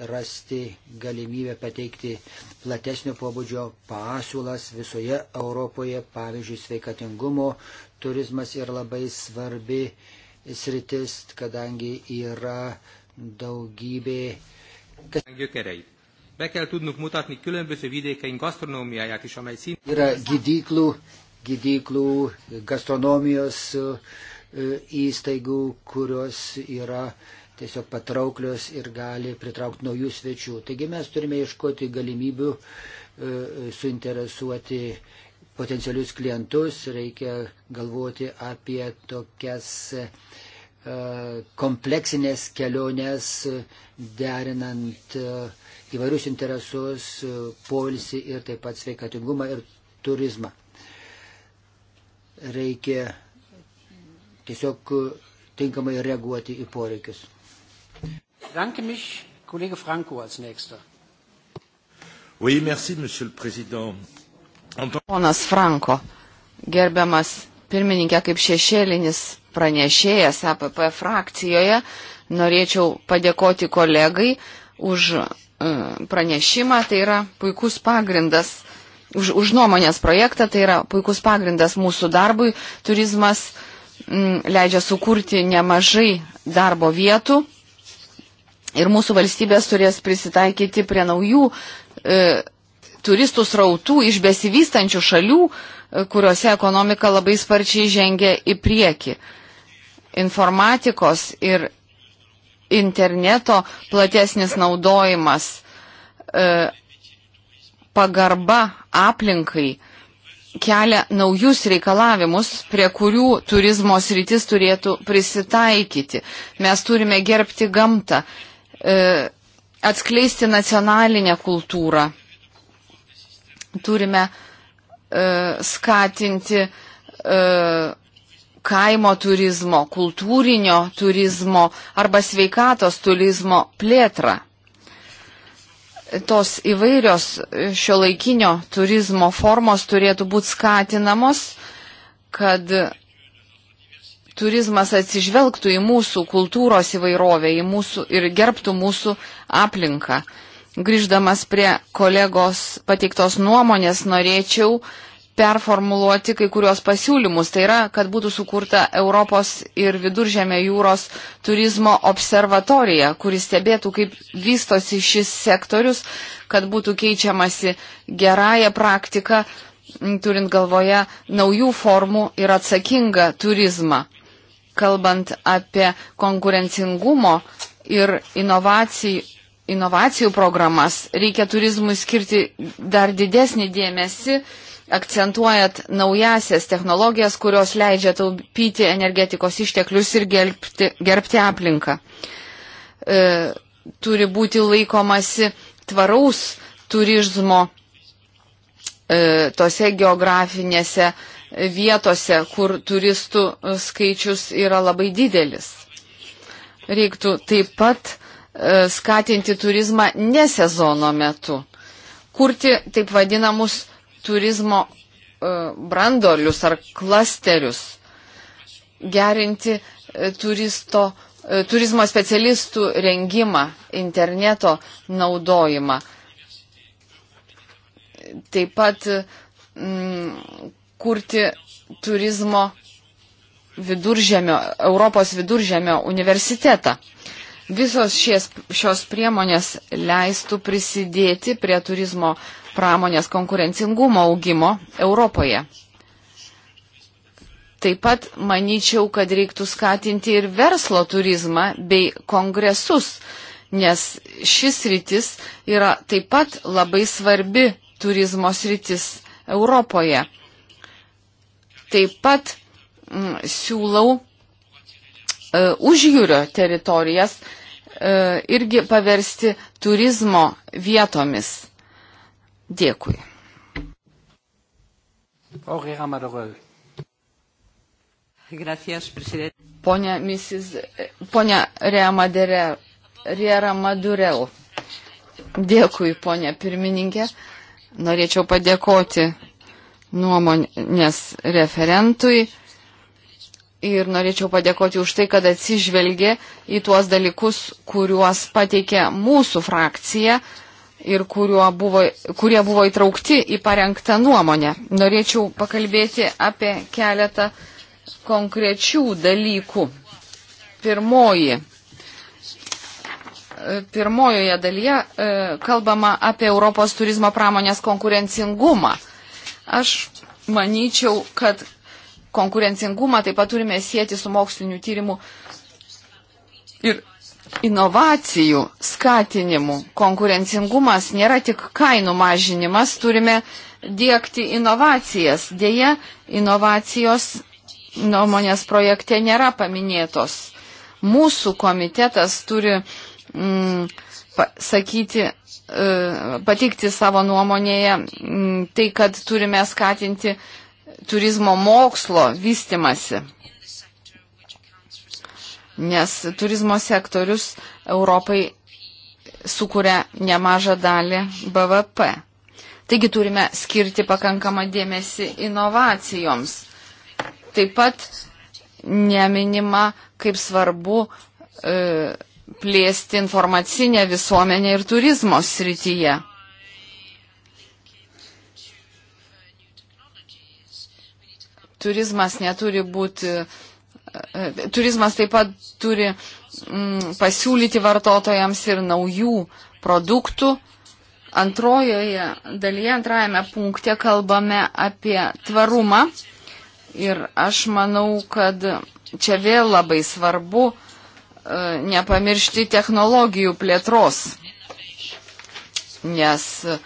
rasti galimybę pateikti platesnio pobūdžio pasiūlas visoje Europoje. Pavyzdžiui, sveikatingumo turizmas yra labai svarbi sritis, kadangi yra daugybė. Be kell tudnunk mutatni különböző vidékeink gasztronómiáját is, amely szint... Yra gydyklų, gydyklų, gastronomijos įstaigų, kurios yra uh, tiesiog patrauklios ir gali pritraukti naujų svečių. Taigi mes turime ieškoti galimybių e, suinteresuoti potencialius klientus, reikia galvoti apie tokias e, kompleksinės keliones, derinant e, įvairius interesus, poilsį ir taip pat sveikatingumą ir turizmą. Reikia tiesiog tinkamai reaguoti į poreikius. Danke mich, Kollege Franco als nächster. Oui, merci, monsieur le président. Ponas Franko, gerbiamas pirmininkė kaip šešėlinis pranešėjas APP frakcijoje, norėčiau padėkoti kolegai už e, pranešimą, tai yra puikus pagrindas, už, už nuomonės projektą, tai yra puikus pagrindas mūsų darbui. Turizmas m, leidžia sukurti nemažai darbo vietų ir mūsų valstybės turės prisitaikyti prie naujų e, turistų srautų iš besivystančių šalių, e, kuriuose ekonomika labai sparčiai žengia į priekį. Informatikos ir interneto platesnis naudojimas, e, pagarba aplinkai kelia naujus reikalavimus, prie kurių turizmo sritis turėtų prisitaikyti. Mes turime gerbti gamtą E, atskleisti nacionalinę kultūrą. Turime e, skatinti e, kaimo turizmo, kultūrinio turizmo arba sveikatos turizmo plėtrą. Tos įvairios šio laikinio turizmo formos turėtų būti skatinamos, kad turizmas atsižvelgtų į mūsų kultūros įvairovę mūsų, ir gerbtų mūsų aplinką. Grįždamas prie kolegos pateiktos nuomonės, norėčiau performuluoti kai kurios pasiūlymus. Tai yra, kad būtų sukurta Europos ir viduržėmė jūros turizmo observatorija, kuris stebėtų, kaip vystosi šis sektorius, kad būtų keičiamasi gerąją praktiką, turint galvoje naujų formų ir atsakingą turizmą kalbant apie konkurencingumo ir inovacijų, inovacijų programas, reikia turizmui skirti dar didesnį dėmesį, akcentuojat naujasias technologijas, kurios leidžia taupyti energetikos išteklius ir gerbti, gerbti aplinką. E, turi būti laikomasi tvaraus turizmo e, tose geografinėse e, vietose, kur turistų skaičius yra labai didelis. Reiktų taip pat e, skatinti turizmą ne sezono metu, kurti taip vadinamus turizmo e, brandolius ar klasterius, gerinti e, turisto, turizmo specialistų rengimą, interneto naudojimą. Taip pat mm, kurti turizmo viduržėmio, Europos viduržėmio universitetą. Visos šies, šios priemonės leistų prisidėti prie turizmo pramonės konkurencingumo augimo Europoje. Taip pat manyčiau, kad reiktų skatinti ir verslo turizmą bei kongresus, nes šis rytis yra taip pat labai svarbi turizmo rytis Europoje. Taip pat m, mm, siūlau e, užjūrio teritorijas e, irgi paversti turizmo vietomis. Dėkui. Ponia, Mrs, ponia Riera Madurel. Dėkui, ponia pirmininkė. Norėčiau padėkoti nuomonės referentui. Ir norėčiau padėkoti už tai, kad atsižvelgė į tuos dalykus, kuriuos pateikė mūsų frakcija ir buvo, kurie buvo įtraukti į parengtą nuomonę. Norėčiau pakalbėti apie keletą konkrečių dalykų. Pirmoji. Pirmojoje dalyje e, kalbama apie Europos turizmo pramonės konkurencingumą. Aš manyčiau, kad konkurencingumą taip pat turime sieti su mokslinių tyrimų ir inovacijų skatinimu. Konkurencingumas nėra tik kainų mažinimas, turime dėkti inovacijas. Deja, inovacijos nuomonės projekte nėra paminėtos. Mūsų komitetas turi mm, pasakyti, e, patikti savo nuomonėje tai, kad turime skatinti turizmo mokslo vystimasi. Nes turizmo sektorius Europai sukuria nemažą dalį BVP. Taigi turime skirti pakankamą dėmesį inovacijoms. Taip pat neminima, kaip svarbu e, plėsti informacinę visuomenę ir turizmo srityje. Turizmas neturi būti, e, turizmas taip pat turi mm, pasiūlyti vartotojams ir naujų produktų. Antrojoje dalyje, antrajame punkte kalbame apie tvarumą ir aš manau, kad čia vėl labai svarbu, uh, E, nepamiršti technologijų plėtros, nes e,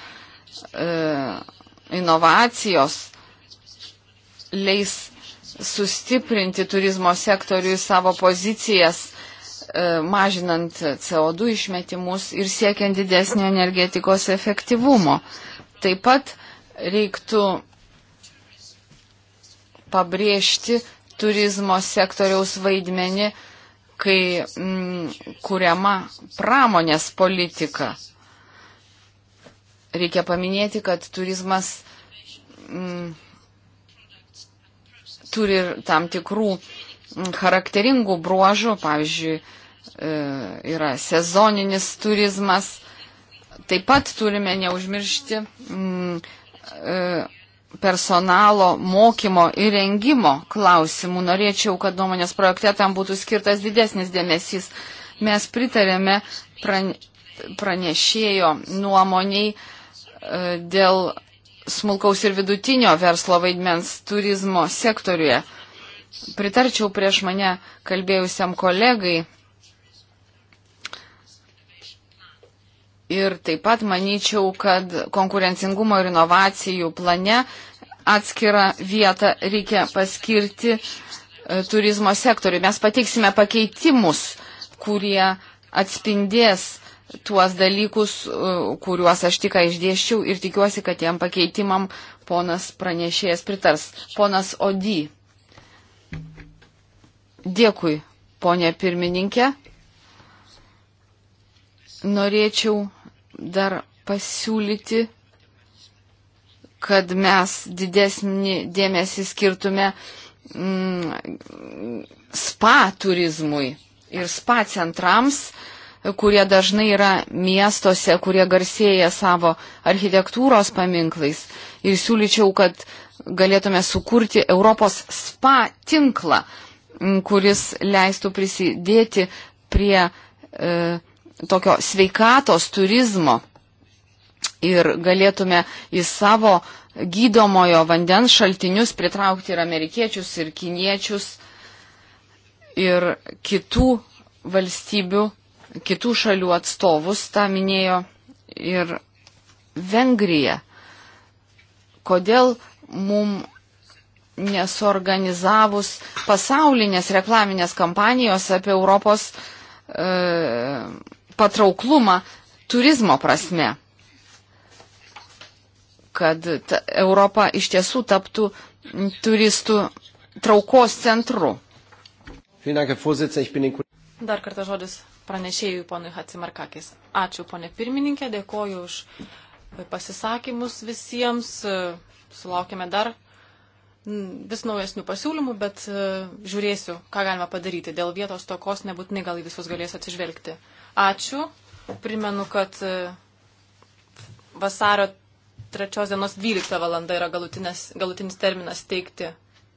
inovacijos leis sustiprinti turizmo sektoriui savo pozicijas, e, mažinant CO2 išmetimus ir siekiant didesnio energetikos efektyvumo. Taip pat reiktų pabrėžti turizmo sektoriaus vaidmenį, kai m, mm, kuriama pramonės politika. Reikia paminėti, kad turizmas m, mm, turi ir tam tikrų mm, charakteringų bruožų, pavyzdžiui, e, yra sezoninis turizmas. Taip pat turime neužmiršti m, e, personalo mokymo ir rengimo klausimų. Norėčiau, kad nuomonės projekte tam būtų skirtas didesnis dėmesys. Mes pritarėme pranešėjo nuomoniai e, dėl smulkaus ir vidutinio verslo vaidmens turizmo sektoriuje. Pritarčiau prieš mane kalbėjusiam kolegai Ir taip pat manyčiau, kad konkurencingumo ir inovacijų plane atskirą vietą reikia paskirti e, turizmo sektoriui. Mes pateiksime pakeitimus, kurie atspindės tuos dalykus, e, kuriuos aš tik išdėščiau ir tikiuosi, kad tiem pakeitimam ponas pranešėjas pritars. Ponas Odi. Dėkui, ponė pirmininkė. Norėčiau dar pasiūlyti, kad mes didesnį dėmesį skirtume mm, spa turizmui ir spa centrams, kurie dažnai yra miestuose, kurie garsėja savo architektūros paminklais. Ir siūlyčiau, kad galėtume sukurti Europos spa tinklą, mm, kuris leistų prisidėti prie e, tokio sveikatos turizmo ir galėtume į savo gydomojo vandens šaltinius pritraukti ir amerikiečius, ir kiniečius, ir kitų valstybių, kitų šalių atstovus, tą minėjo ir Vengrija. Kodėl mums nesorganizavus pasaulinės reklaminės kampanijos apie Europos e, patrauklumą turizmo prasme, kad Europa iš tiesų taptų turistų traukos centru. Dar kartą žodis pranešėjui ponui Hatsimarkakis. Ačiū ponė pirmininkė, dėkoju už pasisakymus visiems. Sulaukime dar vis naujesnių pasiūlymų, bet žiūrėsiu, ką galima padaryti. Dėl vietos tokos nebūtinai gal į visus galės atsižvelgti. Ačiū. Primenu, kad e, vasario 3 dienos 12 valanda yra galutinis terminas teikti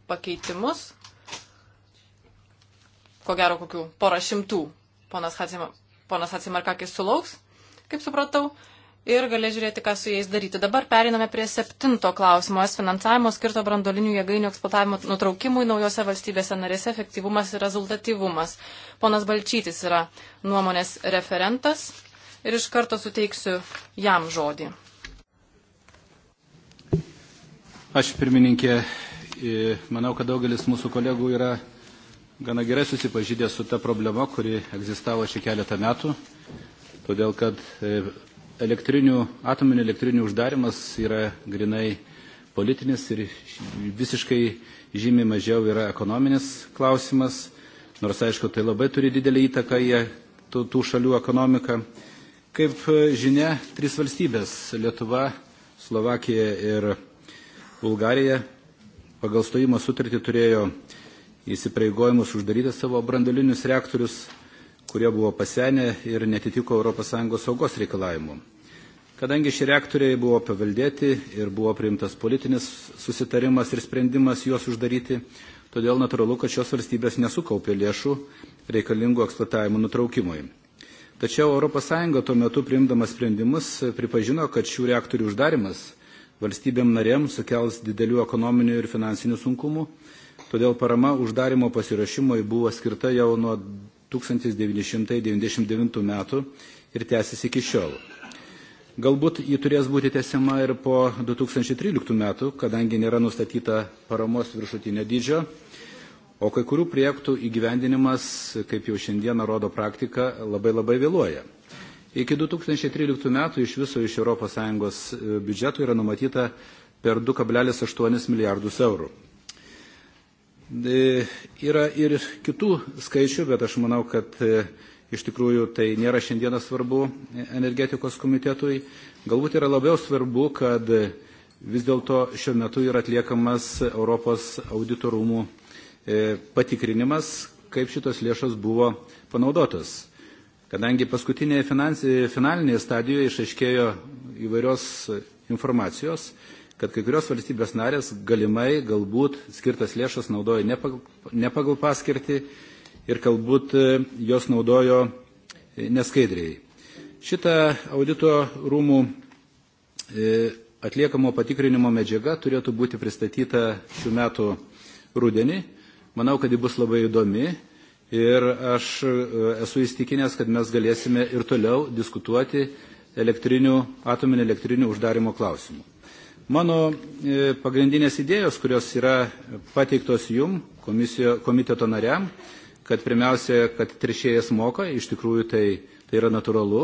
pakeitimus. Ko gero, kokių porą šimtų ponas Hatsimarkakis sulauks, kaip supratau ir galės žiūrėti, ką su jais daryti. Dabar periname prie septinto klausimo. Es finansavimo skirto brandolinių jėgainių eksploatavimo nutraukimui naujose valstybėse narėse efektyvumas ir rezultatyvumas. Ponas Balčytis yra nuomonės referentas ir iš karto suteiksiu jam žodį. Aš pirmininkė, manau, kad daugelis mūsų kolegų yra gana gerai susipažydė su ta problema, kuri egzistavo šį keletą metų, todėl kad e, elektrinių, atominių elektrinių uždarimas yra grinai politinis ir visiškai žymiai mažiau yra ekonominis klausimas, nors aišku, tai labai turi didelį įtaką į tų, tų šalių ekonomiką. Kaip žinia, trys valstybės - Lietuva, Slovakija ir Bulgarija pagal stojimo sutartį turėjo įsipareigojimus uždaryti savo brandolinius reaktorius kurie buvo pasenę ir netitiko ES saugos reikalavimų. Kadangi šie reaktoriai buvo paveldėti ir buvo priimtas politinis susitarimas ir sprendimas juos uždaryti, todėl natūralu, kad šios valstybės nesukaupė lėšų reikalingų eksploatavimo nutraukimui. Tačiau ES tuo metu priimdamas sprendimus pripažino, kad šių reaktorių uždarimas valstybėm narėm sukels didelių ekonominių ir finansinių sunkumų, todėl parama uždarimo pasirašymui buvo skirta jau nuo 1999 metų ir tęsis iki šiol. Galbūt ji turės būti tęsiama ir po 2013 metų, kadangi nėra nustatyta paramos viršutinio dydžio, o kai kurių projektų įgyvendinimas, kaip jau šiandieną rodo praktika, labai labai vėluoja. Iki 2013 metų iš viso iš ES e, biudžeto yra numatyta per 2,8 milijardus eurų. E, yra ir kitų skaičių, bet aš manau, kad e, iš tikrųjų tai nėra šiandieną svarbu energetikos komitetui. Galbūt yra labiau svarbu, kad e, vis dėlto šiuo metu yra atliekamas Europos auditorumų patikrinimas, kaip šitos lėšos buvo panaudotos. Kadangi paskutinėje finalinėje stadijoje išaiškėjo įvairios informacijos, kad kai kurios valstybės narės galimai galbūt skirtas lėšas naudoja ne pagal, ne pagal paskirtį ir galbūt e, jos naudojo e, neskaidriai. Šitą audito rūmų e, atliekamo patikrinimo medžiaga turėtų būti pristatyta šių metų rudenį. Manau, kad ji bus labai įdomi ir aš esu įstikinęs, kad mes galėsime ir toliau diskutuoti elektrinių, atominio elektrinių uždarimo klausimų. Mano e, pagrindinės idėjos, kurios yra pateiktos jum, komisijo, komiteto nariam, kad pirmiausia, kad teršėjas moka, iš tikrųjų tai, tai yra natūralu,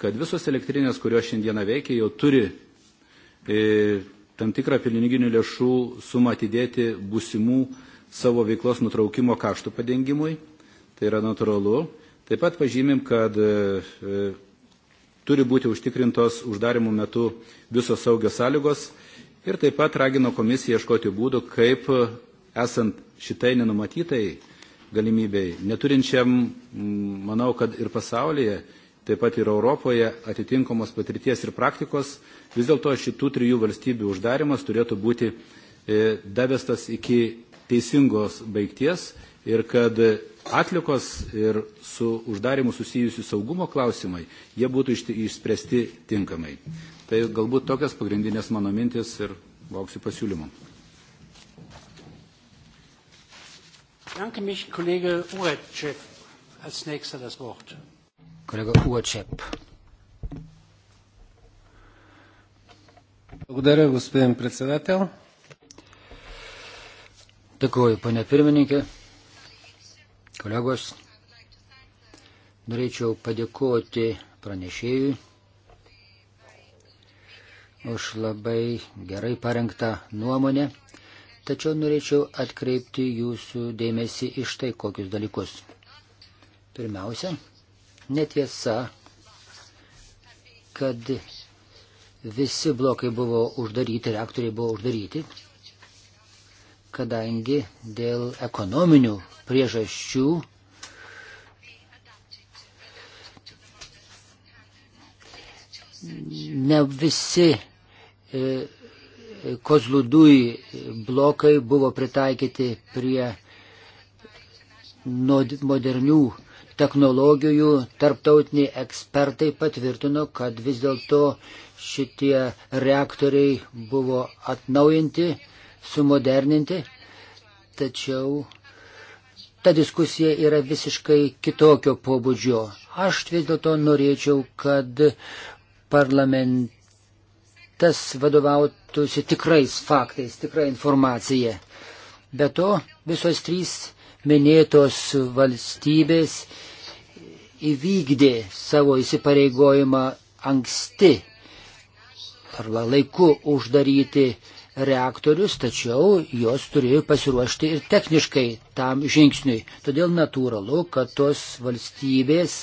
kad visos elektrinės, kurios šiandieną veikia, jau turi e, tam tikrą pelninginių lėšų sumą atidėti būsimų savo veiklos nutraukimo kaštų padengimui. Tai yra natūralu. Taip pat pažymim, kad e, turi būti užtikrintos uždarimų metu visos saugios sąlygos ir taip pat ragino komisiją ieškoti būdų, kaip esant šitai nenumatytai galimybei, neturinčiam, manau, kad ir pasaulyje, taip pat ir Europoje atitinkamos patirties ir praktikos, vis dėlto šitų trijų valstybių uždarimas turėtų būti e, davestas iki teisingos baigties ir kad atlikos ir su uždarimu susijusių saugumo klausimai, jie būtų išspręsti tinkamai. Tai galbūt tokias pagrindinės mano mintis ir lauksiu pasiūlymų. Danke mich, Kollege Urecek. Als nächster das Wort. Kollege Urecek. Благодаря, господин председател. Дякую, пане пирменнике kolegos. Norėčiau padėkoti pranešėjui už labai gerai parengtą nuomonę, tačiau norėčiau atkreipti jūsų dėmesį iš tai kokius dalykus. Pirmiausia, netiesa, kad visi blokai buvo uždaryti, reaktoriai buvo uždaryti kadangi dėl ekonominių priežasčių ne visi e, Kozludui blokai buvo pritaikyti prie modernių technologijų. Tarptautiniai ekspertai patvirtino, kad vis dėlto šitie reaktoriai buvo atnaujinti sumoderninti, tačiau ta diskusija yra visiškai kitokio pobūdžio. Aš vis dėlto norėčiau, kad parlamentas vadovautųsi tikrais faktais, tikrai informacija. Be to, visos trys minėtos valstybės įvykdė savo įsipareigojimą anksti arba laiku uždaryti uh, reaktorius, tačiau jos turėjo pasiruošti ir techniškai tam žingsniui. Todėl natūralu, kad tos valstybės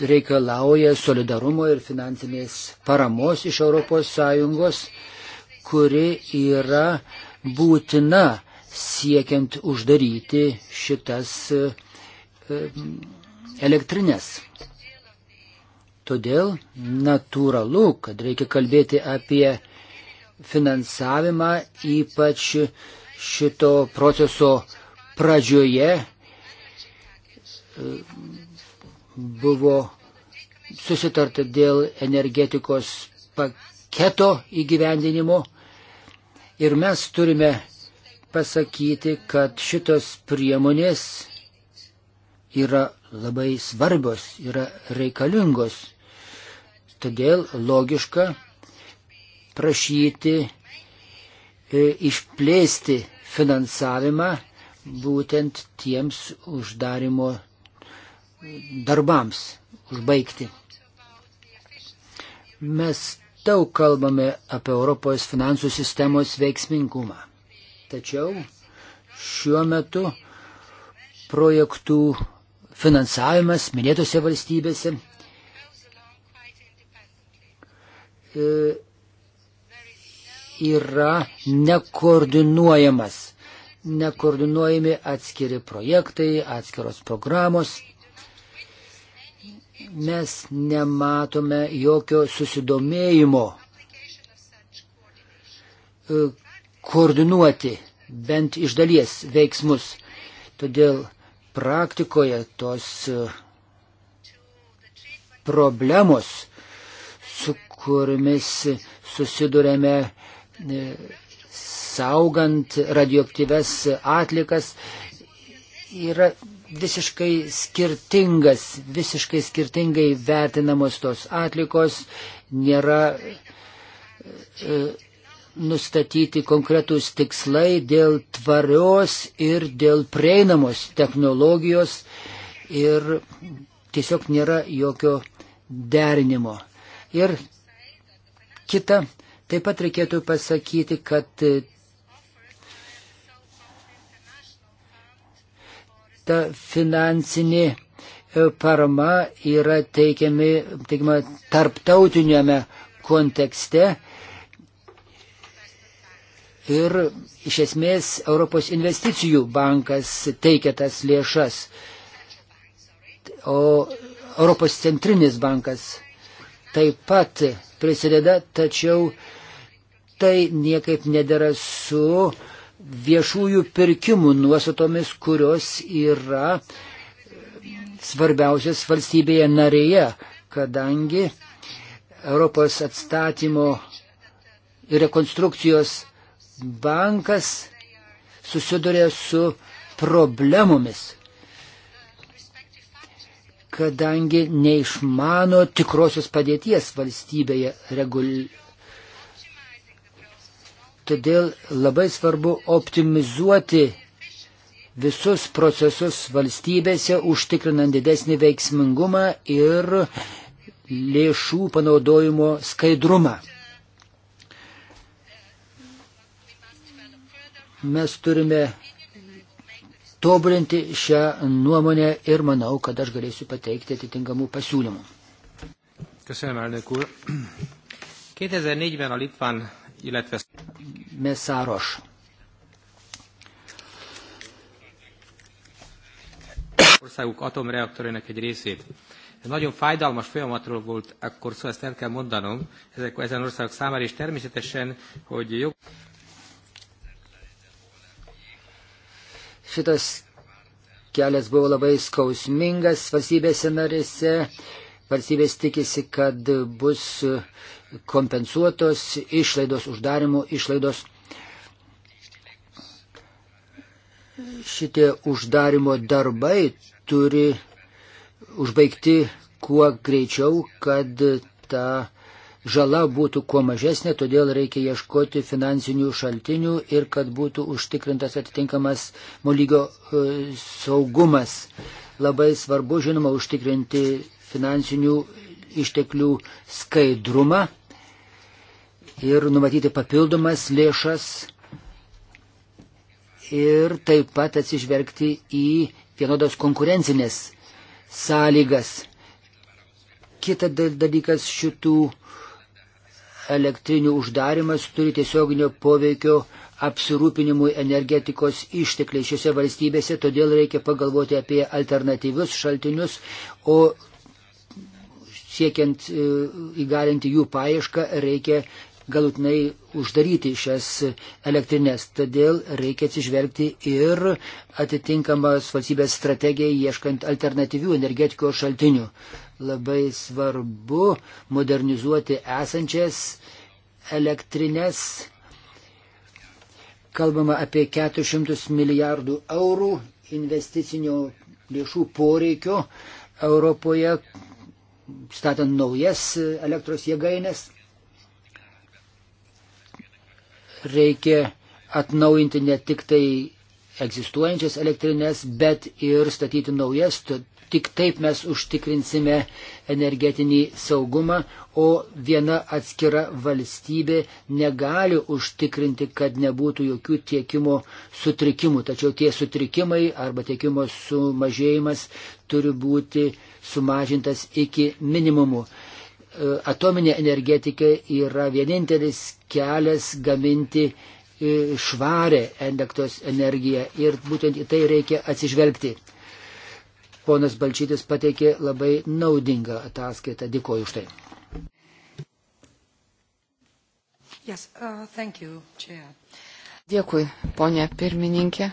reikalauja solidarumo ir finansinės paramos iš ES, kuri yra būtina siekiant uždaryti šitas e, elektrinės. Todėl natūralu, kad reikia kalbėti apie finansavimą, ypač šito proceso pradžioje buvo susitarta dėl energetikos paketo įgyvendinimo ir mes turime pasakyti, kad šitos priemonės yra labai svarbios, yra reikalingos. Todėl logiška, prašyti e, išplėsti finansavimą būtent tiems uždarimo darbams užbaigti. Mes daug kalbame apie Europos finansų sistemos veiksmingumą. Tačiau šiuo metu projektų finansavimas minėtose valstybėse e, yra nekoordinuojamas. Nekoordinuojami atskiri projektai, atskiros programos. Mes nematome jokio susidomėjimo e, koordinuoti bent iš dalies veiksmus. Todėl praktikoje tos e, problemos, su kuriomis susidurėme E, saugant radioaktyves atlikas yra visiškai skirtingas, visiškai skirtingai vertinamos tos atlikos, nėra e, nustatyti konkretūs tikslai dėl tvarios ir dėl prieinamos technologijos ir tiesiog nėra jokio derinimo. Ir kita Taip pat reikėtų pasakyti, kad ta finansinė e, parama yra teikiami, teikiama tarptautiniame kontekste. Ir iš esmės Europos investicijų bankas teikia tas lėšas, o Europos centrinis bankas taip pat prisideda, tačiau tai niekaip nedėra su viešųjų pirkimų nuostatomis, kurios yra svarbiausias valstybėje narėje, kadangi Europos atstatymo ir rekonstrukcijos bankas susiduria su problemomis, kadangi neišmano tikrosios padėties valstybėje regul... Todėl labai svarbu optimizuoti visus procesus valstybėse, užtikrinant didesnį veiksmingumą ir lėšų panaudojimo skaidrumą. Mes turime tobulinti šią nuomonę ir manau, kad aš galėsiu pateikti atitinkamų pasiūlymų. Köszönöm, elnök úr. 2004-ben a Litván illetve... Messzáros. Országuk atomreaktorének egy részét. Ez nagyon fájdalmas folyamatról volt akkor szó, szóval ezt nem kell mondanom, ezek, ezen országok számára, és természetesen, hogy jog... Šitas kelias buvo labai skausmingas valstybėse narėse. Valstybės tikisi, kad bus uh, kompensuotos išlaidos uždarimo išlaidos. Šitie uždarimo darbai turi užbaigti kuo greičiau, kad ta žala būtų kuo mažesnė, todėl reikia ieškoti finansinių šaltinių ir kad būtų užtikrintas atitinkamas molygio e, saugumas. Labai svarbu, žinoma, užtikrinti finansinių išteklių skaidrumą ir numatyti papildomas lėšas ir taip pat atsižvelgti į vienodas konkurencinės sąlygas. Kitas dalykas šitų elektrinių uždarimas turi tiesioginio poveikio apsirūpinimui energetikos ištekliai šiuose valstybėse, todėl reikia pagalvoti apie alternatyvius šaltinius, o siekiant e, įgalinti jų paiešką reikia galutinai uždaryti šias elektrinės. Todėl reikia atsižvelgti ir atitinkamas valstybės strategijai ieškant alternatyvių energetikos šaltinių. Labai svarbu modernizuoti esančias elektrinės. Kalbama apie 400 milijardų eurų investicinio lėšų poreikio Europoje, statant naujas elektros jėgainės reikia atnaujinti ne tik tai egzistuojančias elektrinės, bet ir statyti naujas. Tik taip mes užtikrinsime energetinį saugumą, o viena atskira valstybė negali užtikrinti, kad nebūtų jokių tiekimo sutrikimų. Tačiau tie sutrikimai arba tiekimo sumažėjimas turi būti sumažintas iki minimumų. E, atominė energetika yra vienintelis kelias gaminti e, švarę elektros energiją ir būtent į tai reikia atsižvelgti. Ponas Balčytis pateikė labai naudingą ataskaitą. Dėkuoju už tai. Yes, uh, you, Chair. Dėkui, ponė pirmininkė.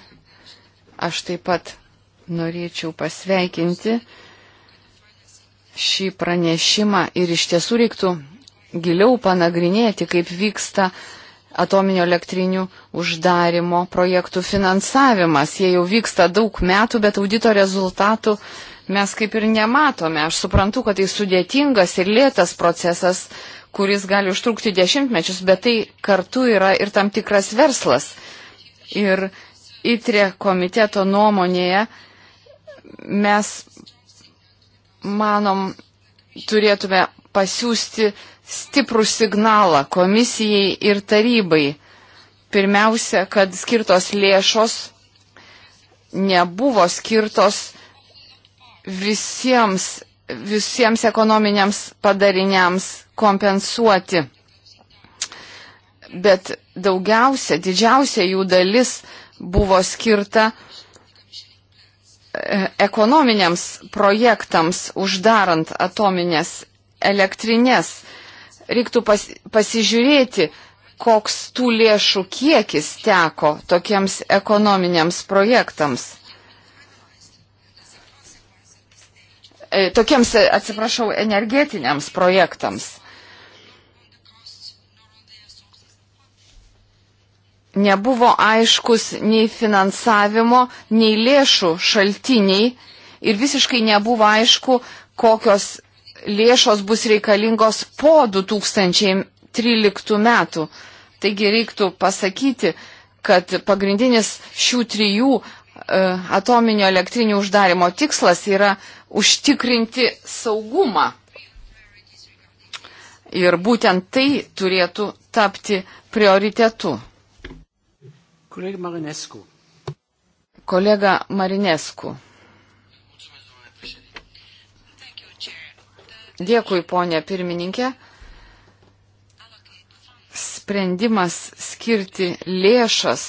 Aš taip pat norėčiau pasveikinti uh, šį pranešimą ir iš tiesų reiktų giliau panagrinėti, kaip vyksta atominio elektrinių uždarimo projektų finansavimas. Jie jau vyksta daug metų, bet audito rezultatų mes kaip ir nematome. Aš suprantu, kad tai sudėtingas ir lėtas procesas, kuris gali užtrukti dešimtmečius, bet tai kartu yra ir tam tikras verslas. Ir ITRE komiteto nuomonėje mes manom, turėtume pasiūsti stiprų signalą komisijai ir tarybai. Pirmiausia, kad skirtos lėšos nebuvo skirtos visiems, visiems ekonominiams padariniams kompensuoti. Bet daugiausia, didžiausia jų dalis buvo skirta uh, ekonominiams projektams uždarant atominės elektrinės. Reiktų pas, pasižiūrėti, koks tų lėšų kiekis teko tokiems ekonominiams projektams. E, tokiems, atsiprašau, energetiniams projektams. nebuvo aiškus nei finansavimo, nei lėšų šaltiniai ir visiškai nebuvo aišku, kokios lėšos bus reikalingos po 2013 metų. Taigi reiktų pasakyti, kad pagrindinis šių trijų e, atominio elektrinių uždarimo tikslas yra užtikrinti saugumą. Ir būtent tai turėtų tapti prioritetu. Kolega Marinescu. Kolega Marinescu. Dėkui, ponė pirmininkė. Sprendimas skirti lėšas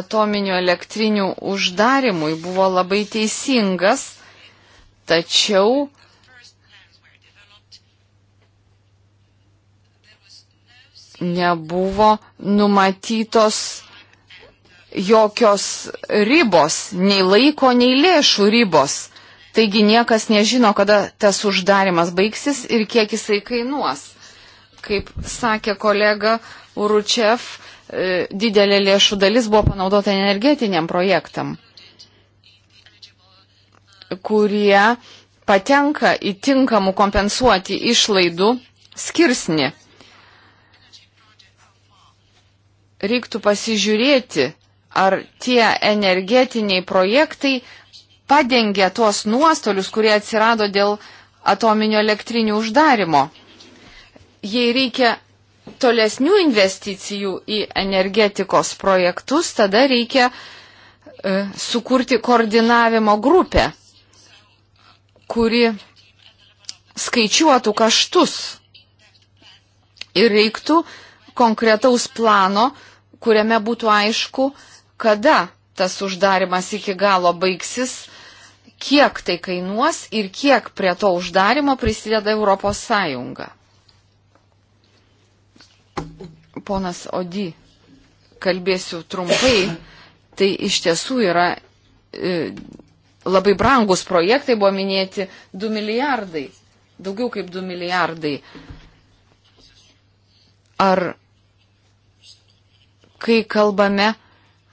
atominių elektrinių uždarimui buvo labai teisingas, tačiau nebuvo numatytos jokios ribos, nei laiko, nei lėšų ribos. Taigi niekas nežino, kada tas uždarimas baigsis ir kiek jisai kainuos. Kaip sakė kolega Uručev, e, didelė lėšų dalis buvo panaudota energetiniam projektam, kurie patenka į tinkamų kompensuoti išlaidų skirsnį. Reiktų pasižiūrėti, ar tie energetiniai projektai padengia tuos nuostolius, kurie atsirado dėl atominio elektrinių uždarimo. Jei reikia tolesnių investicijų į energetikos projektus, tada reikia e, sukurti koordinavimo grupę, kuri skaičiuotų kaštus ir reiktų konkretaus plano, kuriame būtų aišku, kada tas uždarimas iki galo baigsis, kiek tai kainuos ir kiek prie to uždarimo prisideda Europos Sąjunga. Ponas Odi, kalbėsiu trumpai, tai iš tiesų yra e, labai brangus projektai, buvo minėti 2 milijardai, daugiau kaip 2 milijardai. Ar kai kalbame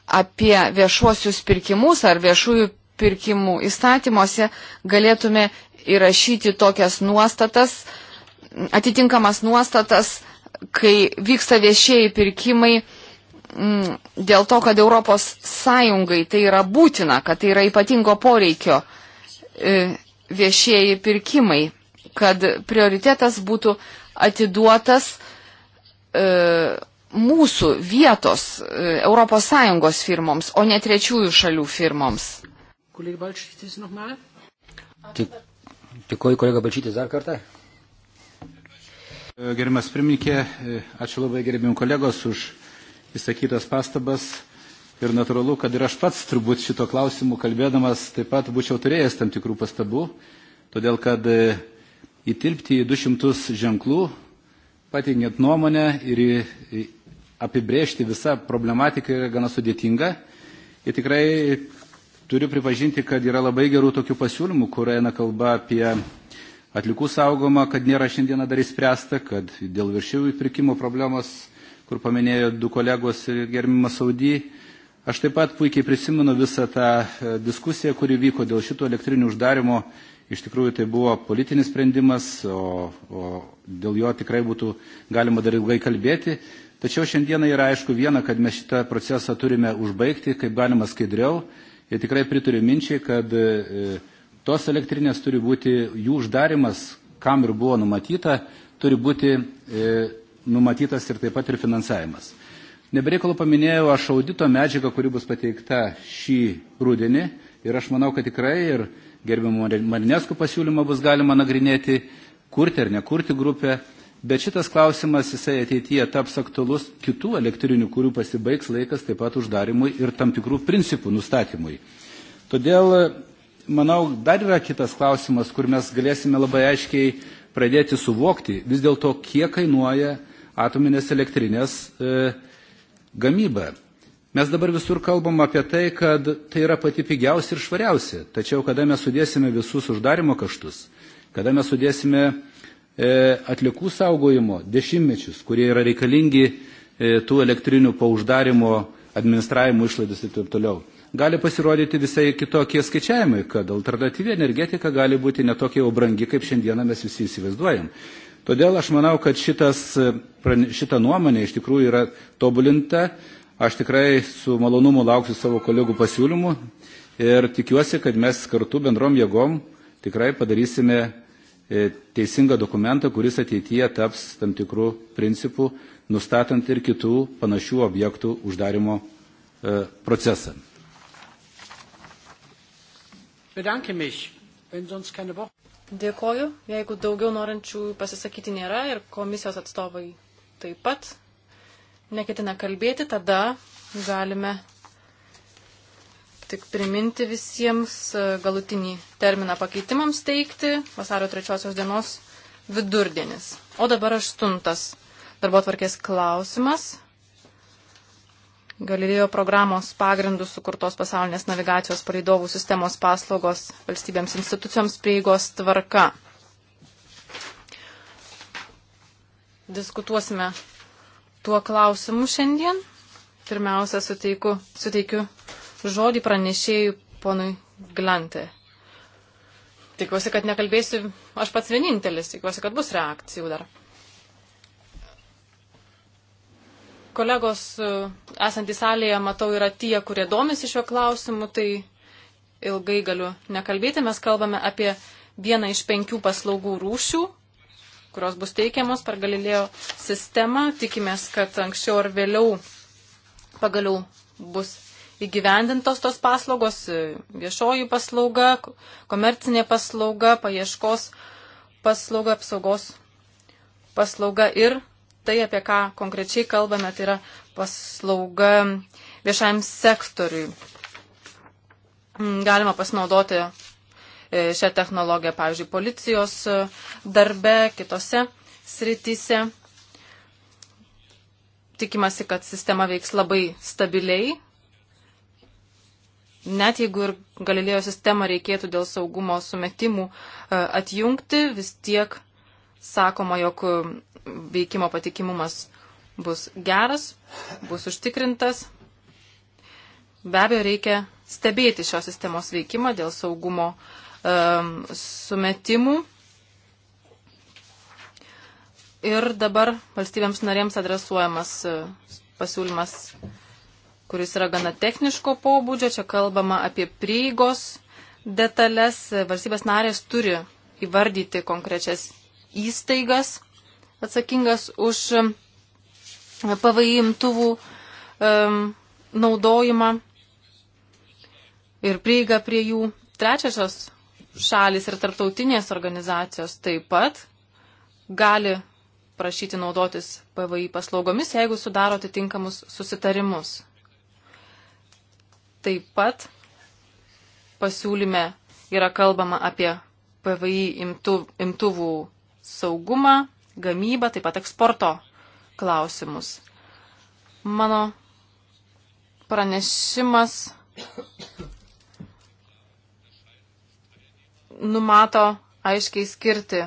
apie viešuosius pirkimus ar viešųjų pirkimų įstatymuose galėtume įrašyti tokias nuostatas, atitinkamas nuostatas, kai vyksta viešieji pirkimai m, mm, dėl to, kad Europos Sąjungai tai yra būtina, kad tai yra ypatingo poreikio e, viešieji pirkimai, kad prioritetas būtų atiduotas e, mūsų vietos ES firmoms, o ne trečiųjų šalių firmoms. Tikoju, kolega Balčytis, dar kartą. Gerimas pirmininkė, e, ačiū labai gerimim kolegos už įsakytas pastabas. Ir natūralu, kad ir aš pats turbūt šito klausimu kalbėdamas taip pat būčiau turėjęs tam tikrų pastabų, todėl kad e, įtilpti į 200 ženklų, patingiant nuomonę ir į, į, apibrėžti visą problematiką yra gana sudėtinga. Ir tikrai turiu pripažinti, kad yra labai gerų tokių pasiūlymų, kur eina kalba apie atlikų saugomą, kad nėra šiandieną dar įspręsta, kad dėl viršyjų įpirkimo problemos, kur paminėjo du kolegos ir gerbimas Saudy. Aš taip pat puikiai prisimenu visą tą e, diskusiją, kuri vyko dėl šito elektrinių uždarimo. Iš tikrųjų tai buvo politinis sprendimas, o, o dėl jo tikrai būtų galima dar ilgai kalbėti. Tačiau šiandieną yra aišku viena, kad mes šitą procesą turime užbaigti, kaip galima skaidriau. Ir tikrai pritariu minčiai, kad e, tos elektrinės turi būti, jų uždarimas, kam ir buvo numatyta, turi būti e, numatytas ir taip pat ir finansavimas. Nebereikalų paminėjau aš audito medžiagą, kuri bus pateikta šį rudenį. Ir aš manau, kad tikrai ir gerbiamų Marineskų pasiūlymą bus galima nagrinėti, kurti ar nekurti grupę Bet šitas klausimas jisai ateityje taps aktualus kitų elektrinių, kurių pasibaigs laikas taip pat uždarimui ir tam tikrų principų nustatymui. Todėl, manau, dar yra kitas klausimas, kur mes galėsime labai aiškiai pradėti suvokti vis dėlto, kiek kainuoja atominės elektrinės e, gamyba. Mes dabar visur kalbam apie tai, kad tai yra pati pigiausia ir švariausia. Tačiau, kada mes sudėsime visus uždarimo kaštus, kada mes sudėsime E, atlikų saugojimo dešimtmečius, kurie yra reikalingi e, tų elektrinių po uždarimo administravimo išlaidas ir taip toliau. Gali pasirodyti visai kitokie skaičiavimai, kad alternatyvi energetika gali būti netokia jau brangi, kaip šiandieną mes visi įsivaizduojam. Todėl aš manau, kad šitas, e, šita nuomonė iš tikrųjų yra tobulinta. Aš tikrai su malonumu lauksiu savo kolegų pasiūlymų ir tikiuosi, kad mes kartu bendrom jėgom tikrai padarysime E, teisingą dokumentą, kuris ateityje taps tam tikrų principų, nustatant ir kitų panašių objektų uždarimo e, procesą. Dėkoju. Jeigu daugiau norančių pasisakyti nėra ir komisijos atstovai taip pat neketina kalbėti, tada galime tik priminti visiems e, galutinį terminą pakeitimams teikti vasario 3 dienos vidurdienis. O dabar aštuntas darbo tvarkės klausimas. Galilėjo programos pagrindų sukurtos pasaulinės navigacijos palidovų sistemos paslaugos valstybėms institucijoms prieigos tvarka. Diskutuosime tuo klausimu šiandien. Pirmiausia, suteiku, suteikiu žodį pranešėjų ponui Glantė. Tikiuosi, kad nekalbėsiu aš pats vienintelis, tikiuosi, kad bus reakcijų dar. Kolegos e, esantys salėje, matau, yra tie, kurie domisi šiuo klausimu, tai ilgai galiu nekalbėti. Mes kalbame apie vieną iš penkių paslaugų rūšių, kurios bus teikiamos per Galilėjo sistemą. Tikimės, kad anksčiau ar vėliau pagaliau bus įgyvendintos tos paslaugos, e, viešoji paslauga, komercinė paslauga, paieškos paslauga, apsaugos paslauga ir tai, apie ką konkrečiai kalbame, tai yra paslauga viešajam sektoriui. Mm, galima pasinaudoti e, šią technologiją, pavyzdžiui, policijos e, darbe, kitose srityse. Tikimasi, kad sistema veiks labai stabiliai Net jeigu ir Galilėjo sistemą reikėtų dėl saugumo sumetimų e, atjungti, vis tiek sakoma, jog veikimo patikimumas bus geras, bus užtikrintas. Be abejo, reikia stebėti šios sistemos veikimą dėl saugumo um, sumetimų. Ir dabar valstybėms narėms adresuojamas e, pasiūlymas kuris yra gana techniško pobūdžio. Čia kalbama apie prieigos detalės. Valstybės narės turi įvardyti konkrečias įstaigas atsakingas už e, pavajimtuvų um, e, naudojimą ir prieigą prie jų. Trečiosios šalis ir tarptautinės organizacijos taip pat gali prašyti naudotis PVI paslaugomis, jeigu sudaro atitinkamus susitarimus Taip pat pasiūlyme yra kalbama apie PVI imtuvų saugumą, gamybą, taip pat eksporto klausimus. Mano pranešimas numato aiškiai skirti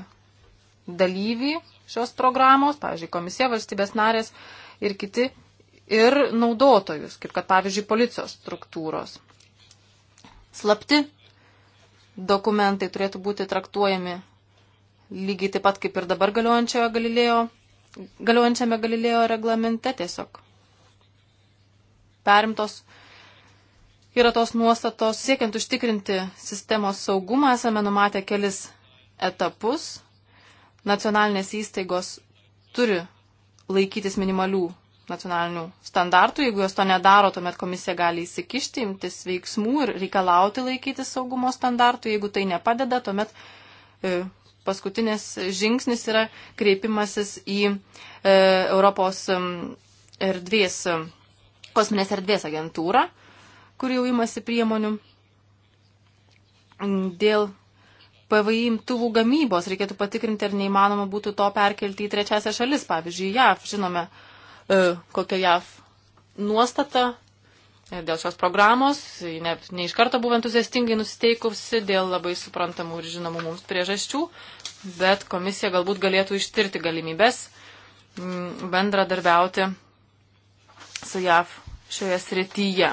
dalyvį šios programos, pavyzdžiui, komisija, valstybės narės ir kiti ir naudotojus, kaip kad pavyzdžiui policijos struktūros. Slapti dokumentai turėtų būti traktuojami lygiai taip pat kaip ir dabar galiojančioje Galilėjo, galiojančiame Galilėjo reglamente tiesiog. Perimtos yra tos nuostatos, siekiant užtikrinti sistemos saugumą, esame numatę kelis etapus. Nacionalinės įstaigos turi laikytis minimalių nacionalinių standartų. Jeigu jos to nedaro, tuomet komisija gali įsikišti, imtis veiksmų ir reikalauti laikytis saugumo standartų. Jeigu tai nepadeda, tuomet e, paskutinis žingsnis yra kreipimasis į e, Europos erdvės, e, kosminės erdvės agentūrą, kur jau imasi priemonių. Dėl PVI imtuvų gamybos reikėtų patikrinti, ar neįmanoma būtų to perkelti į trečiasią šalis, pavyzdžiui, JAV, žinome, uh, E, kokia JAV nuostata e, dėl šios programos, ne, ne iš karto buvo entuziastingai nusiteikusi dėl labai suprantamų ir žinomų mums priežasčių, bet komisija galbūt galėtų ištirti galimybės mm, bendradarbiauti su JAV šioje srityje.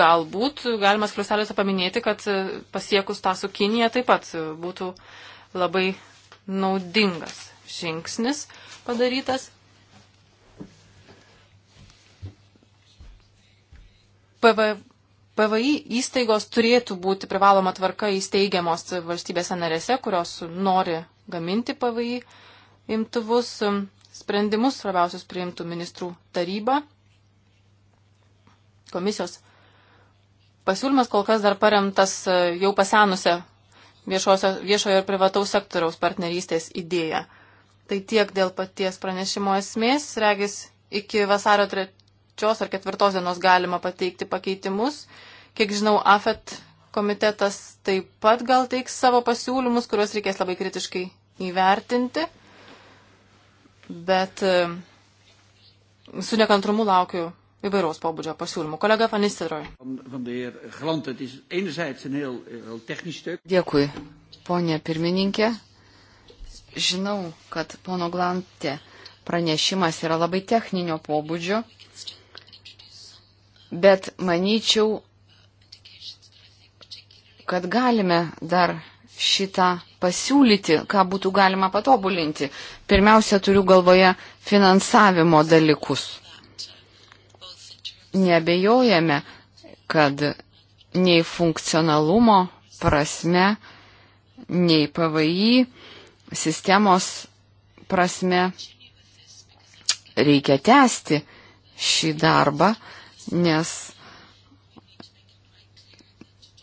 Galbūt galima skliuseliuose paminėti, kad e, pasiekus tą su Kinija taip pat būtų labai naudingas žingsnis padarytas. PV, PVI įstaigos turėtų būti privaloma tvarka įsteigiamos valstybėse narėse, kurios nori gaminti PVI imtuvus. Sprendimus svarbiausius priimtų ministrų taryba. Komisijos pasiūlymas kol kas dar paremtas jau pasenusią viešosio, viešojo ir privataus sektoriaus partnerystės idėją. Tai tiek dėl paties pranešimo esmės. Regis iki vasario 3 ar 4 dienos galima pateikti pakeitimus. Kiek žinau, AFET komitetas taip pat gal teiks savo pasiūlymus, kuriuos reikės labai kritiškai įvertinti. Bet e, su nekantrumu laukiu įvairaus pobūdžio pasiūlymų. Kolega Fanisteroj. Eh, Dėkui, ponė pirmininkė. Žinau, kad pono Glantė pranešimas yra labai techninio pobūdžio, bet manyčiau, kad galime dar šitą pasiūlyti, ką būtų galima patobulinti. Pirmiausia, turiu galvoje finansavimo dalykus nebejojame, kad nei funkcionalumo prasme, nei PVI sistemos prasme reikia tęsti šį darbą, nes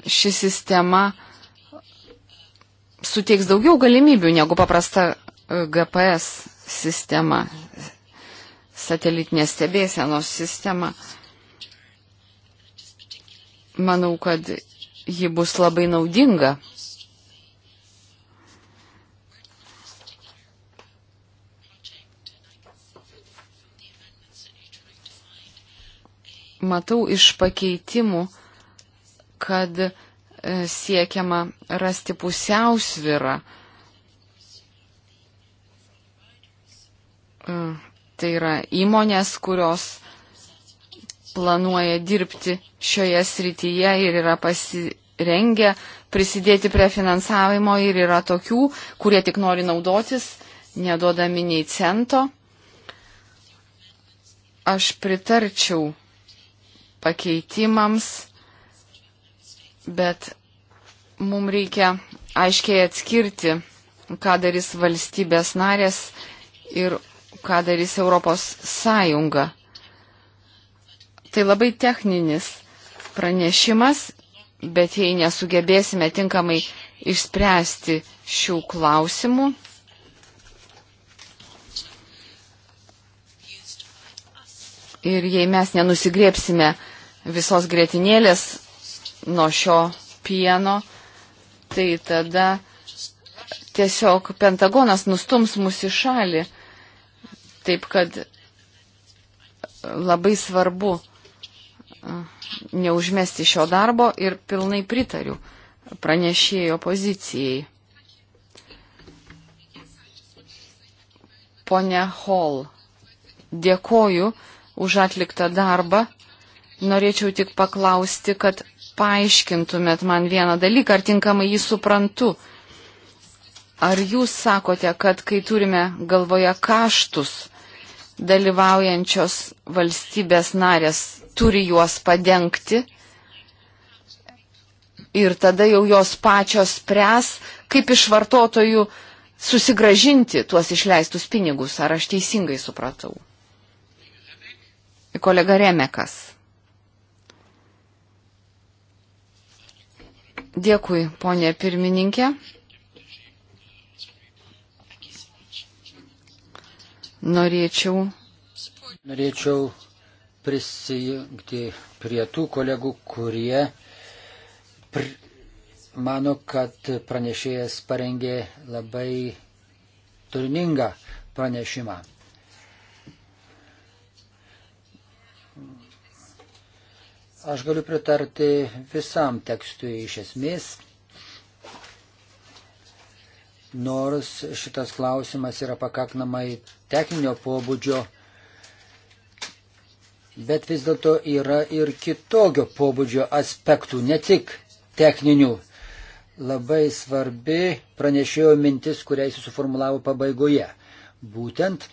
ši sistema suteiks daugiau galimybių negu paprasta e, GPS sistema, satelitinės stebėsenos sistema manau, kad ji bus labai naudinga. Matau iš pakeitimų, kad e, siekiama rasti pusiausvyrą. E, tai yra įmonės, kurios planuoja dirbti šioje srityje ir yra pasirengę prisidėti prie finansavimo ir yra tokių, kurie tik nori naudotis, neduodami nei cento. Aš pritarčiau pakeitimams, bet mums reikia aiškiai atskirti, ką darys valstybės narės ir ką darys Europos Sąjunga. Tai labai techninis pranešimas, bet jei nesugebėsime tinkamai išspręsti šių klausimų, ir jei mes nenusigrėpsime visos grėtinėlės nuo šio pieno, tai tada tiesiog Pentagonas nustums mus į šalį. Taip kad labai svarbu neužmesti šio darbo ir pilnai pritariu pranešėjo pozicijai. Pone Hall, dėkoju už atliktą darbą. Norėčiau tik paklausti, kad paaiškintumėt man vieną dalyką, ar tinkamai jį suprantu. Ar jūs sakote, kad kai turime galvoje kaštus, dalyvaujančios valstybės narės turi juos padengti ir tada jau jos pačios spres, kaip iš vartotojų susigražinti tuos išleistus pinigus. Ar aš teisingai supratau? Kolega Remekas. Dėkui, ponė pirmininkė. Norėčiau. Norėčiau prisijungti prie tų kolegų, kurie pr mano, kad pranešėjas parengė labai turiningą pranešimą. Aš galiu pritarti visam tekstui iš esmės, nors šitas klausimas yra pakankamai techninio pobūdžio bet vis dėlto yra ir kitokio pobūdžio aspektų, ne tik techninių. Labai svarbi pranešėjo mintis, kurią jis suformulavo pabaigoje. Būtent,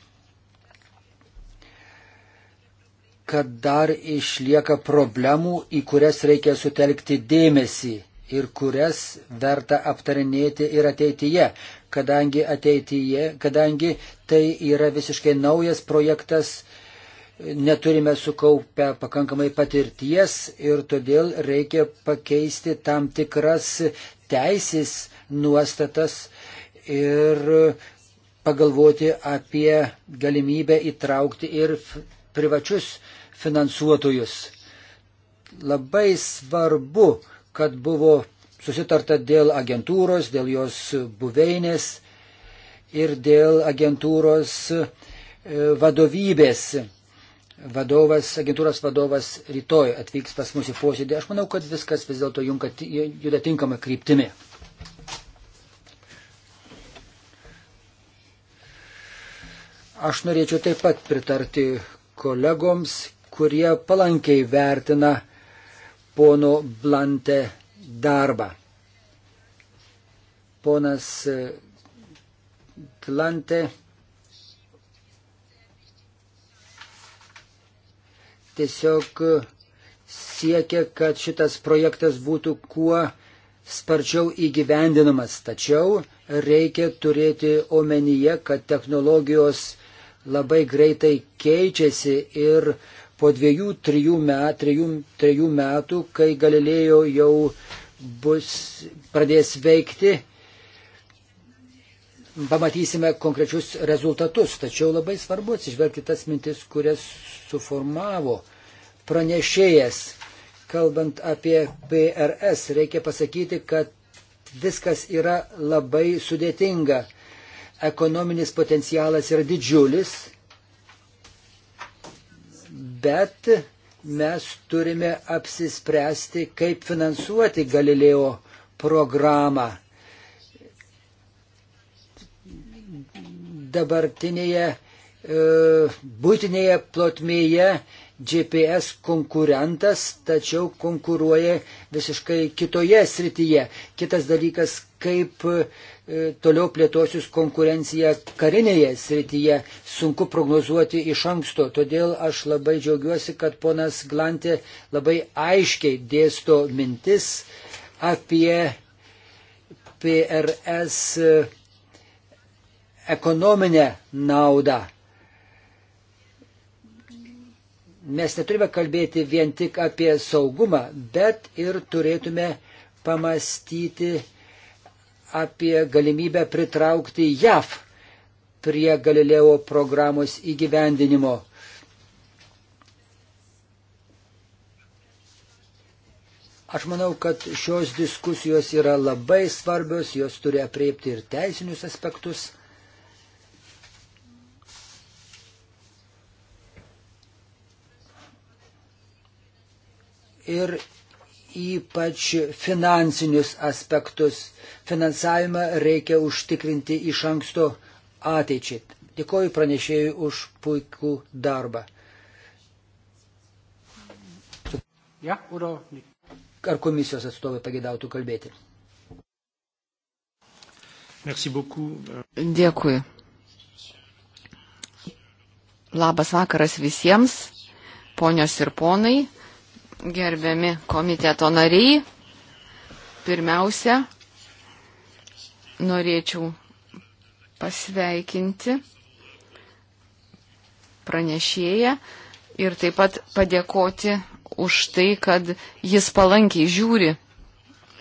kad dar išlieka problemų, į kurias reikia sutelkti dėmesį ir kurias verta aptarinėti ir ateityje, kadangi ateityje, kadangi tai yra visiškai naujas projektas, neturime sukaupę pakankamai patirties ir todėl reikia pakeisti tam tikras teisės nuostatas ir pagalvoti apie galimybę įtraukti ir privačius finansuotojus. Labai svarbu, kad buvo susitarta dėl agentūros, dėl jos buveinės ir dėl agentūros e, vadovybės vadovas, agentūros vadovas rytoj atvyks pas mūsų posėdį. Aš manau, kad viskas vis dėlto juda tinkama kryptimi. Aš norėčiau taip pat pritarti kolegoms, kurie palankiai vertina pono Blante darbą. Ponas Klante tiesiog siekia, kad šitas projektas būtų kuo sparčiau įgyvendinamas. Tačiau reikia turėti omenyje, kad technologijos labai greitai keičiasi ir po dviejų, trijų, met, trijų, trijų metų, kai Galilėjo jau bus, pradės veikti, pamatysime konkrečius rezultatus. Tačiau labai svarbu atsižvelgti tas mintis, kurias suformavo pranešėjas. Kalbant apie PRS, reikia pasakyti, kad viskas yra labai sudėtinga. Ekonominis potencialas yra didžiulis, bet mes turime apsispręsti, kaip finansuoti Galilėjo programą dabartinėje e, būtinėje plotmėje GPS konkurentas, tačiau konkuruoja visiškai kitoje srityje. Kitas dalykas, kaip e, toliau plėtosius konkurencija karinėje srityje, sunku prognozuoti iš anksto. Todėl aš labai džiaugiuosi, kad ponas Glantė labai aiškiai dėsto mintis apie PRS ekonominę naudą. Mes neturime kalbėti vien tik apie saugumą, bet ir turėtume pamastyti apie galimybę pritraukti JAV prie Galileo programos įgyvendinimo. Aš manau, kad šios diskusijos yra labai svarbios, jos turi apreipti ir teisinius aspektus. ir ypač finansinius aspektus. Finansavimą reikia užtikrinti iš anksto ateičiai. Dėkoju pranešėjui už puikų darbą. Ja, Ar komisijos atstovai pagėdautų kalbėti? Dėkui. Labas vakaras visiems, ponios ir ponai. Gerbiami komiteto nariai, pirmiausia, norėčiau pasveikinti pranešėją ir taip pat padėkoti už tai, kad jis palankiai žiūri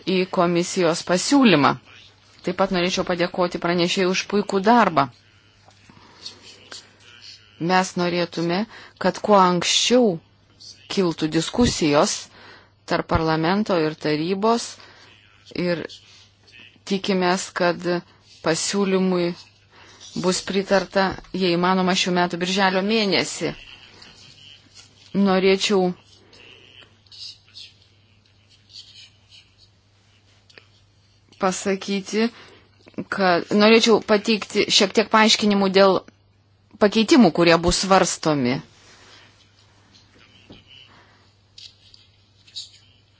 į komisijos pasiūlymą. Taip pat norėčiau padėkoti pranešėjai už puikų darbą. Mes norėtume, kad kuo anksčiau kiltų diskusijos tarp parlamento ir tarybos ir tikimės, kad pasiūlymui bus pritarta, jei įmanoma, šių metų birželio mėnesį. Norėčiau pasakyti, kad norėčiau pateikti šiek tiek paaiškinimų dėl pakeitimų, kurie bus svarstomi.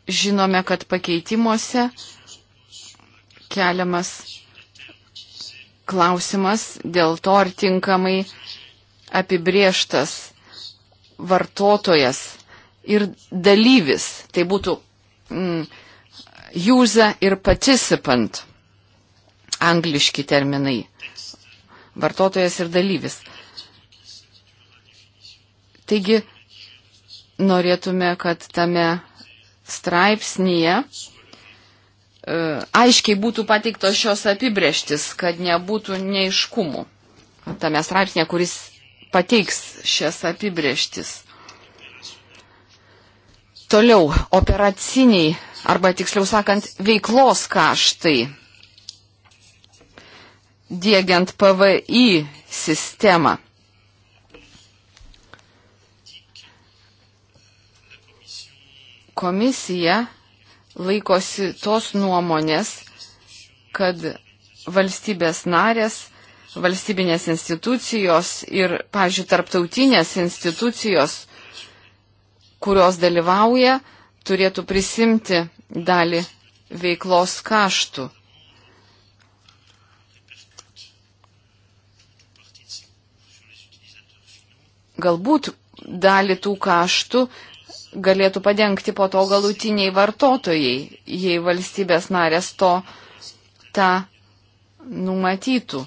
žinome, kad pakeitimuose keliamas klausimas dėl to, ar tinkamai apibrieštas vartotojas ir dalyvis. Tai būtų mm, user ir participant. Angliški terminai. Vartotojas ir dalyvis. Taigi, norėtume, kad tame straipsnėje e, aiškiai būtų pateiktos šios apibrieštis, kad nebūtų neiškumų tame straipsnėje, kuris pateiks šias apibrieštis. Toliau, operaciniai arba tiksliau sakant, veiklos kaštai. Diegiant PVI sistemą. Komisija laikosi tos nuomonės, kad valstybės narės, valstybinės institucijos ir, pažiūrėjau, tarptautinės institucijos, kurios dalyvauja, turėtų prisimti dalį veiklos kaštų. Galbūt dalį tų kaštų galėtų padengti po to galutiniai vartotojai, jei valstybės narės to tą numatytų.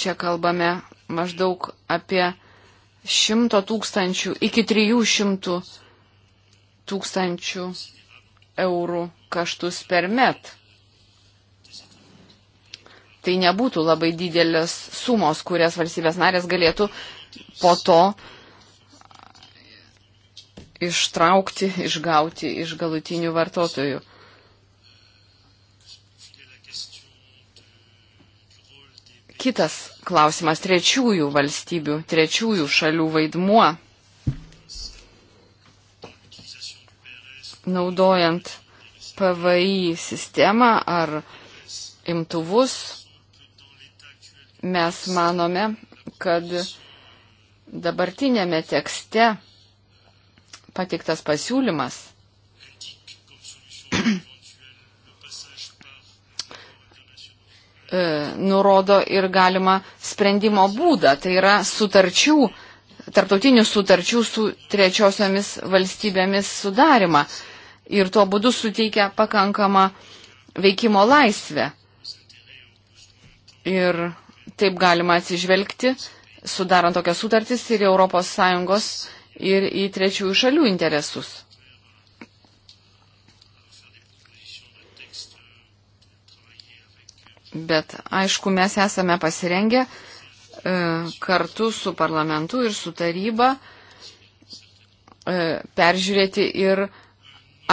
Čia kalbame maždaug apie 100 tūkstančių iki 300 tūkstančių eurų kaštus per met. Tai nebūtų labai didelės sumos, kurias valstybės narės galėtų po to uh, ištraukti, išgauti iš galutinių vartotojų. Kitas klausimas - trečiųjų valstybių, trečiųjų šalių vaidmuo. Naudojant PVI sistemą ar imtuvus, mes manome, kad dabartinėme tekste pateiktas pasiūlymas e, nurodo ir galima sprendimo būdą, tai yra sutarčių, tarptautinių sutarčių su trečiosiomis valstybėmis sudarimą ir tuo būdu suteikia pakankamą veikimo laisvę. Ir taip galima atsižvelgti, sudarant tokias sutartis ir ES ir į trečiųjų šalių interesus. Bet aišku, mes esame pasirengę e, kartu su parlamentu ir su taryba e, peržiūrėti ir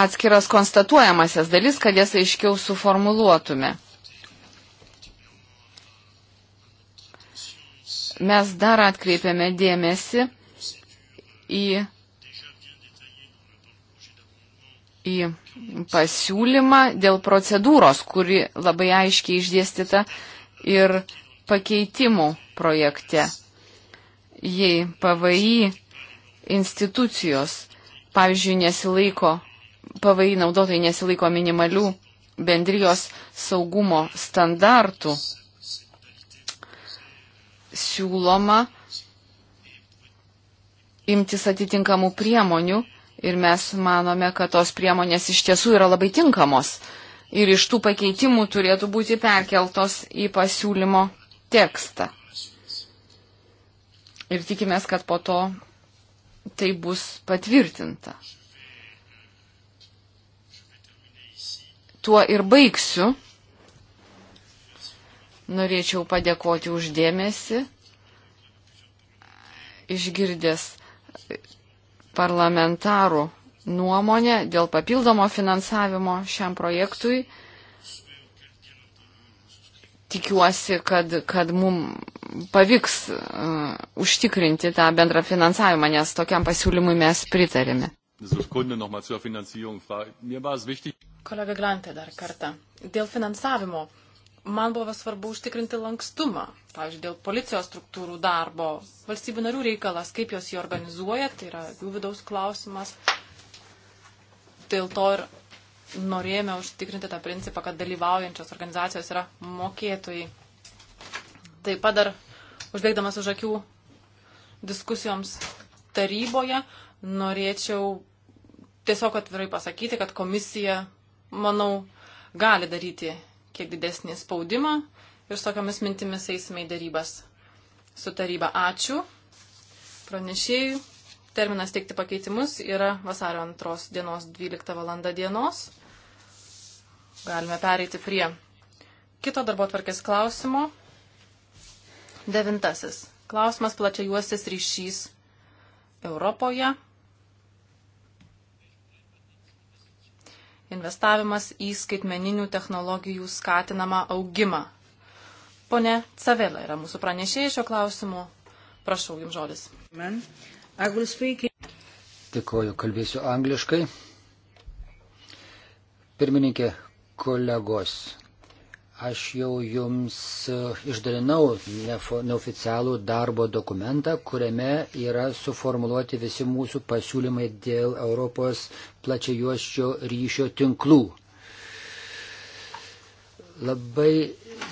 atskiras konstatuojamasias dalis, kad jas aiškiau suformuluotume. Mes dar atkreipiame dėmesį į, į pasiūlymą dėl procedūros, kuri labai aiškiai išdėstyta ir pakeitimų projekte. Jei PVI institucijos, pavyzdžiui, nesilaiko, PVI naudotojai nesilaiko minimalių bendrijos saugumo standartų, siūloma imtis atitinkamų priemonių ir mes manome, kad tos priemonės iš tiesų yra labai tinkamos ir iš tų pakeitimų turėtų būti perkeltos į pasiūlymo tekstą. Ir tikimės, kad po to tai bus patvirtinta. Tuo ir baigsiu. Norėčiau padėkoti uždėmesi, išgirdęs parlamentarų nuomonė dėl papildomo finansavimo šiam projektui. Tikiuosi, kad, kad mums pavyks uh, užtikrinti tą bendrą finansavimą, nes tokiam pasiūlymui mes pritarėme. Kolega Glantė dar kartą. Dėl finansavimo man buvo svarbu užtikrinti lankstumą, pavyzdžiui, dėl policijos struktūrų darbo, valstybių narių reikalas, kaip jos jį organizuoja, tai yra jų vidaus klausimas. Dėl to ir norėjome užtikrinti tą principą, kad dalyvaujančios organizacijos yra mokėtojai. Taip pat dar užbėgdamas už akių diskusijoms taryboje, norėčiau tiesiog atvirai pasakyti, kad komisija, manau, gali daryti kiek didesnį spaudimą ir su tokiamis mintimis eisime į darybas su taryba. Ačiū pranešėjų. Terminas teikti pakeitimus yra vasario 2 dienos 12 val. dienos. Galime pereiti prie kito darbo tvarkės klausimo. Devintasis. Klausimas plačia juostis ryšys Europoje. investavimas į skaitmeninių technologijų skatinamą augimą. Pone Cavela yra mūsų pranešėjai šio klausimu. Prašau, jums žodis. Dėkoju, kalbėsiu angliškai. Pirmininkė, kolegos, Aš jau jums e, išdalinau neoficialų darbo dokumentą, kuriame yra suformuoluoti visi mūsų pasiūlymai dėl Europos plačiajuoščio ryšio tinklų. Labai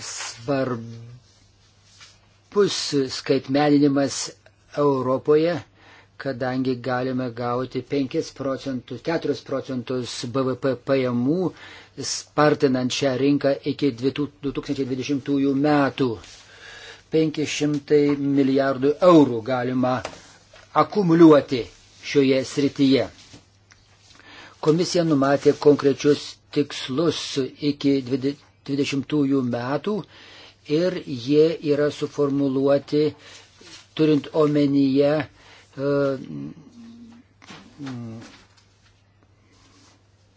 svarbus skaitmeninimas Europoje kadangi galime gauti 5 procentus, 4 procentus BVP pajamų, spartinant šią rinką iki 2020 metų. 500 milijardų eurų galima akumuliuoti šioje srityje. Komisija numatė konkrečius tikslus iki 2020 metų ir jie yra suformuluoti turint omenyje E,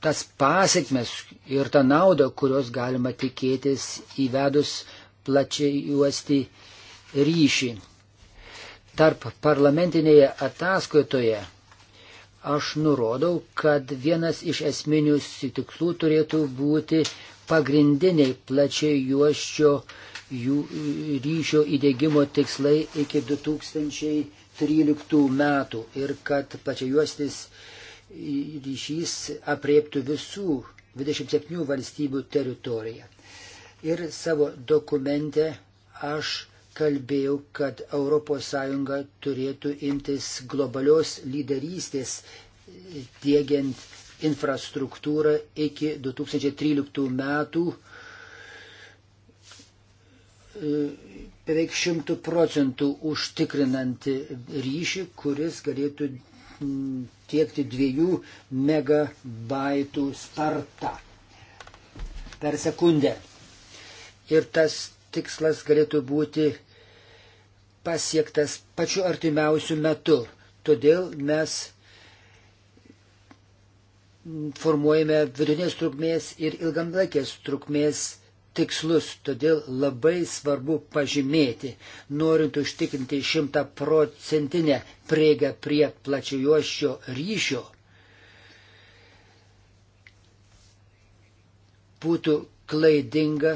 tas pasiekmes ir tą naudą, kurios galima tikėtis įvedus plačiai juosti ryšį. Tarp parlamentinėje ataskaitoje aš nurodau, kad vienas iš esminių tikslų turėtų būti pagrindiniai plačiai juoščio ryšio įdėgymo tikslai iki 2000. 13 metų ir kad pačiajuostis ryšys apriektų visų 27 valstybių teritoriją. Ir savo dokumente aš kalbėjau, kad ES turėtų imtis globalios lyderystės dėgiant infrastruktūrą iki 2013 metų beveik šimtų procentų užtikrinanti ryšį, kuris galėtų tiekti dviejų megabaitų startą per sekundę. Ir tas tikslas galėtų būti pasiektas pačiu artimiausiu metu. Todėl mes formuojame vidutinės trukmės ir ilgamlaikės trukmės tikslus. Todėl labai svarbu pažymėti, norint užtikrinti šimta procentinę prieigą prie plačiojošio ryšio, būtų klaidinga,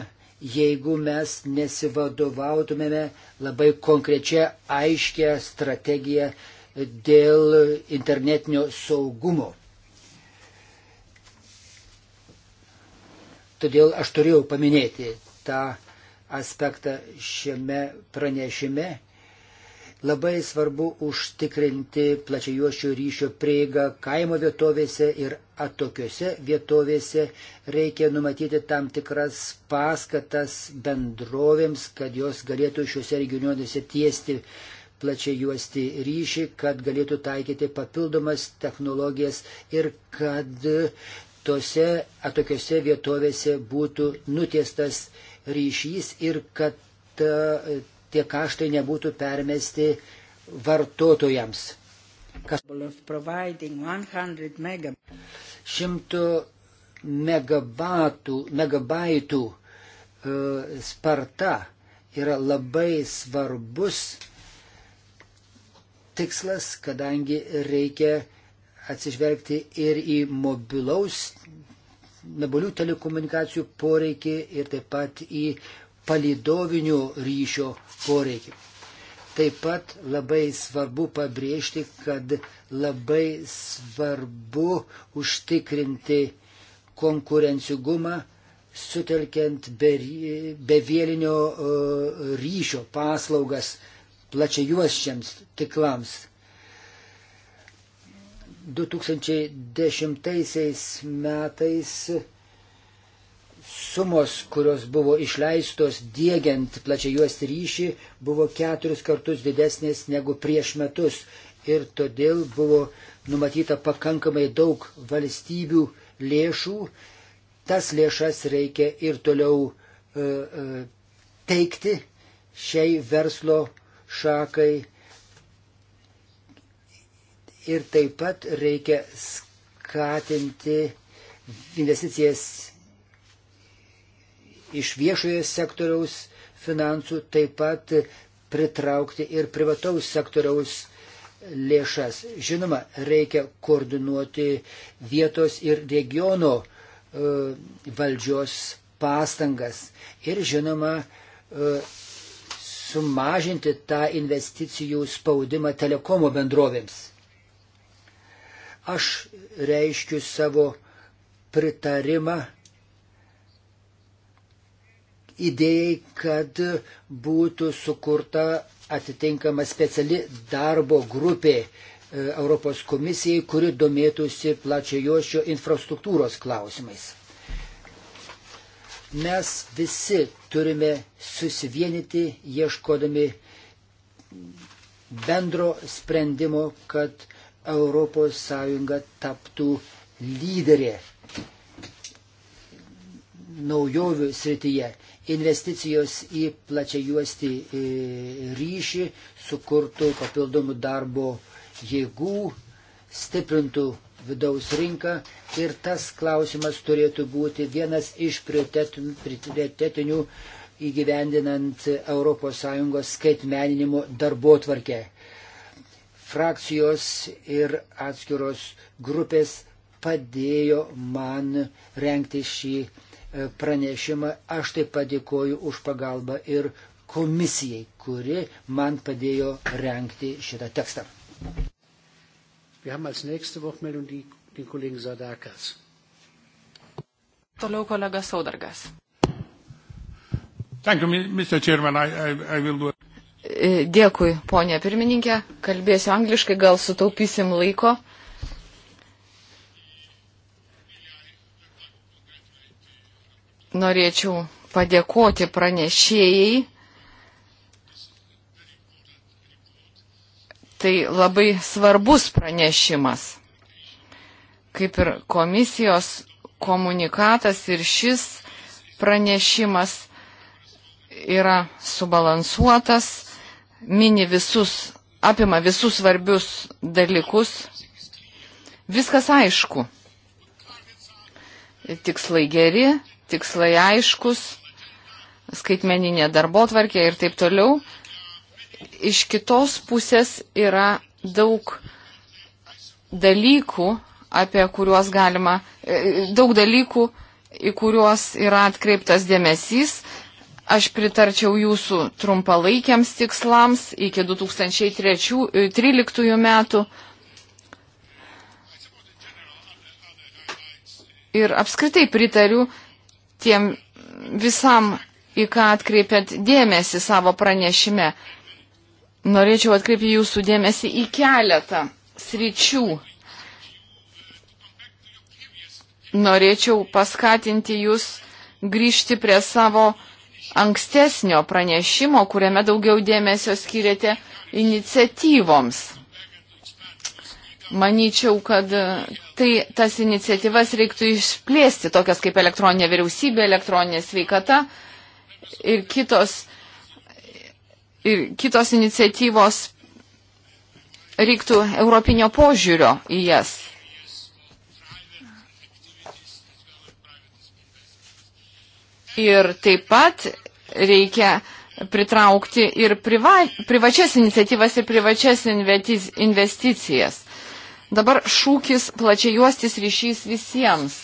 jeigu mes nesivadovautumėme labai konkrečia, aiškia strategija dėl internetinio saugumo. Todėl aš turėjau paminėti tą aspektą šiame pranešime. Labai svarbu užtikrinti plačiajuošio ryšio prieigą kaimo vietovėse ir atokiose vietovėse. Reikia numatyti tam tikras paskatas bendrovėms, kad jos galėtų šiuose regionuose tiesti plačiai juosti ryšį, kad galėtų taikyti papildomas technologijas ir kad tose atokiose vietovėse būtų nutiestas ryšys ir kad e, tie kaštai nebūtų permesti vartotojams. Kas 100 megabatų, megabaitų e, sparta yra labai svarbus tikslas, kadangi reikia atsižvelgti ir į mobilaus, mobilių telekomunikacijų poreikį ir taip pat į palidovinių ryšio poreikį. Taip pat labai svarbu pabrėžti, kad labai svarbu užtikrinti konkurencigumą, sutelkiant bevėlinio be ryšio paslaugas plačiajuosčiams tiklams. 2010 metais sumos, kurios buvo išleistos dėgiant plačiajuos ryšį, buvo keturis kartus didesnės negu prieš metus ir todėl buvo numatyta pakankamai daug valstybių lėšų. Tas lėšas reikia ir toliau e, e, teikti šiai verslo šakai ir taip pat reikia skatinti investicijas iš viešojo sektoriaus finansų, taip pat pritraukti ir privataus sektoriaus lėšas. Žinoma, reikia koordinuoti vietos ir regiono e, valdžios pastangas ir žinoma e, sumažinti tą investicijų spaudimą telekomo bendrovėms. Aš reiškiu savo pritarimą idėjai, kad būtų sukurta atitinkama speciali darbo grupė e, Europos komisijai, kuri domėtųsi plačiojošio infrastruktūros klausimais. Mes visi turime susivienyti, ieškodami bendro sprendimo, kad ES taptų lyderė naujovių srityje. Investicijos į plačiajuostį e, ryšį sukurtų papildomų darbo jėgų, stiprintų vidaus rinką ir tas klausimas turėtų būti vienas iš prioritetinių įgyvendinant ES skaitmeninimo darbo tvarkę frakcijos ir atskiros grupės padėjo man renkti šį e, pranešimą. Aš taip padėkoju už pagalbą ir komisijai, kuri man padėjo renkti šitą tekstą. Toliau kolega Saudargas. Thank you, Mr. Chairman. I, I, I will do. E, dėkui, ponė pirmininkė. Kalbėsiu angliškai, gal sutaupysim laiko. Norėčiau padėkoti pranešėjai. Tai labai svarbus pranešimas. Kaip ir komisijos komunikatas ir šis pranešimas yra subalansuotas mini visus, apima visus svarbius dalykus. Viskas aišku. Tikslai geri, tikslai aiškus, skaitmeninė darbo tvarkė ir taip toliau. Iš kitos pusės yra daug dalykų, apie kuriuos galima, e, e, daug dalykų, į kuriuos yra atkreiptas dėmesys Aš pritarčiau jūsų trumpalaikiams tikslams iki 2013 e, metų. Ir apskritai pritariu tiem visam, į ką atkreipėt dėmesį savo pranešime. Norėčiau atkreipti jūsų dėmesį į keletą sričių. Norėčiau paskatinti jūs grįžti prie savo ankstesnio pranešimo, kuriame daugiau dėmesio skiriate iniciatyvoms. Manyčiau, kad tai, tas iniciatyvas reiktų išplėsti, tokias kaip elektroninė vyriausybė, elektroninė sveikata ir kitos, ir kitos iniciatyvos reiktų europinio požiūrio į jas. Ir taip pat reikia pritraukti ir priva, privačias iniciatyvas ir privačias investicijas. Dabar šūkis plačiai juostis ryšys visiems.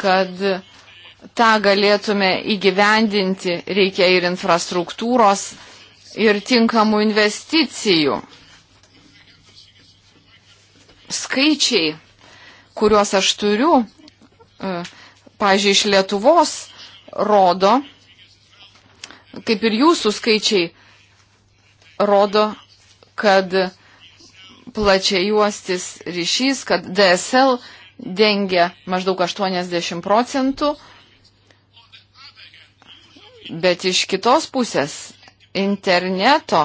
Kad tą galėtume įgyvendinti, reikia ir infrastruktūros, ir tinkamų investicijų. Skaičiai, kuriuos aš turiu, E, pažiūrėjau, iš Lietuvos rodo, kaip ir jūsų skaičiai rodo, kad plačiai juostis ryšys, kad DSL dengia maždaug 80 procentų, bet iš kitos pusės interneto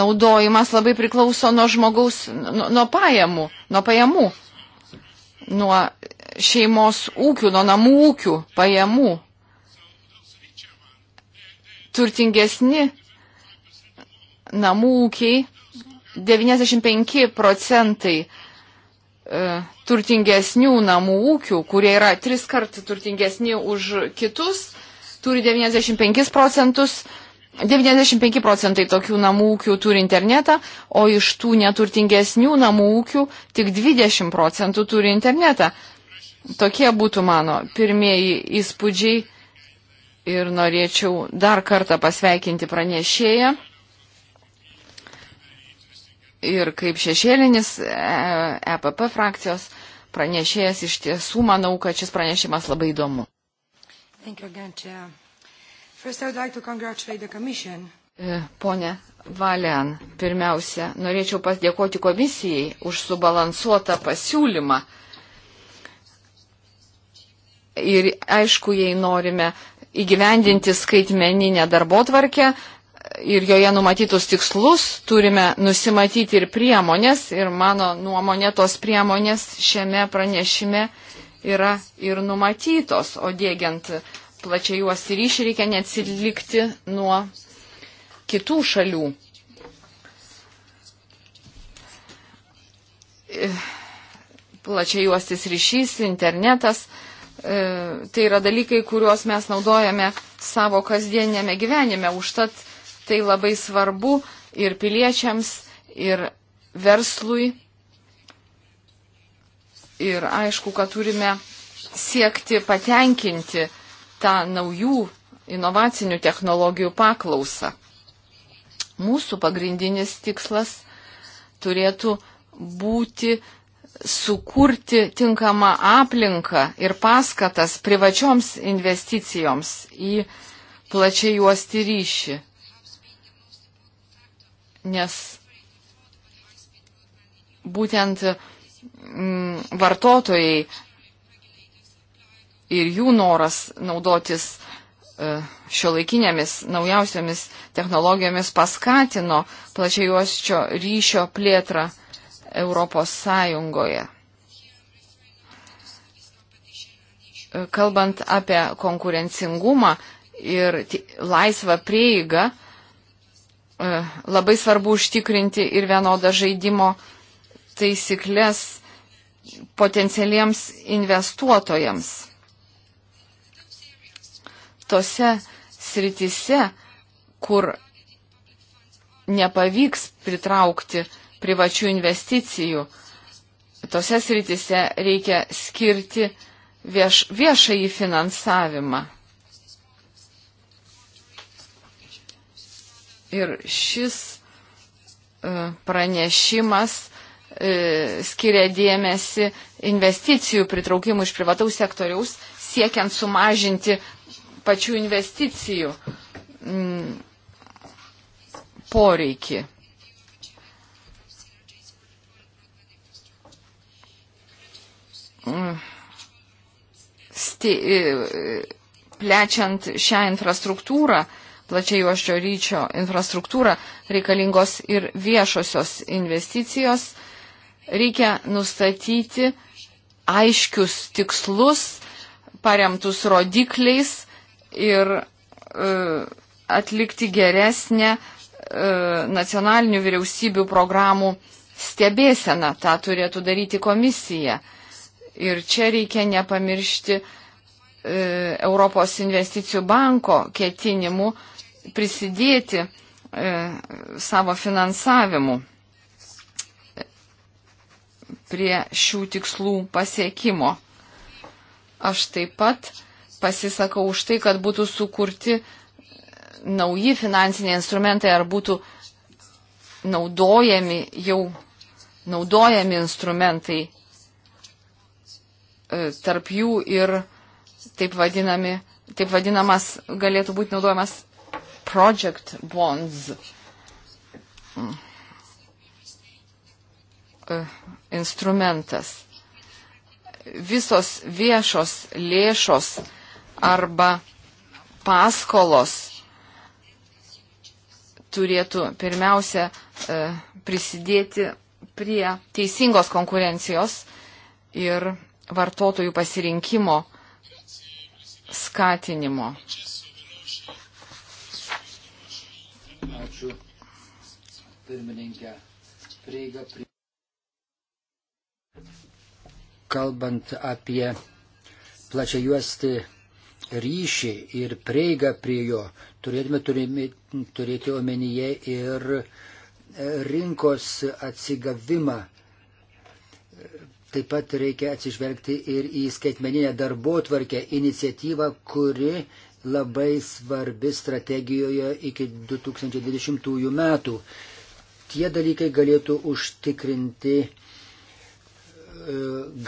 naudojimas labai priklauso nuo žmogaus, nuo, nuo pajamų, nuo pajamų, nuo šeimos ūkių, nuo namų ūkių pajamų. Turtingesni namų ūkiai 95 procentai e, turtingesnių namų ūkių, kurie yra tris kart turtingesni už kitus, turi 95 procentus 95 procentai tokių namų ūkių turi internetą, o iš tų neturtingesnių namų ūkių tik 20 procentų turi internetą. Tokie būtų mano pirmieji įspūdžiai ir norėčiau dar kartą pasveikinti pranešėją. Ir kaip šešėlinis EPP e frakcijos pranešėjas iš tiesų manau, kad šis pranešimas labai įdomu. E, pone Valian, pirmiausia, norėčiau pasidėkoti komisijai už subalansuotą pasiūlymą Ir aišku, jei norime įgyvendinti skaitmeninę darbo tvarkę ir joje numatytus tikslus, turime nusimatyti ir priemonės. Ir mano nuomonė, tos priemonės šiame pranešime yra ir numatytos, o dėgiant plačiai juos ir iš reikia neatsilikti nuo kitų šalių. Plačiai juostis ryšys, internetas E, tai yra dalykai, kuriuos mes naudojame savo kasdienėme gyvenime. Užtat tai labai svarbu ir piliečiams, ir verslui. Ir aišku, kad turime siekti patenkinti tą naujų inovacinių technologijų paklausą. Mūsų pagrindinis tikslas turėtų būti sukurti tinkamą aplinką ir paskatas privačioms investicijoms į plačiai juosti ryšį. Nes būtent mm, vartotojai ir jų noras naudotis e, šio laikinėmis naujausiamis technologijomis paskatino plačiai juosčio ryšio plėtrą Europos Sąjungoje. Kalbant apie konkurencingumą ir laisvą prieigą, e, labai svarbu užtikrinti ir vienodą žaidimo taisyklės potencialiems investuotojams. Tose sritise, kur nepavyks pritraukti uh, privačių investicijų. Tose sritise reikia skirti vieš, viešąjį finansavimą. Ir šis e, pranešimas e, skiria dėmesį investicijų pritraukimų iš privataus sektoriaus, siekiant sumažinti pačių investicijų mm, poreikį. sti, e, plečiant šią infrastruktūrą, plačiai juoščio ryčio infrastruktūrą, reikalingos ir viešosios investicijos. Reikia nustatyti aiškius tikslus, paremtus rodikliais ir e, atlikti geresnę e, nacionalinių vyriausybių programų stebėseną. Ta turėtų daryti komisija. Ir čia reikia nepamiršti e, Europos investicijų banko ketinimų prisidėti e, savo finansavimu prie šių tikslų pasiekimo. Aš taip pat pasisakau už tai, kad būtų sukurti nauji finansiniai instrumentai ar būtų naudojami jau naudojami instrumentai E, tarp jų ir taip, vadinami, taip vadinamas galėtų būti naudojamas project bonds mm. e, instrumentas. Visos viešos lėšos arba paskolos turėtų pirmiausia e, prisidėti prie teisingos konkurencijos ir vartotojų pasirinkimo skatinimo. Ačiū. Pirmininkė, prieiga prie. Kalbant apie plačia juosti ryšį ir prieigą prie jo, turėtume turimi, turėti omenyje ir rinkos atsigavimą Taip pat reikia atsižvelgti ir į skaitmeninę darbo tvarkę iniciatyvą, kuri labai svarbi strategijoje iki 2020 metų. Tie dalykai galėtų užtikrinti e,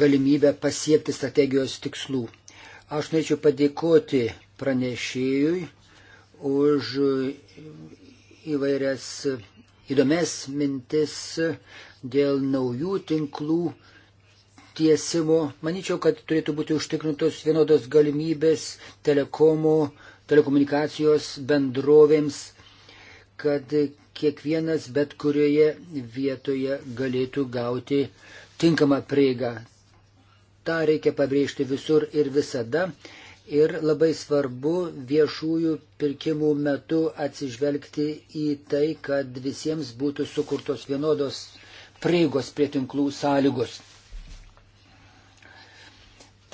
galimybę pasiekti strategijos tikslų. Aš norėčiau padėkoti pranešėjui už įvairias įdomias mintis dėl naujų tinklų tiesimo. Manyčiau, kad turėtų būti užtikrintos vienodos galimybės telekomo, telekomunikacijos bendrovėms, kad kiekvienas bet kurioje vietoje galėtų gauti tinkamą prieigą. Ta reikia pabrėžti visur ir visada. Ir labai svarbu viešųjų pirkimų metu atsižvelgti į tai, kad visiems būtų sukurtos vienodos prieigos prie tinklų sąlygos.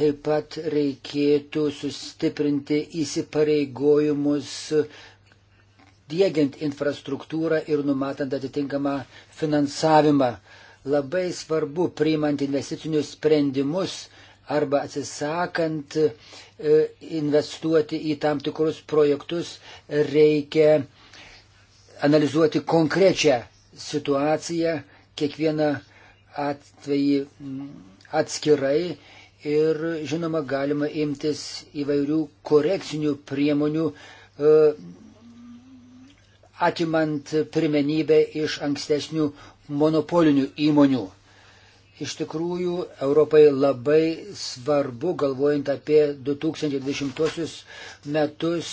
Taip pat reikėtų sustiprinti įsipareigojimus dėgiant infrastruktūrą ir numatant atitinkamą finansavimą. Labai svarbu priimant investicinius sprendimus arba atsisakant e, investuoti į tam tikrus projektus, reikia analizuoti konkrečią situaciją, kiekvieną atvejį atskirai ir žinoma galima imtis įvairių korekcinių priemonių, e, atimant pirmenybę iš ankstesnių monopolinių įmonių. Iš tikrųjų, Europai labai svarbu, galvojant apie 2020 metus,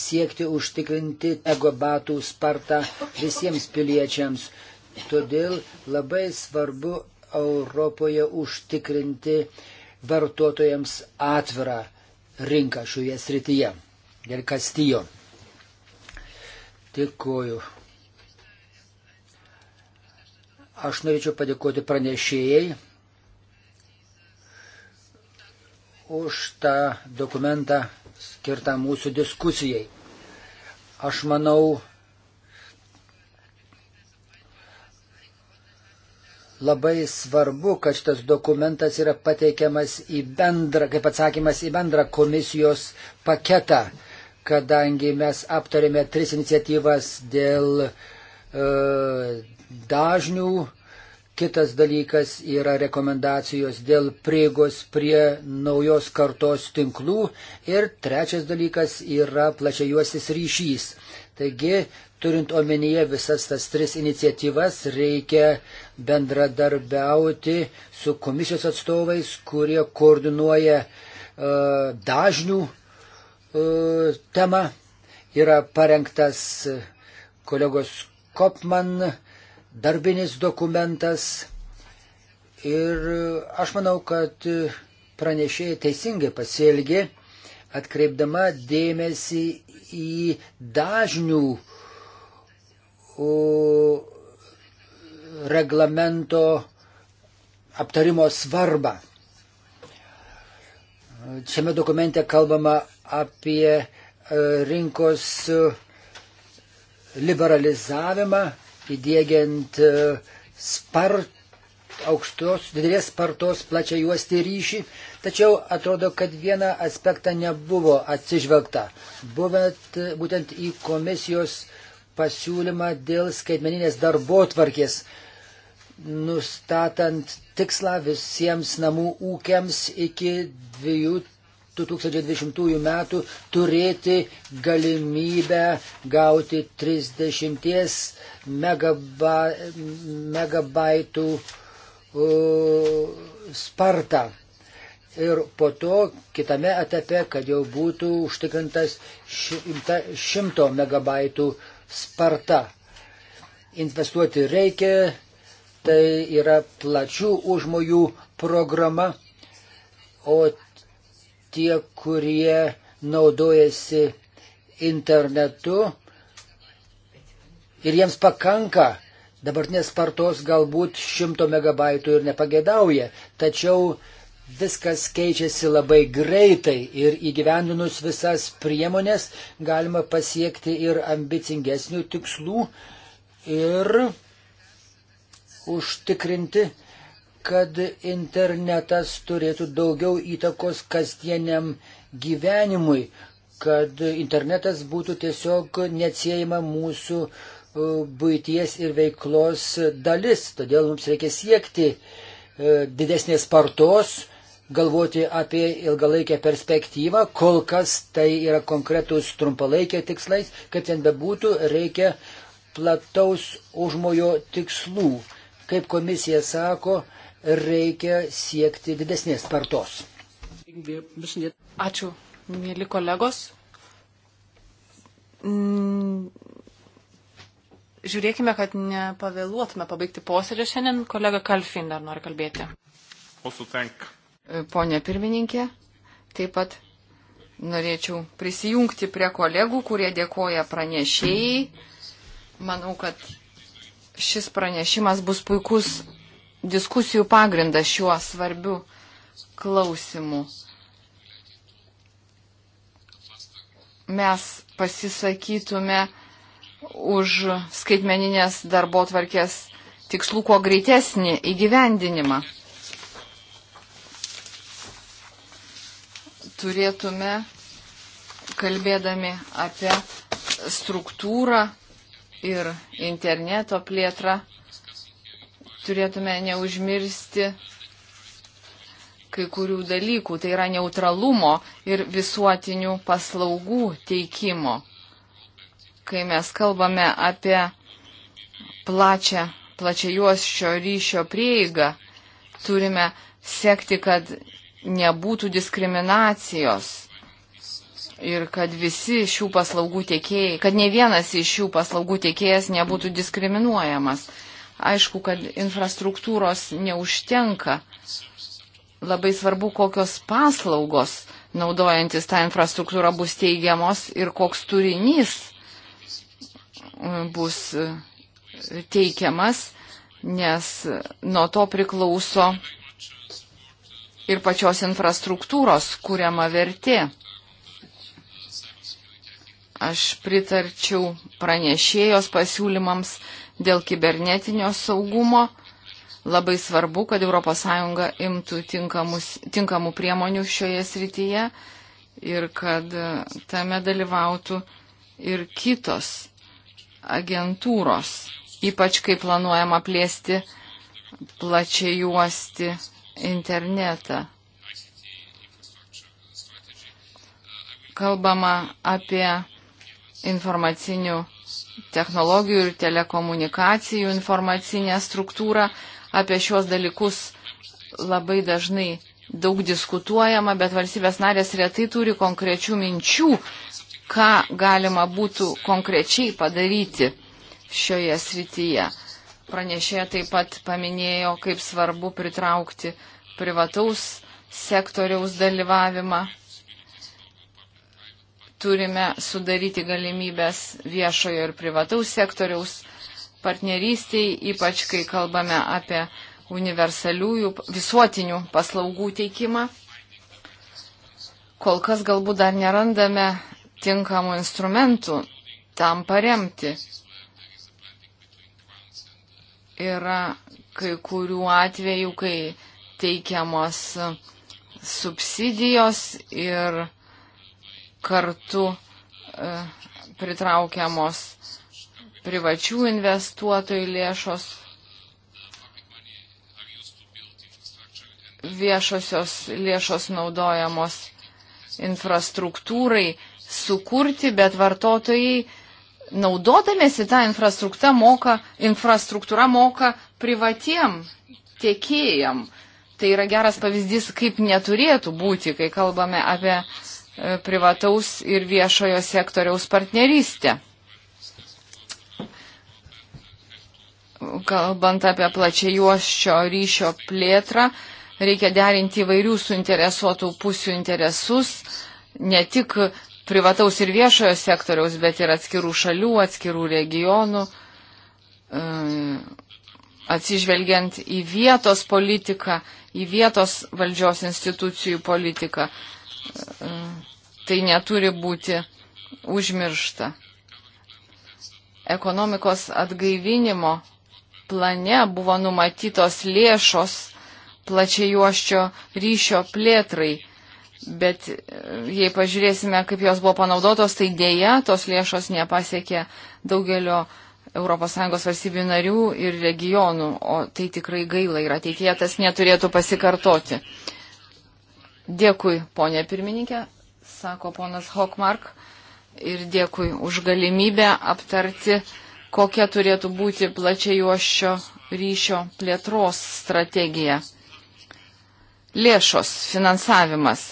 siekti užtikrinti egobatų spartą visiems piliečiams. Todėl labai svarbu Europoje užtikrinti uh, vartotojams atvirą rinką šioje srityje. Ir kastijo. Dėkuoju. Aš norėčiau padėkoti pranešėjai už tą dokumentą skirtą mūsų diskusijai. Aš manau, labai svarbu, kad šitas dokumentas yra pateikiamas į bendrą, kaip atsakymas į bendrą komisijos paketą, kadangi mes aptarėme tris iniciatyvas dėl e, dažnių, kitas dalykas yra rekomendacijos dėl prieigos prie naujos kartos tinklų ir trečias dalykas yra plačiajuosis ryšys. Taigi, turint omenyje visas tas tris iniciatyvas, reikia bendradarbiauti su komisijos atstovais, kurie koordinuoja uh, dažnių uh, temą. Yra parengtas kolegos Kopman darbinis dokumentas ir aš manau, kad pranešėjai teisingai pasielgė, atkreipdama dėmesį į dažnių uh, reglamento aptarimo svarbą. Šiame dokumente kalbama apie e, rinkos e, liberalizavimą, įdėgiant e, spart, aukštos, didelės spartos plačia juosti ryšį, tačiau atrodo, kad vieną aspektą nebuvo atsižvelgta, buvant būtent į komisijos uh, pasiūlymą dėl skaitmeninės darbo tvarkės, nustatant tikslą visiems namų ūkiams iki 2020 metų turėti galimybę gauti 30 megaba, megabaitų uh, spartą ir po to kitame etape, kad jau būtų užtikrintas šimta, šimto megabaitų sparta. Investuoti reikia, tai yra plačių užmojų programa, o tie, kurie naudojasi internetu ir jiems pakanka dabartinės spartos galbūt 100 megabaitų ir nepagėdauja, tačiau Viskas keičiasi labai greitai ir įgyvendinus visas priemonės galima pasiekti ir ambicingesnių tikslų ir užtikrinti, kad internetas turėtų daugiau įtakos kasdieniam gyvenimui, kad internetas būtų tiesiog neatsiejama mūsų e, būties ir veiklos dalis. Todėl mums reikia siekti e, didesnės spartos, galvoti apie ilgalaikę perspektyvą, kol kas tai yra konkretus trumpalaikė tikslais, kad ten bebūtų, reikia plataus užmojo tikslų. Kaip komisija sako, reikia siekti didesnės spartos. Ačiū, mėly kolegos. Mm, žiūrėkime, kad nepavėluotume pabaigti posėdį šiandien. Kolega Kalfin dar nori kalbėti. Also thank Pone pirmininkė, taip pat norėčiau prisijungti prie kolegų, kurie dėkoja pranešėjai. Manau, kad šis pranešimas bus puikus diskusijų pagrindas šiuo svarbiu klausimu. Mes pasisakytume už skaitmeninės darbo tvarkės tikslų kuo greitesnį įgyvendinimą. turėtume, kalbėdami apie struktūrą ir interneto plėtrą, turėtume neužmirsti kai kurių dalykų, tai yra neutralumo ir visuotinių paslaugų teikimo. Kai mes kalbame apie plačią, plačią juos šio ryšio prieigą, turime sekti, kad nebūtų diskriminacijos ir kad visi šių paslaugų tiekėjai, kad ne vienas iš šių paslaugų tiekėjas nebūtų diskriminuojamas. Aišku, kad infrastruktūros neužtenka. Labai svarbu, kokios paslaugos naudojantis tą infrastruktūrą bus teigiamos ir koks turinys e, bus e, teikiamas, nes nuo to priklauso ir pačios infrastruktūros kūriama vertė. Aš pritarčiau pranešėjos pasiūlymams dėl kibernetinio saugumo. Labai svarbu, kad ES imtų tinkamus, tinkamų priemonių šioje srityje ir kad tame dalyvautų ir kitos agentūros, ypač kai planuojama plėsti plačiai juosti internetą. Kalbama apie informacinių technologijų ir telekomunikacijų informacinę struktūrą. Apie šios dalykus labai dažnai daug diskutuojama, bet valstybės narės retai turi konkrečių minčių, ką galima būtų konkrečiai padaryti šioje srityje. Pranešėja taip pat paminėjo, kaip svarbu pritraukti privataus sektoriaus dalyvavimą. Turime sudaryti galimybės viešojo ir privataus sektoriaus partnerystiai, ypač kai kalbame apie universaliųjų visuotinių paslaugų teikimą. Kol kas galbūt dar nerandame tinkamų instrumentų tam paremti. Yra kai kurių atvejų, kai teikiamos subsidijos ir kartu e, pritraukiamos privačių investuotojų lėšos, viešosios lėšos naudojamos infrastruktūrai sukurti, bet vartotojai naudodamėsi tą infrastruktūrą moka, infrastruktūra moka privatiem tiekėjam. Tai yra geras pavyzdys, kaip neturėtų būti, kai kalbame apie e, privataus ir viešojo sektoriaus partnerystę. Kalbant apie plačiajuoščio ryšio plėtrą, reikia derinti įvairių suinteresuotų pusių interesus, ne tik privataus ir viešojo sektoriaus, bet ir atskirų šalių, atskirų regionų, e, atsižvelgiant į vietos politiką, į vietos valdžios institucijų politiką. E, tai neturi būti užmiršta. Ekonomikos atgaivinimo plane buvo numatytos lėšos plačiai juoščio ryšio plėtrai Bet e, jei pažiūrėsime, kaip jos buvo panaudotos, tai dėja tos lėšos nepasiekė daugelio ES valstybių narių ir regionų, o tai tikrai gaila ir ateityje tas neturėtų pasikartoti. Dėkui, ponė pirmininkė, sako ponas Hokmark, ir dėkui už galimybę aptarti, kokia turėtų būti plačiai juošio ryšio plėtros strategija. Lėšos, finansavimas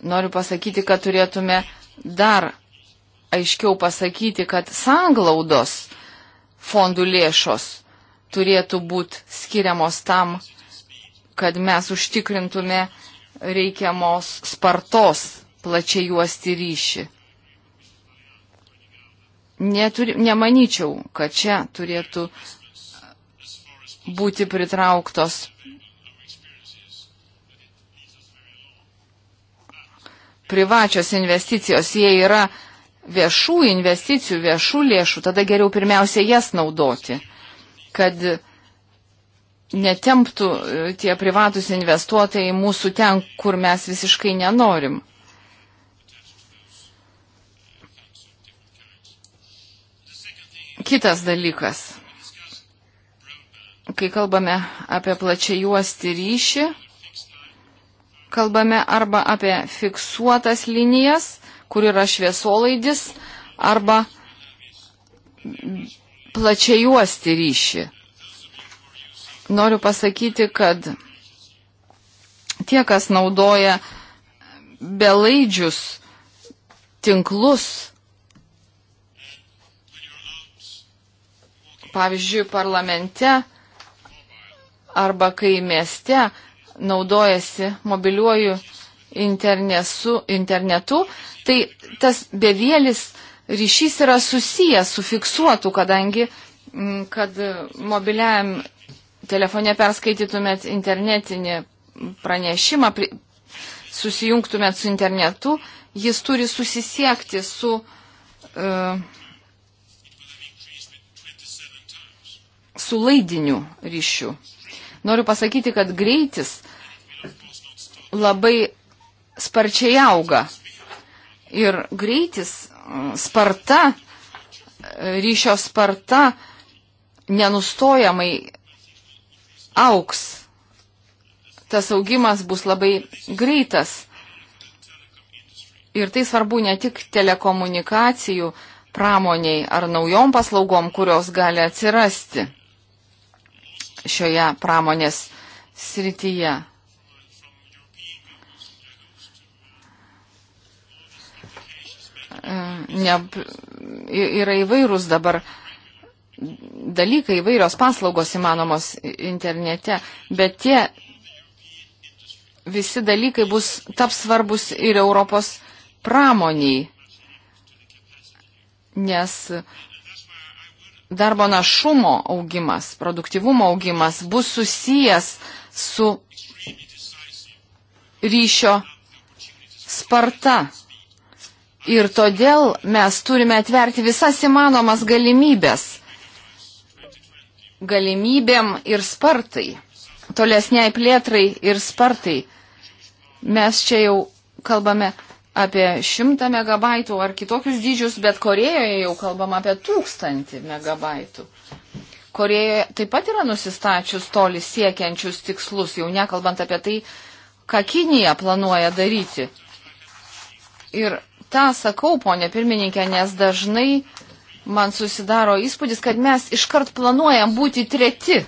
noriu pasakyti, kad turėtume dar aiškiau pasakyti, kad sanglaudos fondų lėšos turėtų būti skiriamos tam, kad mes užtikrintume reikiamos spartos plačiai juosti ryšį. Neturi, nemanyčiau, kad čia turėtų būti pritrauktos privačios investicijos, jie yra viešų investicijų, viešų lėšų, tada geriau pirmiausia jas naudoti, kad netemptų e, tie privatus investuotojai mūsų ten, kur mes visiškai nenorim. Kitas dalykas. Kai kalbame apie plačiai juosti ryšį, kalbame arba apie fiksuotas linijas, kur yra šviesolaidis, arba plačiai juosti ryšį. Noriu pasakyti, kad tie, kas naudoja belaidžius tinklus, pavyzdžiui, parlamente arba kai mieste, naudojasi mobiliuoju internetu, internetu, tai tas bevėlis ryšys yra susijęs su fiksuotu, kadangi mm, kad mobiliajam telefone perskaitytumėt internetinį pranešimą, susijungtumėt su internetu, jis turi susisiekti su uh, su laidiniu ryšiu. Noriu pasakyti, kad greitis labai sparčiai auga. Ir greitis, mm, sparta, ryšio sparta nenustojamai auks. Tas augimas bus labai greitas. Ir tai svarbu ne tik telekomunikacijų pramoniai ar naujom paslaugom, kurios gali atsirasti šioje pramonės srityje. Mm, ne, yra įvairūs dabar dalykai, įvairios paslaugos įmanomos internete, bet tie visi dalykai bus taps svarbus ir Europos pramoniai, nes darbo našumo augimas, produktivumo augimas bus susijęs su ryšio sparta Ir todėl mes turime atverti visas įmanomas galimybės. Galimybėm ir spartai. Tolesniai plėtrai ir spartai. Mes čia jau kalbame apie 100 megabaitų ar kitokius dydžius, bet Korejoje jau kalbam apie 1000 megabaitų. Korejoje taip pat yra nusistačius toli siekiančius tikslus, jau nekalbant apie tai, ką Kinija planuoja daryti. Ir tą sakau, ponė pirmininkė, nes dažnai man susidaro įspūdis, kad mes iškart planuojam būti treti,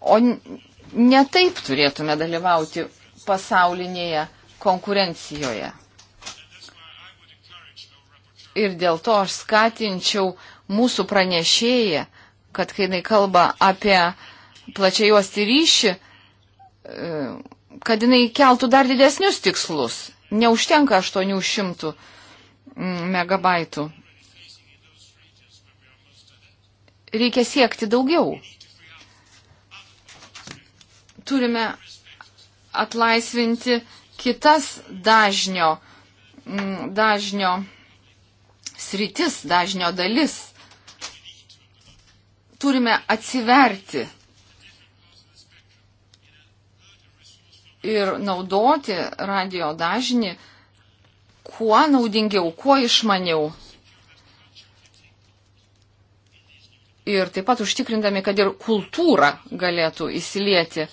o ne taip turėtume dalyvauti pasaulinėje konkurencijoje. Ir dėl to aš skatinčiau mūsų pranešėją, kad kai jinai kalba apie plačiai juosti ryšį, e, kad jinai keltų dar didesnius tikslus neužtenka 800 mm, megabaitų. Reikia siekti daugiau. Turime atlaisvinti kitas dažnio, mm, dažnio sritis, dažnio dalis. Turime atsiverti ir naudoti radio dažnį kuo naudingiau, kuo išmaniau. Ir taip pat užtikrindami, kad ir kultūra galėtų įsilieti,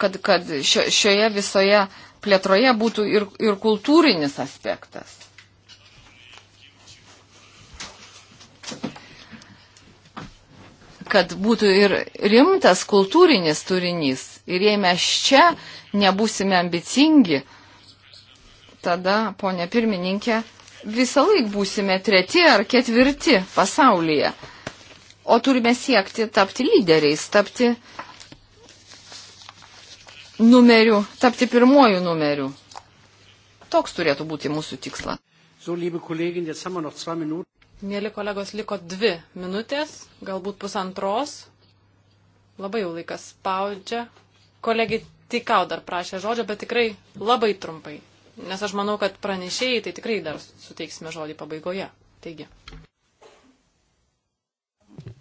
kad, kad šioje visoje plėtroje būtų ir, ir kultūrinis aspektas. Kad būtų ir rimtas kultūrinis turinys. Ir jei mes čia nebusime ambicingi, tada, ponė pirmininkė, visą laiką būsime treti ar ketvirti pasaulyje. O turime siekti tapti lyderiais, tapti numeriu, tapti pirmojų numeriu. Toks turėtų būti mūsų tikslas. So, Mėly kolegos, liko dvi minutės, galbūt pusantros. Labai jau laikas spaudžia. Kolegi Tikau dar prašė žodžio, bet tikrai labai trumpai, nes aš manau, kad pranešėjai tai tikrai dar suteiksime žodį pabaigoje. Taigi.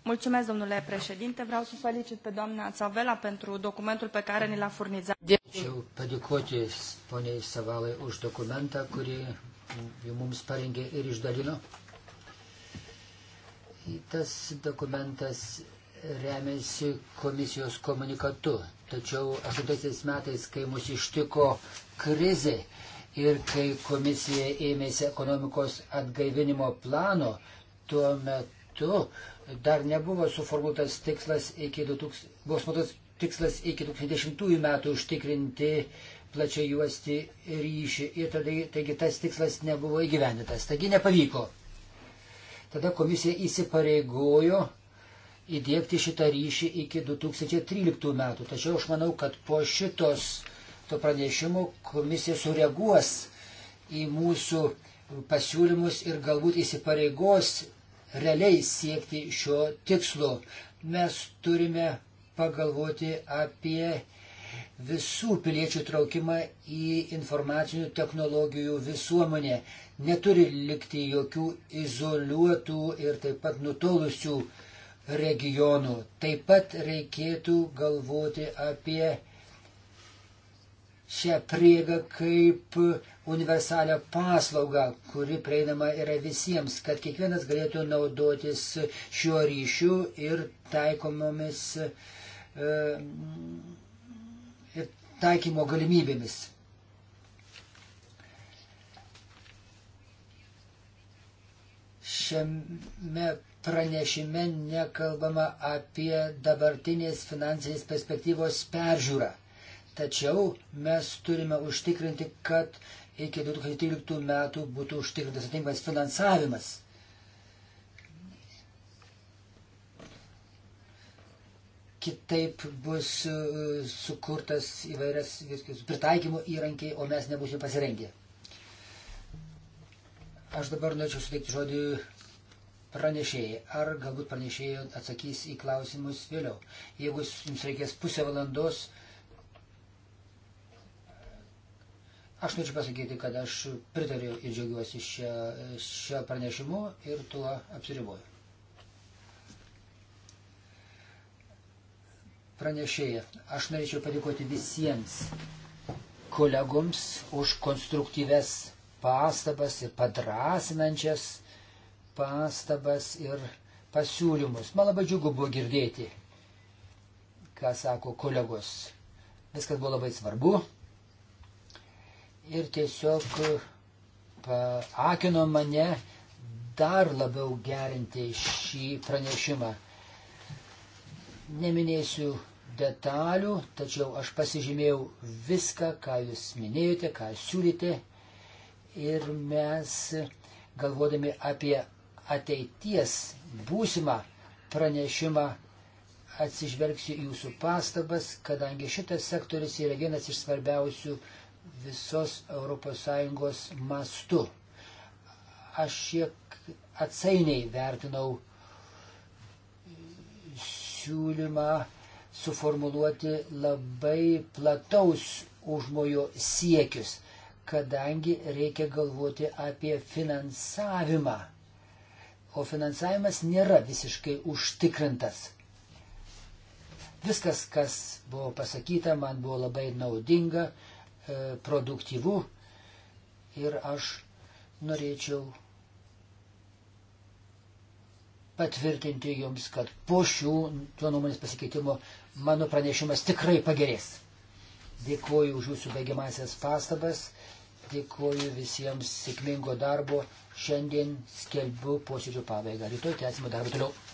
Mulțumesc, domnule președinte. Vreau să felicit pe doamna Țavela pentru documentul pe care ni l-a furnizat. Dėčiau padėkoti poniai Savalai už dokumentą, kurį mums parengė ir išdalino. Tas dokumentas remiasi komisijos komunikatu Tačiau 8 metais, kai mus ištiko krizė ir kai komisija ėmėsi ekonomikos atgaivinimo plano, tuo metu dar nebuvo suformuotas tikslas iki 2000, buvo suformuotas tikslas iki 2010 metų užtikrinti plačiai juosti ryšį ir tada, taigi tas tikslas nebuvo įgyvendintas, taigi nepavyko. Tada komisija įsipareigojo įdėkti šitą ryšį iki 2013 metų. Tačiau aš manau, kad po šitos to pranešimo komisija sureaguos į mūsų pasiūlymus ir galbūt įsipareigos realiai siekti šio tikslo. Mes turime pagalvoti apie visų piliečių traukimą į informacinių technologijų visuomenę. Neturi likti jokių izoliuotų ir taip pat nutolusių uh, regionų. Taip pat reikėtų galvoti apie šią priegą kaip universalią paslaugą, kuri prieinama yra visiems, kad kiekvienas galėtų naudotis šiuo ryšiu ir taikomomis e, ir taikymo galimybėmis. Šiame pranešime nekalbama apie dabartinės finansinės perspektyvos peržiūrą. Tačiau mes turime užtikrinti, kad iki 2013 metų būtų užtikrintas atinkamas finansavimas. Kitaip bus uh, sukurtas įvairias viskis, pritaikymo įrankiai, o mes nebūsime pasirengę. Aš dabar norėčiau suteikti žodį pranešėjai, ar galbūt pranešėjai atsakys į klausimus vėliau. Jeigu jums reikės pusę valandos, aš norėčiau pasakyti, kad aš pritariu ir džiaugiuosi šio, šio pranešimu ir tuo apsiriboju. Pranešėja, aš norėčiau padėkoti visiems kolegoms už konstruktyves pastabas ir padrasinančias pastabas ir pasiūlymus. Man labai džiugu buvo girdėti, ką sako kolegos. Viskas buvo labai svarbu. Ir tiesiog paakino mane dar labiau gerinti šį pranešimą. Neminėsiu detalių, tačiau aš pasižymėjau viską, ką jūs minėjote, ką siūlyte. Ir mes, galvodami apie ateities būsimą pranešimą atsižvelgsiu jūsų pastabas, kadangi šitas sektoris yra vienas iš svarbiausių visos ES mastu. Aš šiek atsainiai vertinau siūlymą suformuluoti labai plataus užmojo siekius, kadangi reikia galvoti apie finansavimą o finansavimas nėra visiškai užtikrintas. Viskas, kas buvo pasakyta, man buvo labai naudinga, e, produktyvu ir aš norėčiau patvirtinti jums, kad po šių tuo nuomonės pasikeitimo mano pranešimas tikrai pagerės. Dėkuoju už jūsų baigiamasias pastabas, dėkuoju visiems sėkmingo darbo Šiandien skelbiu posėdžio pabaigą. Rytoj tęsime darbą toliau.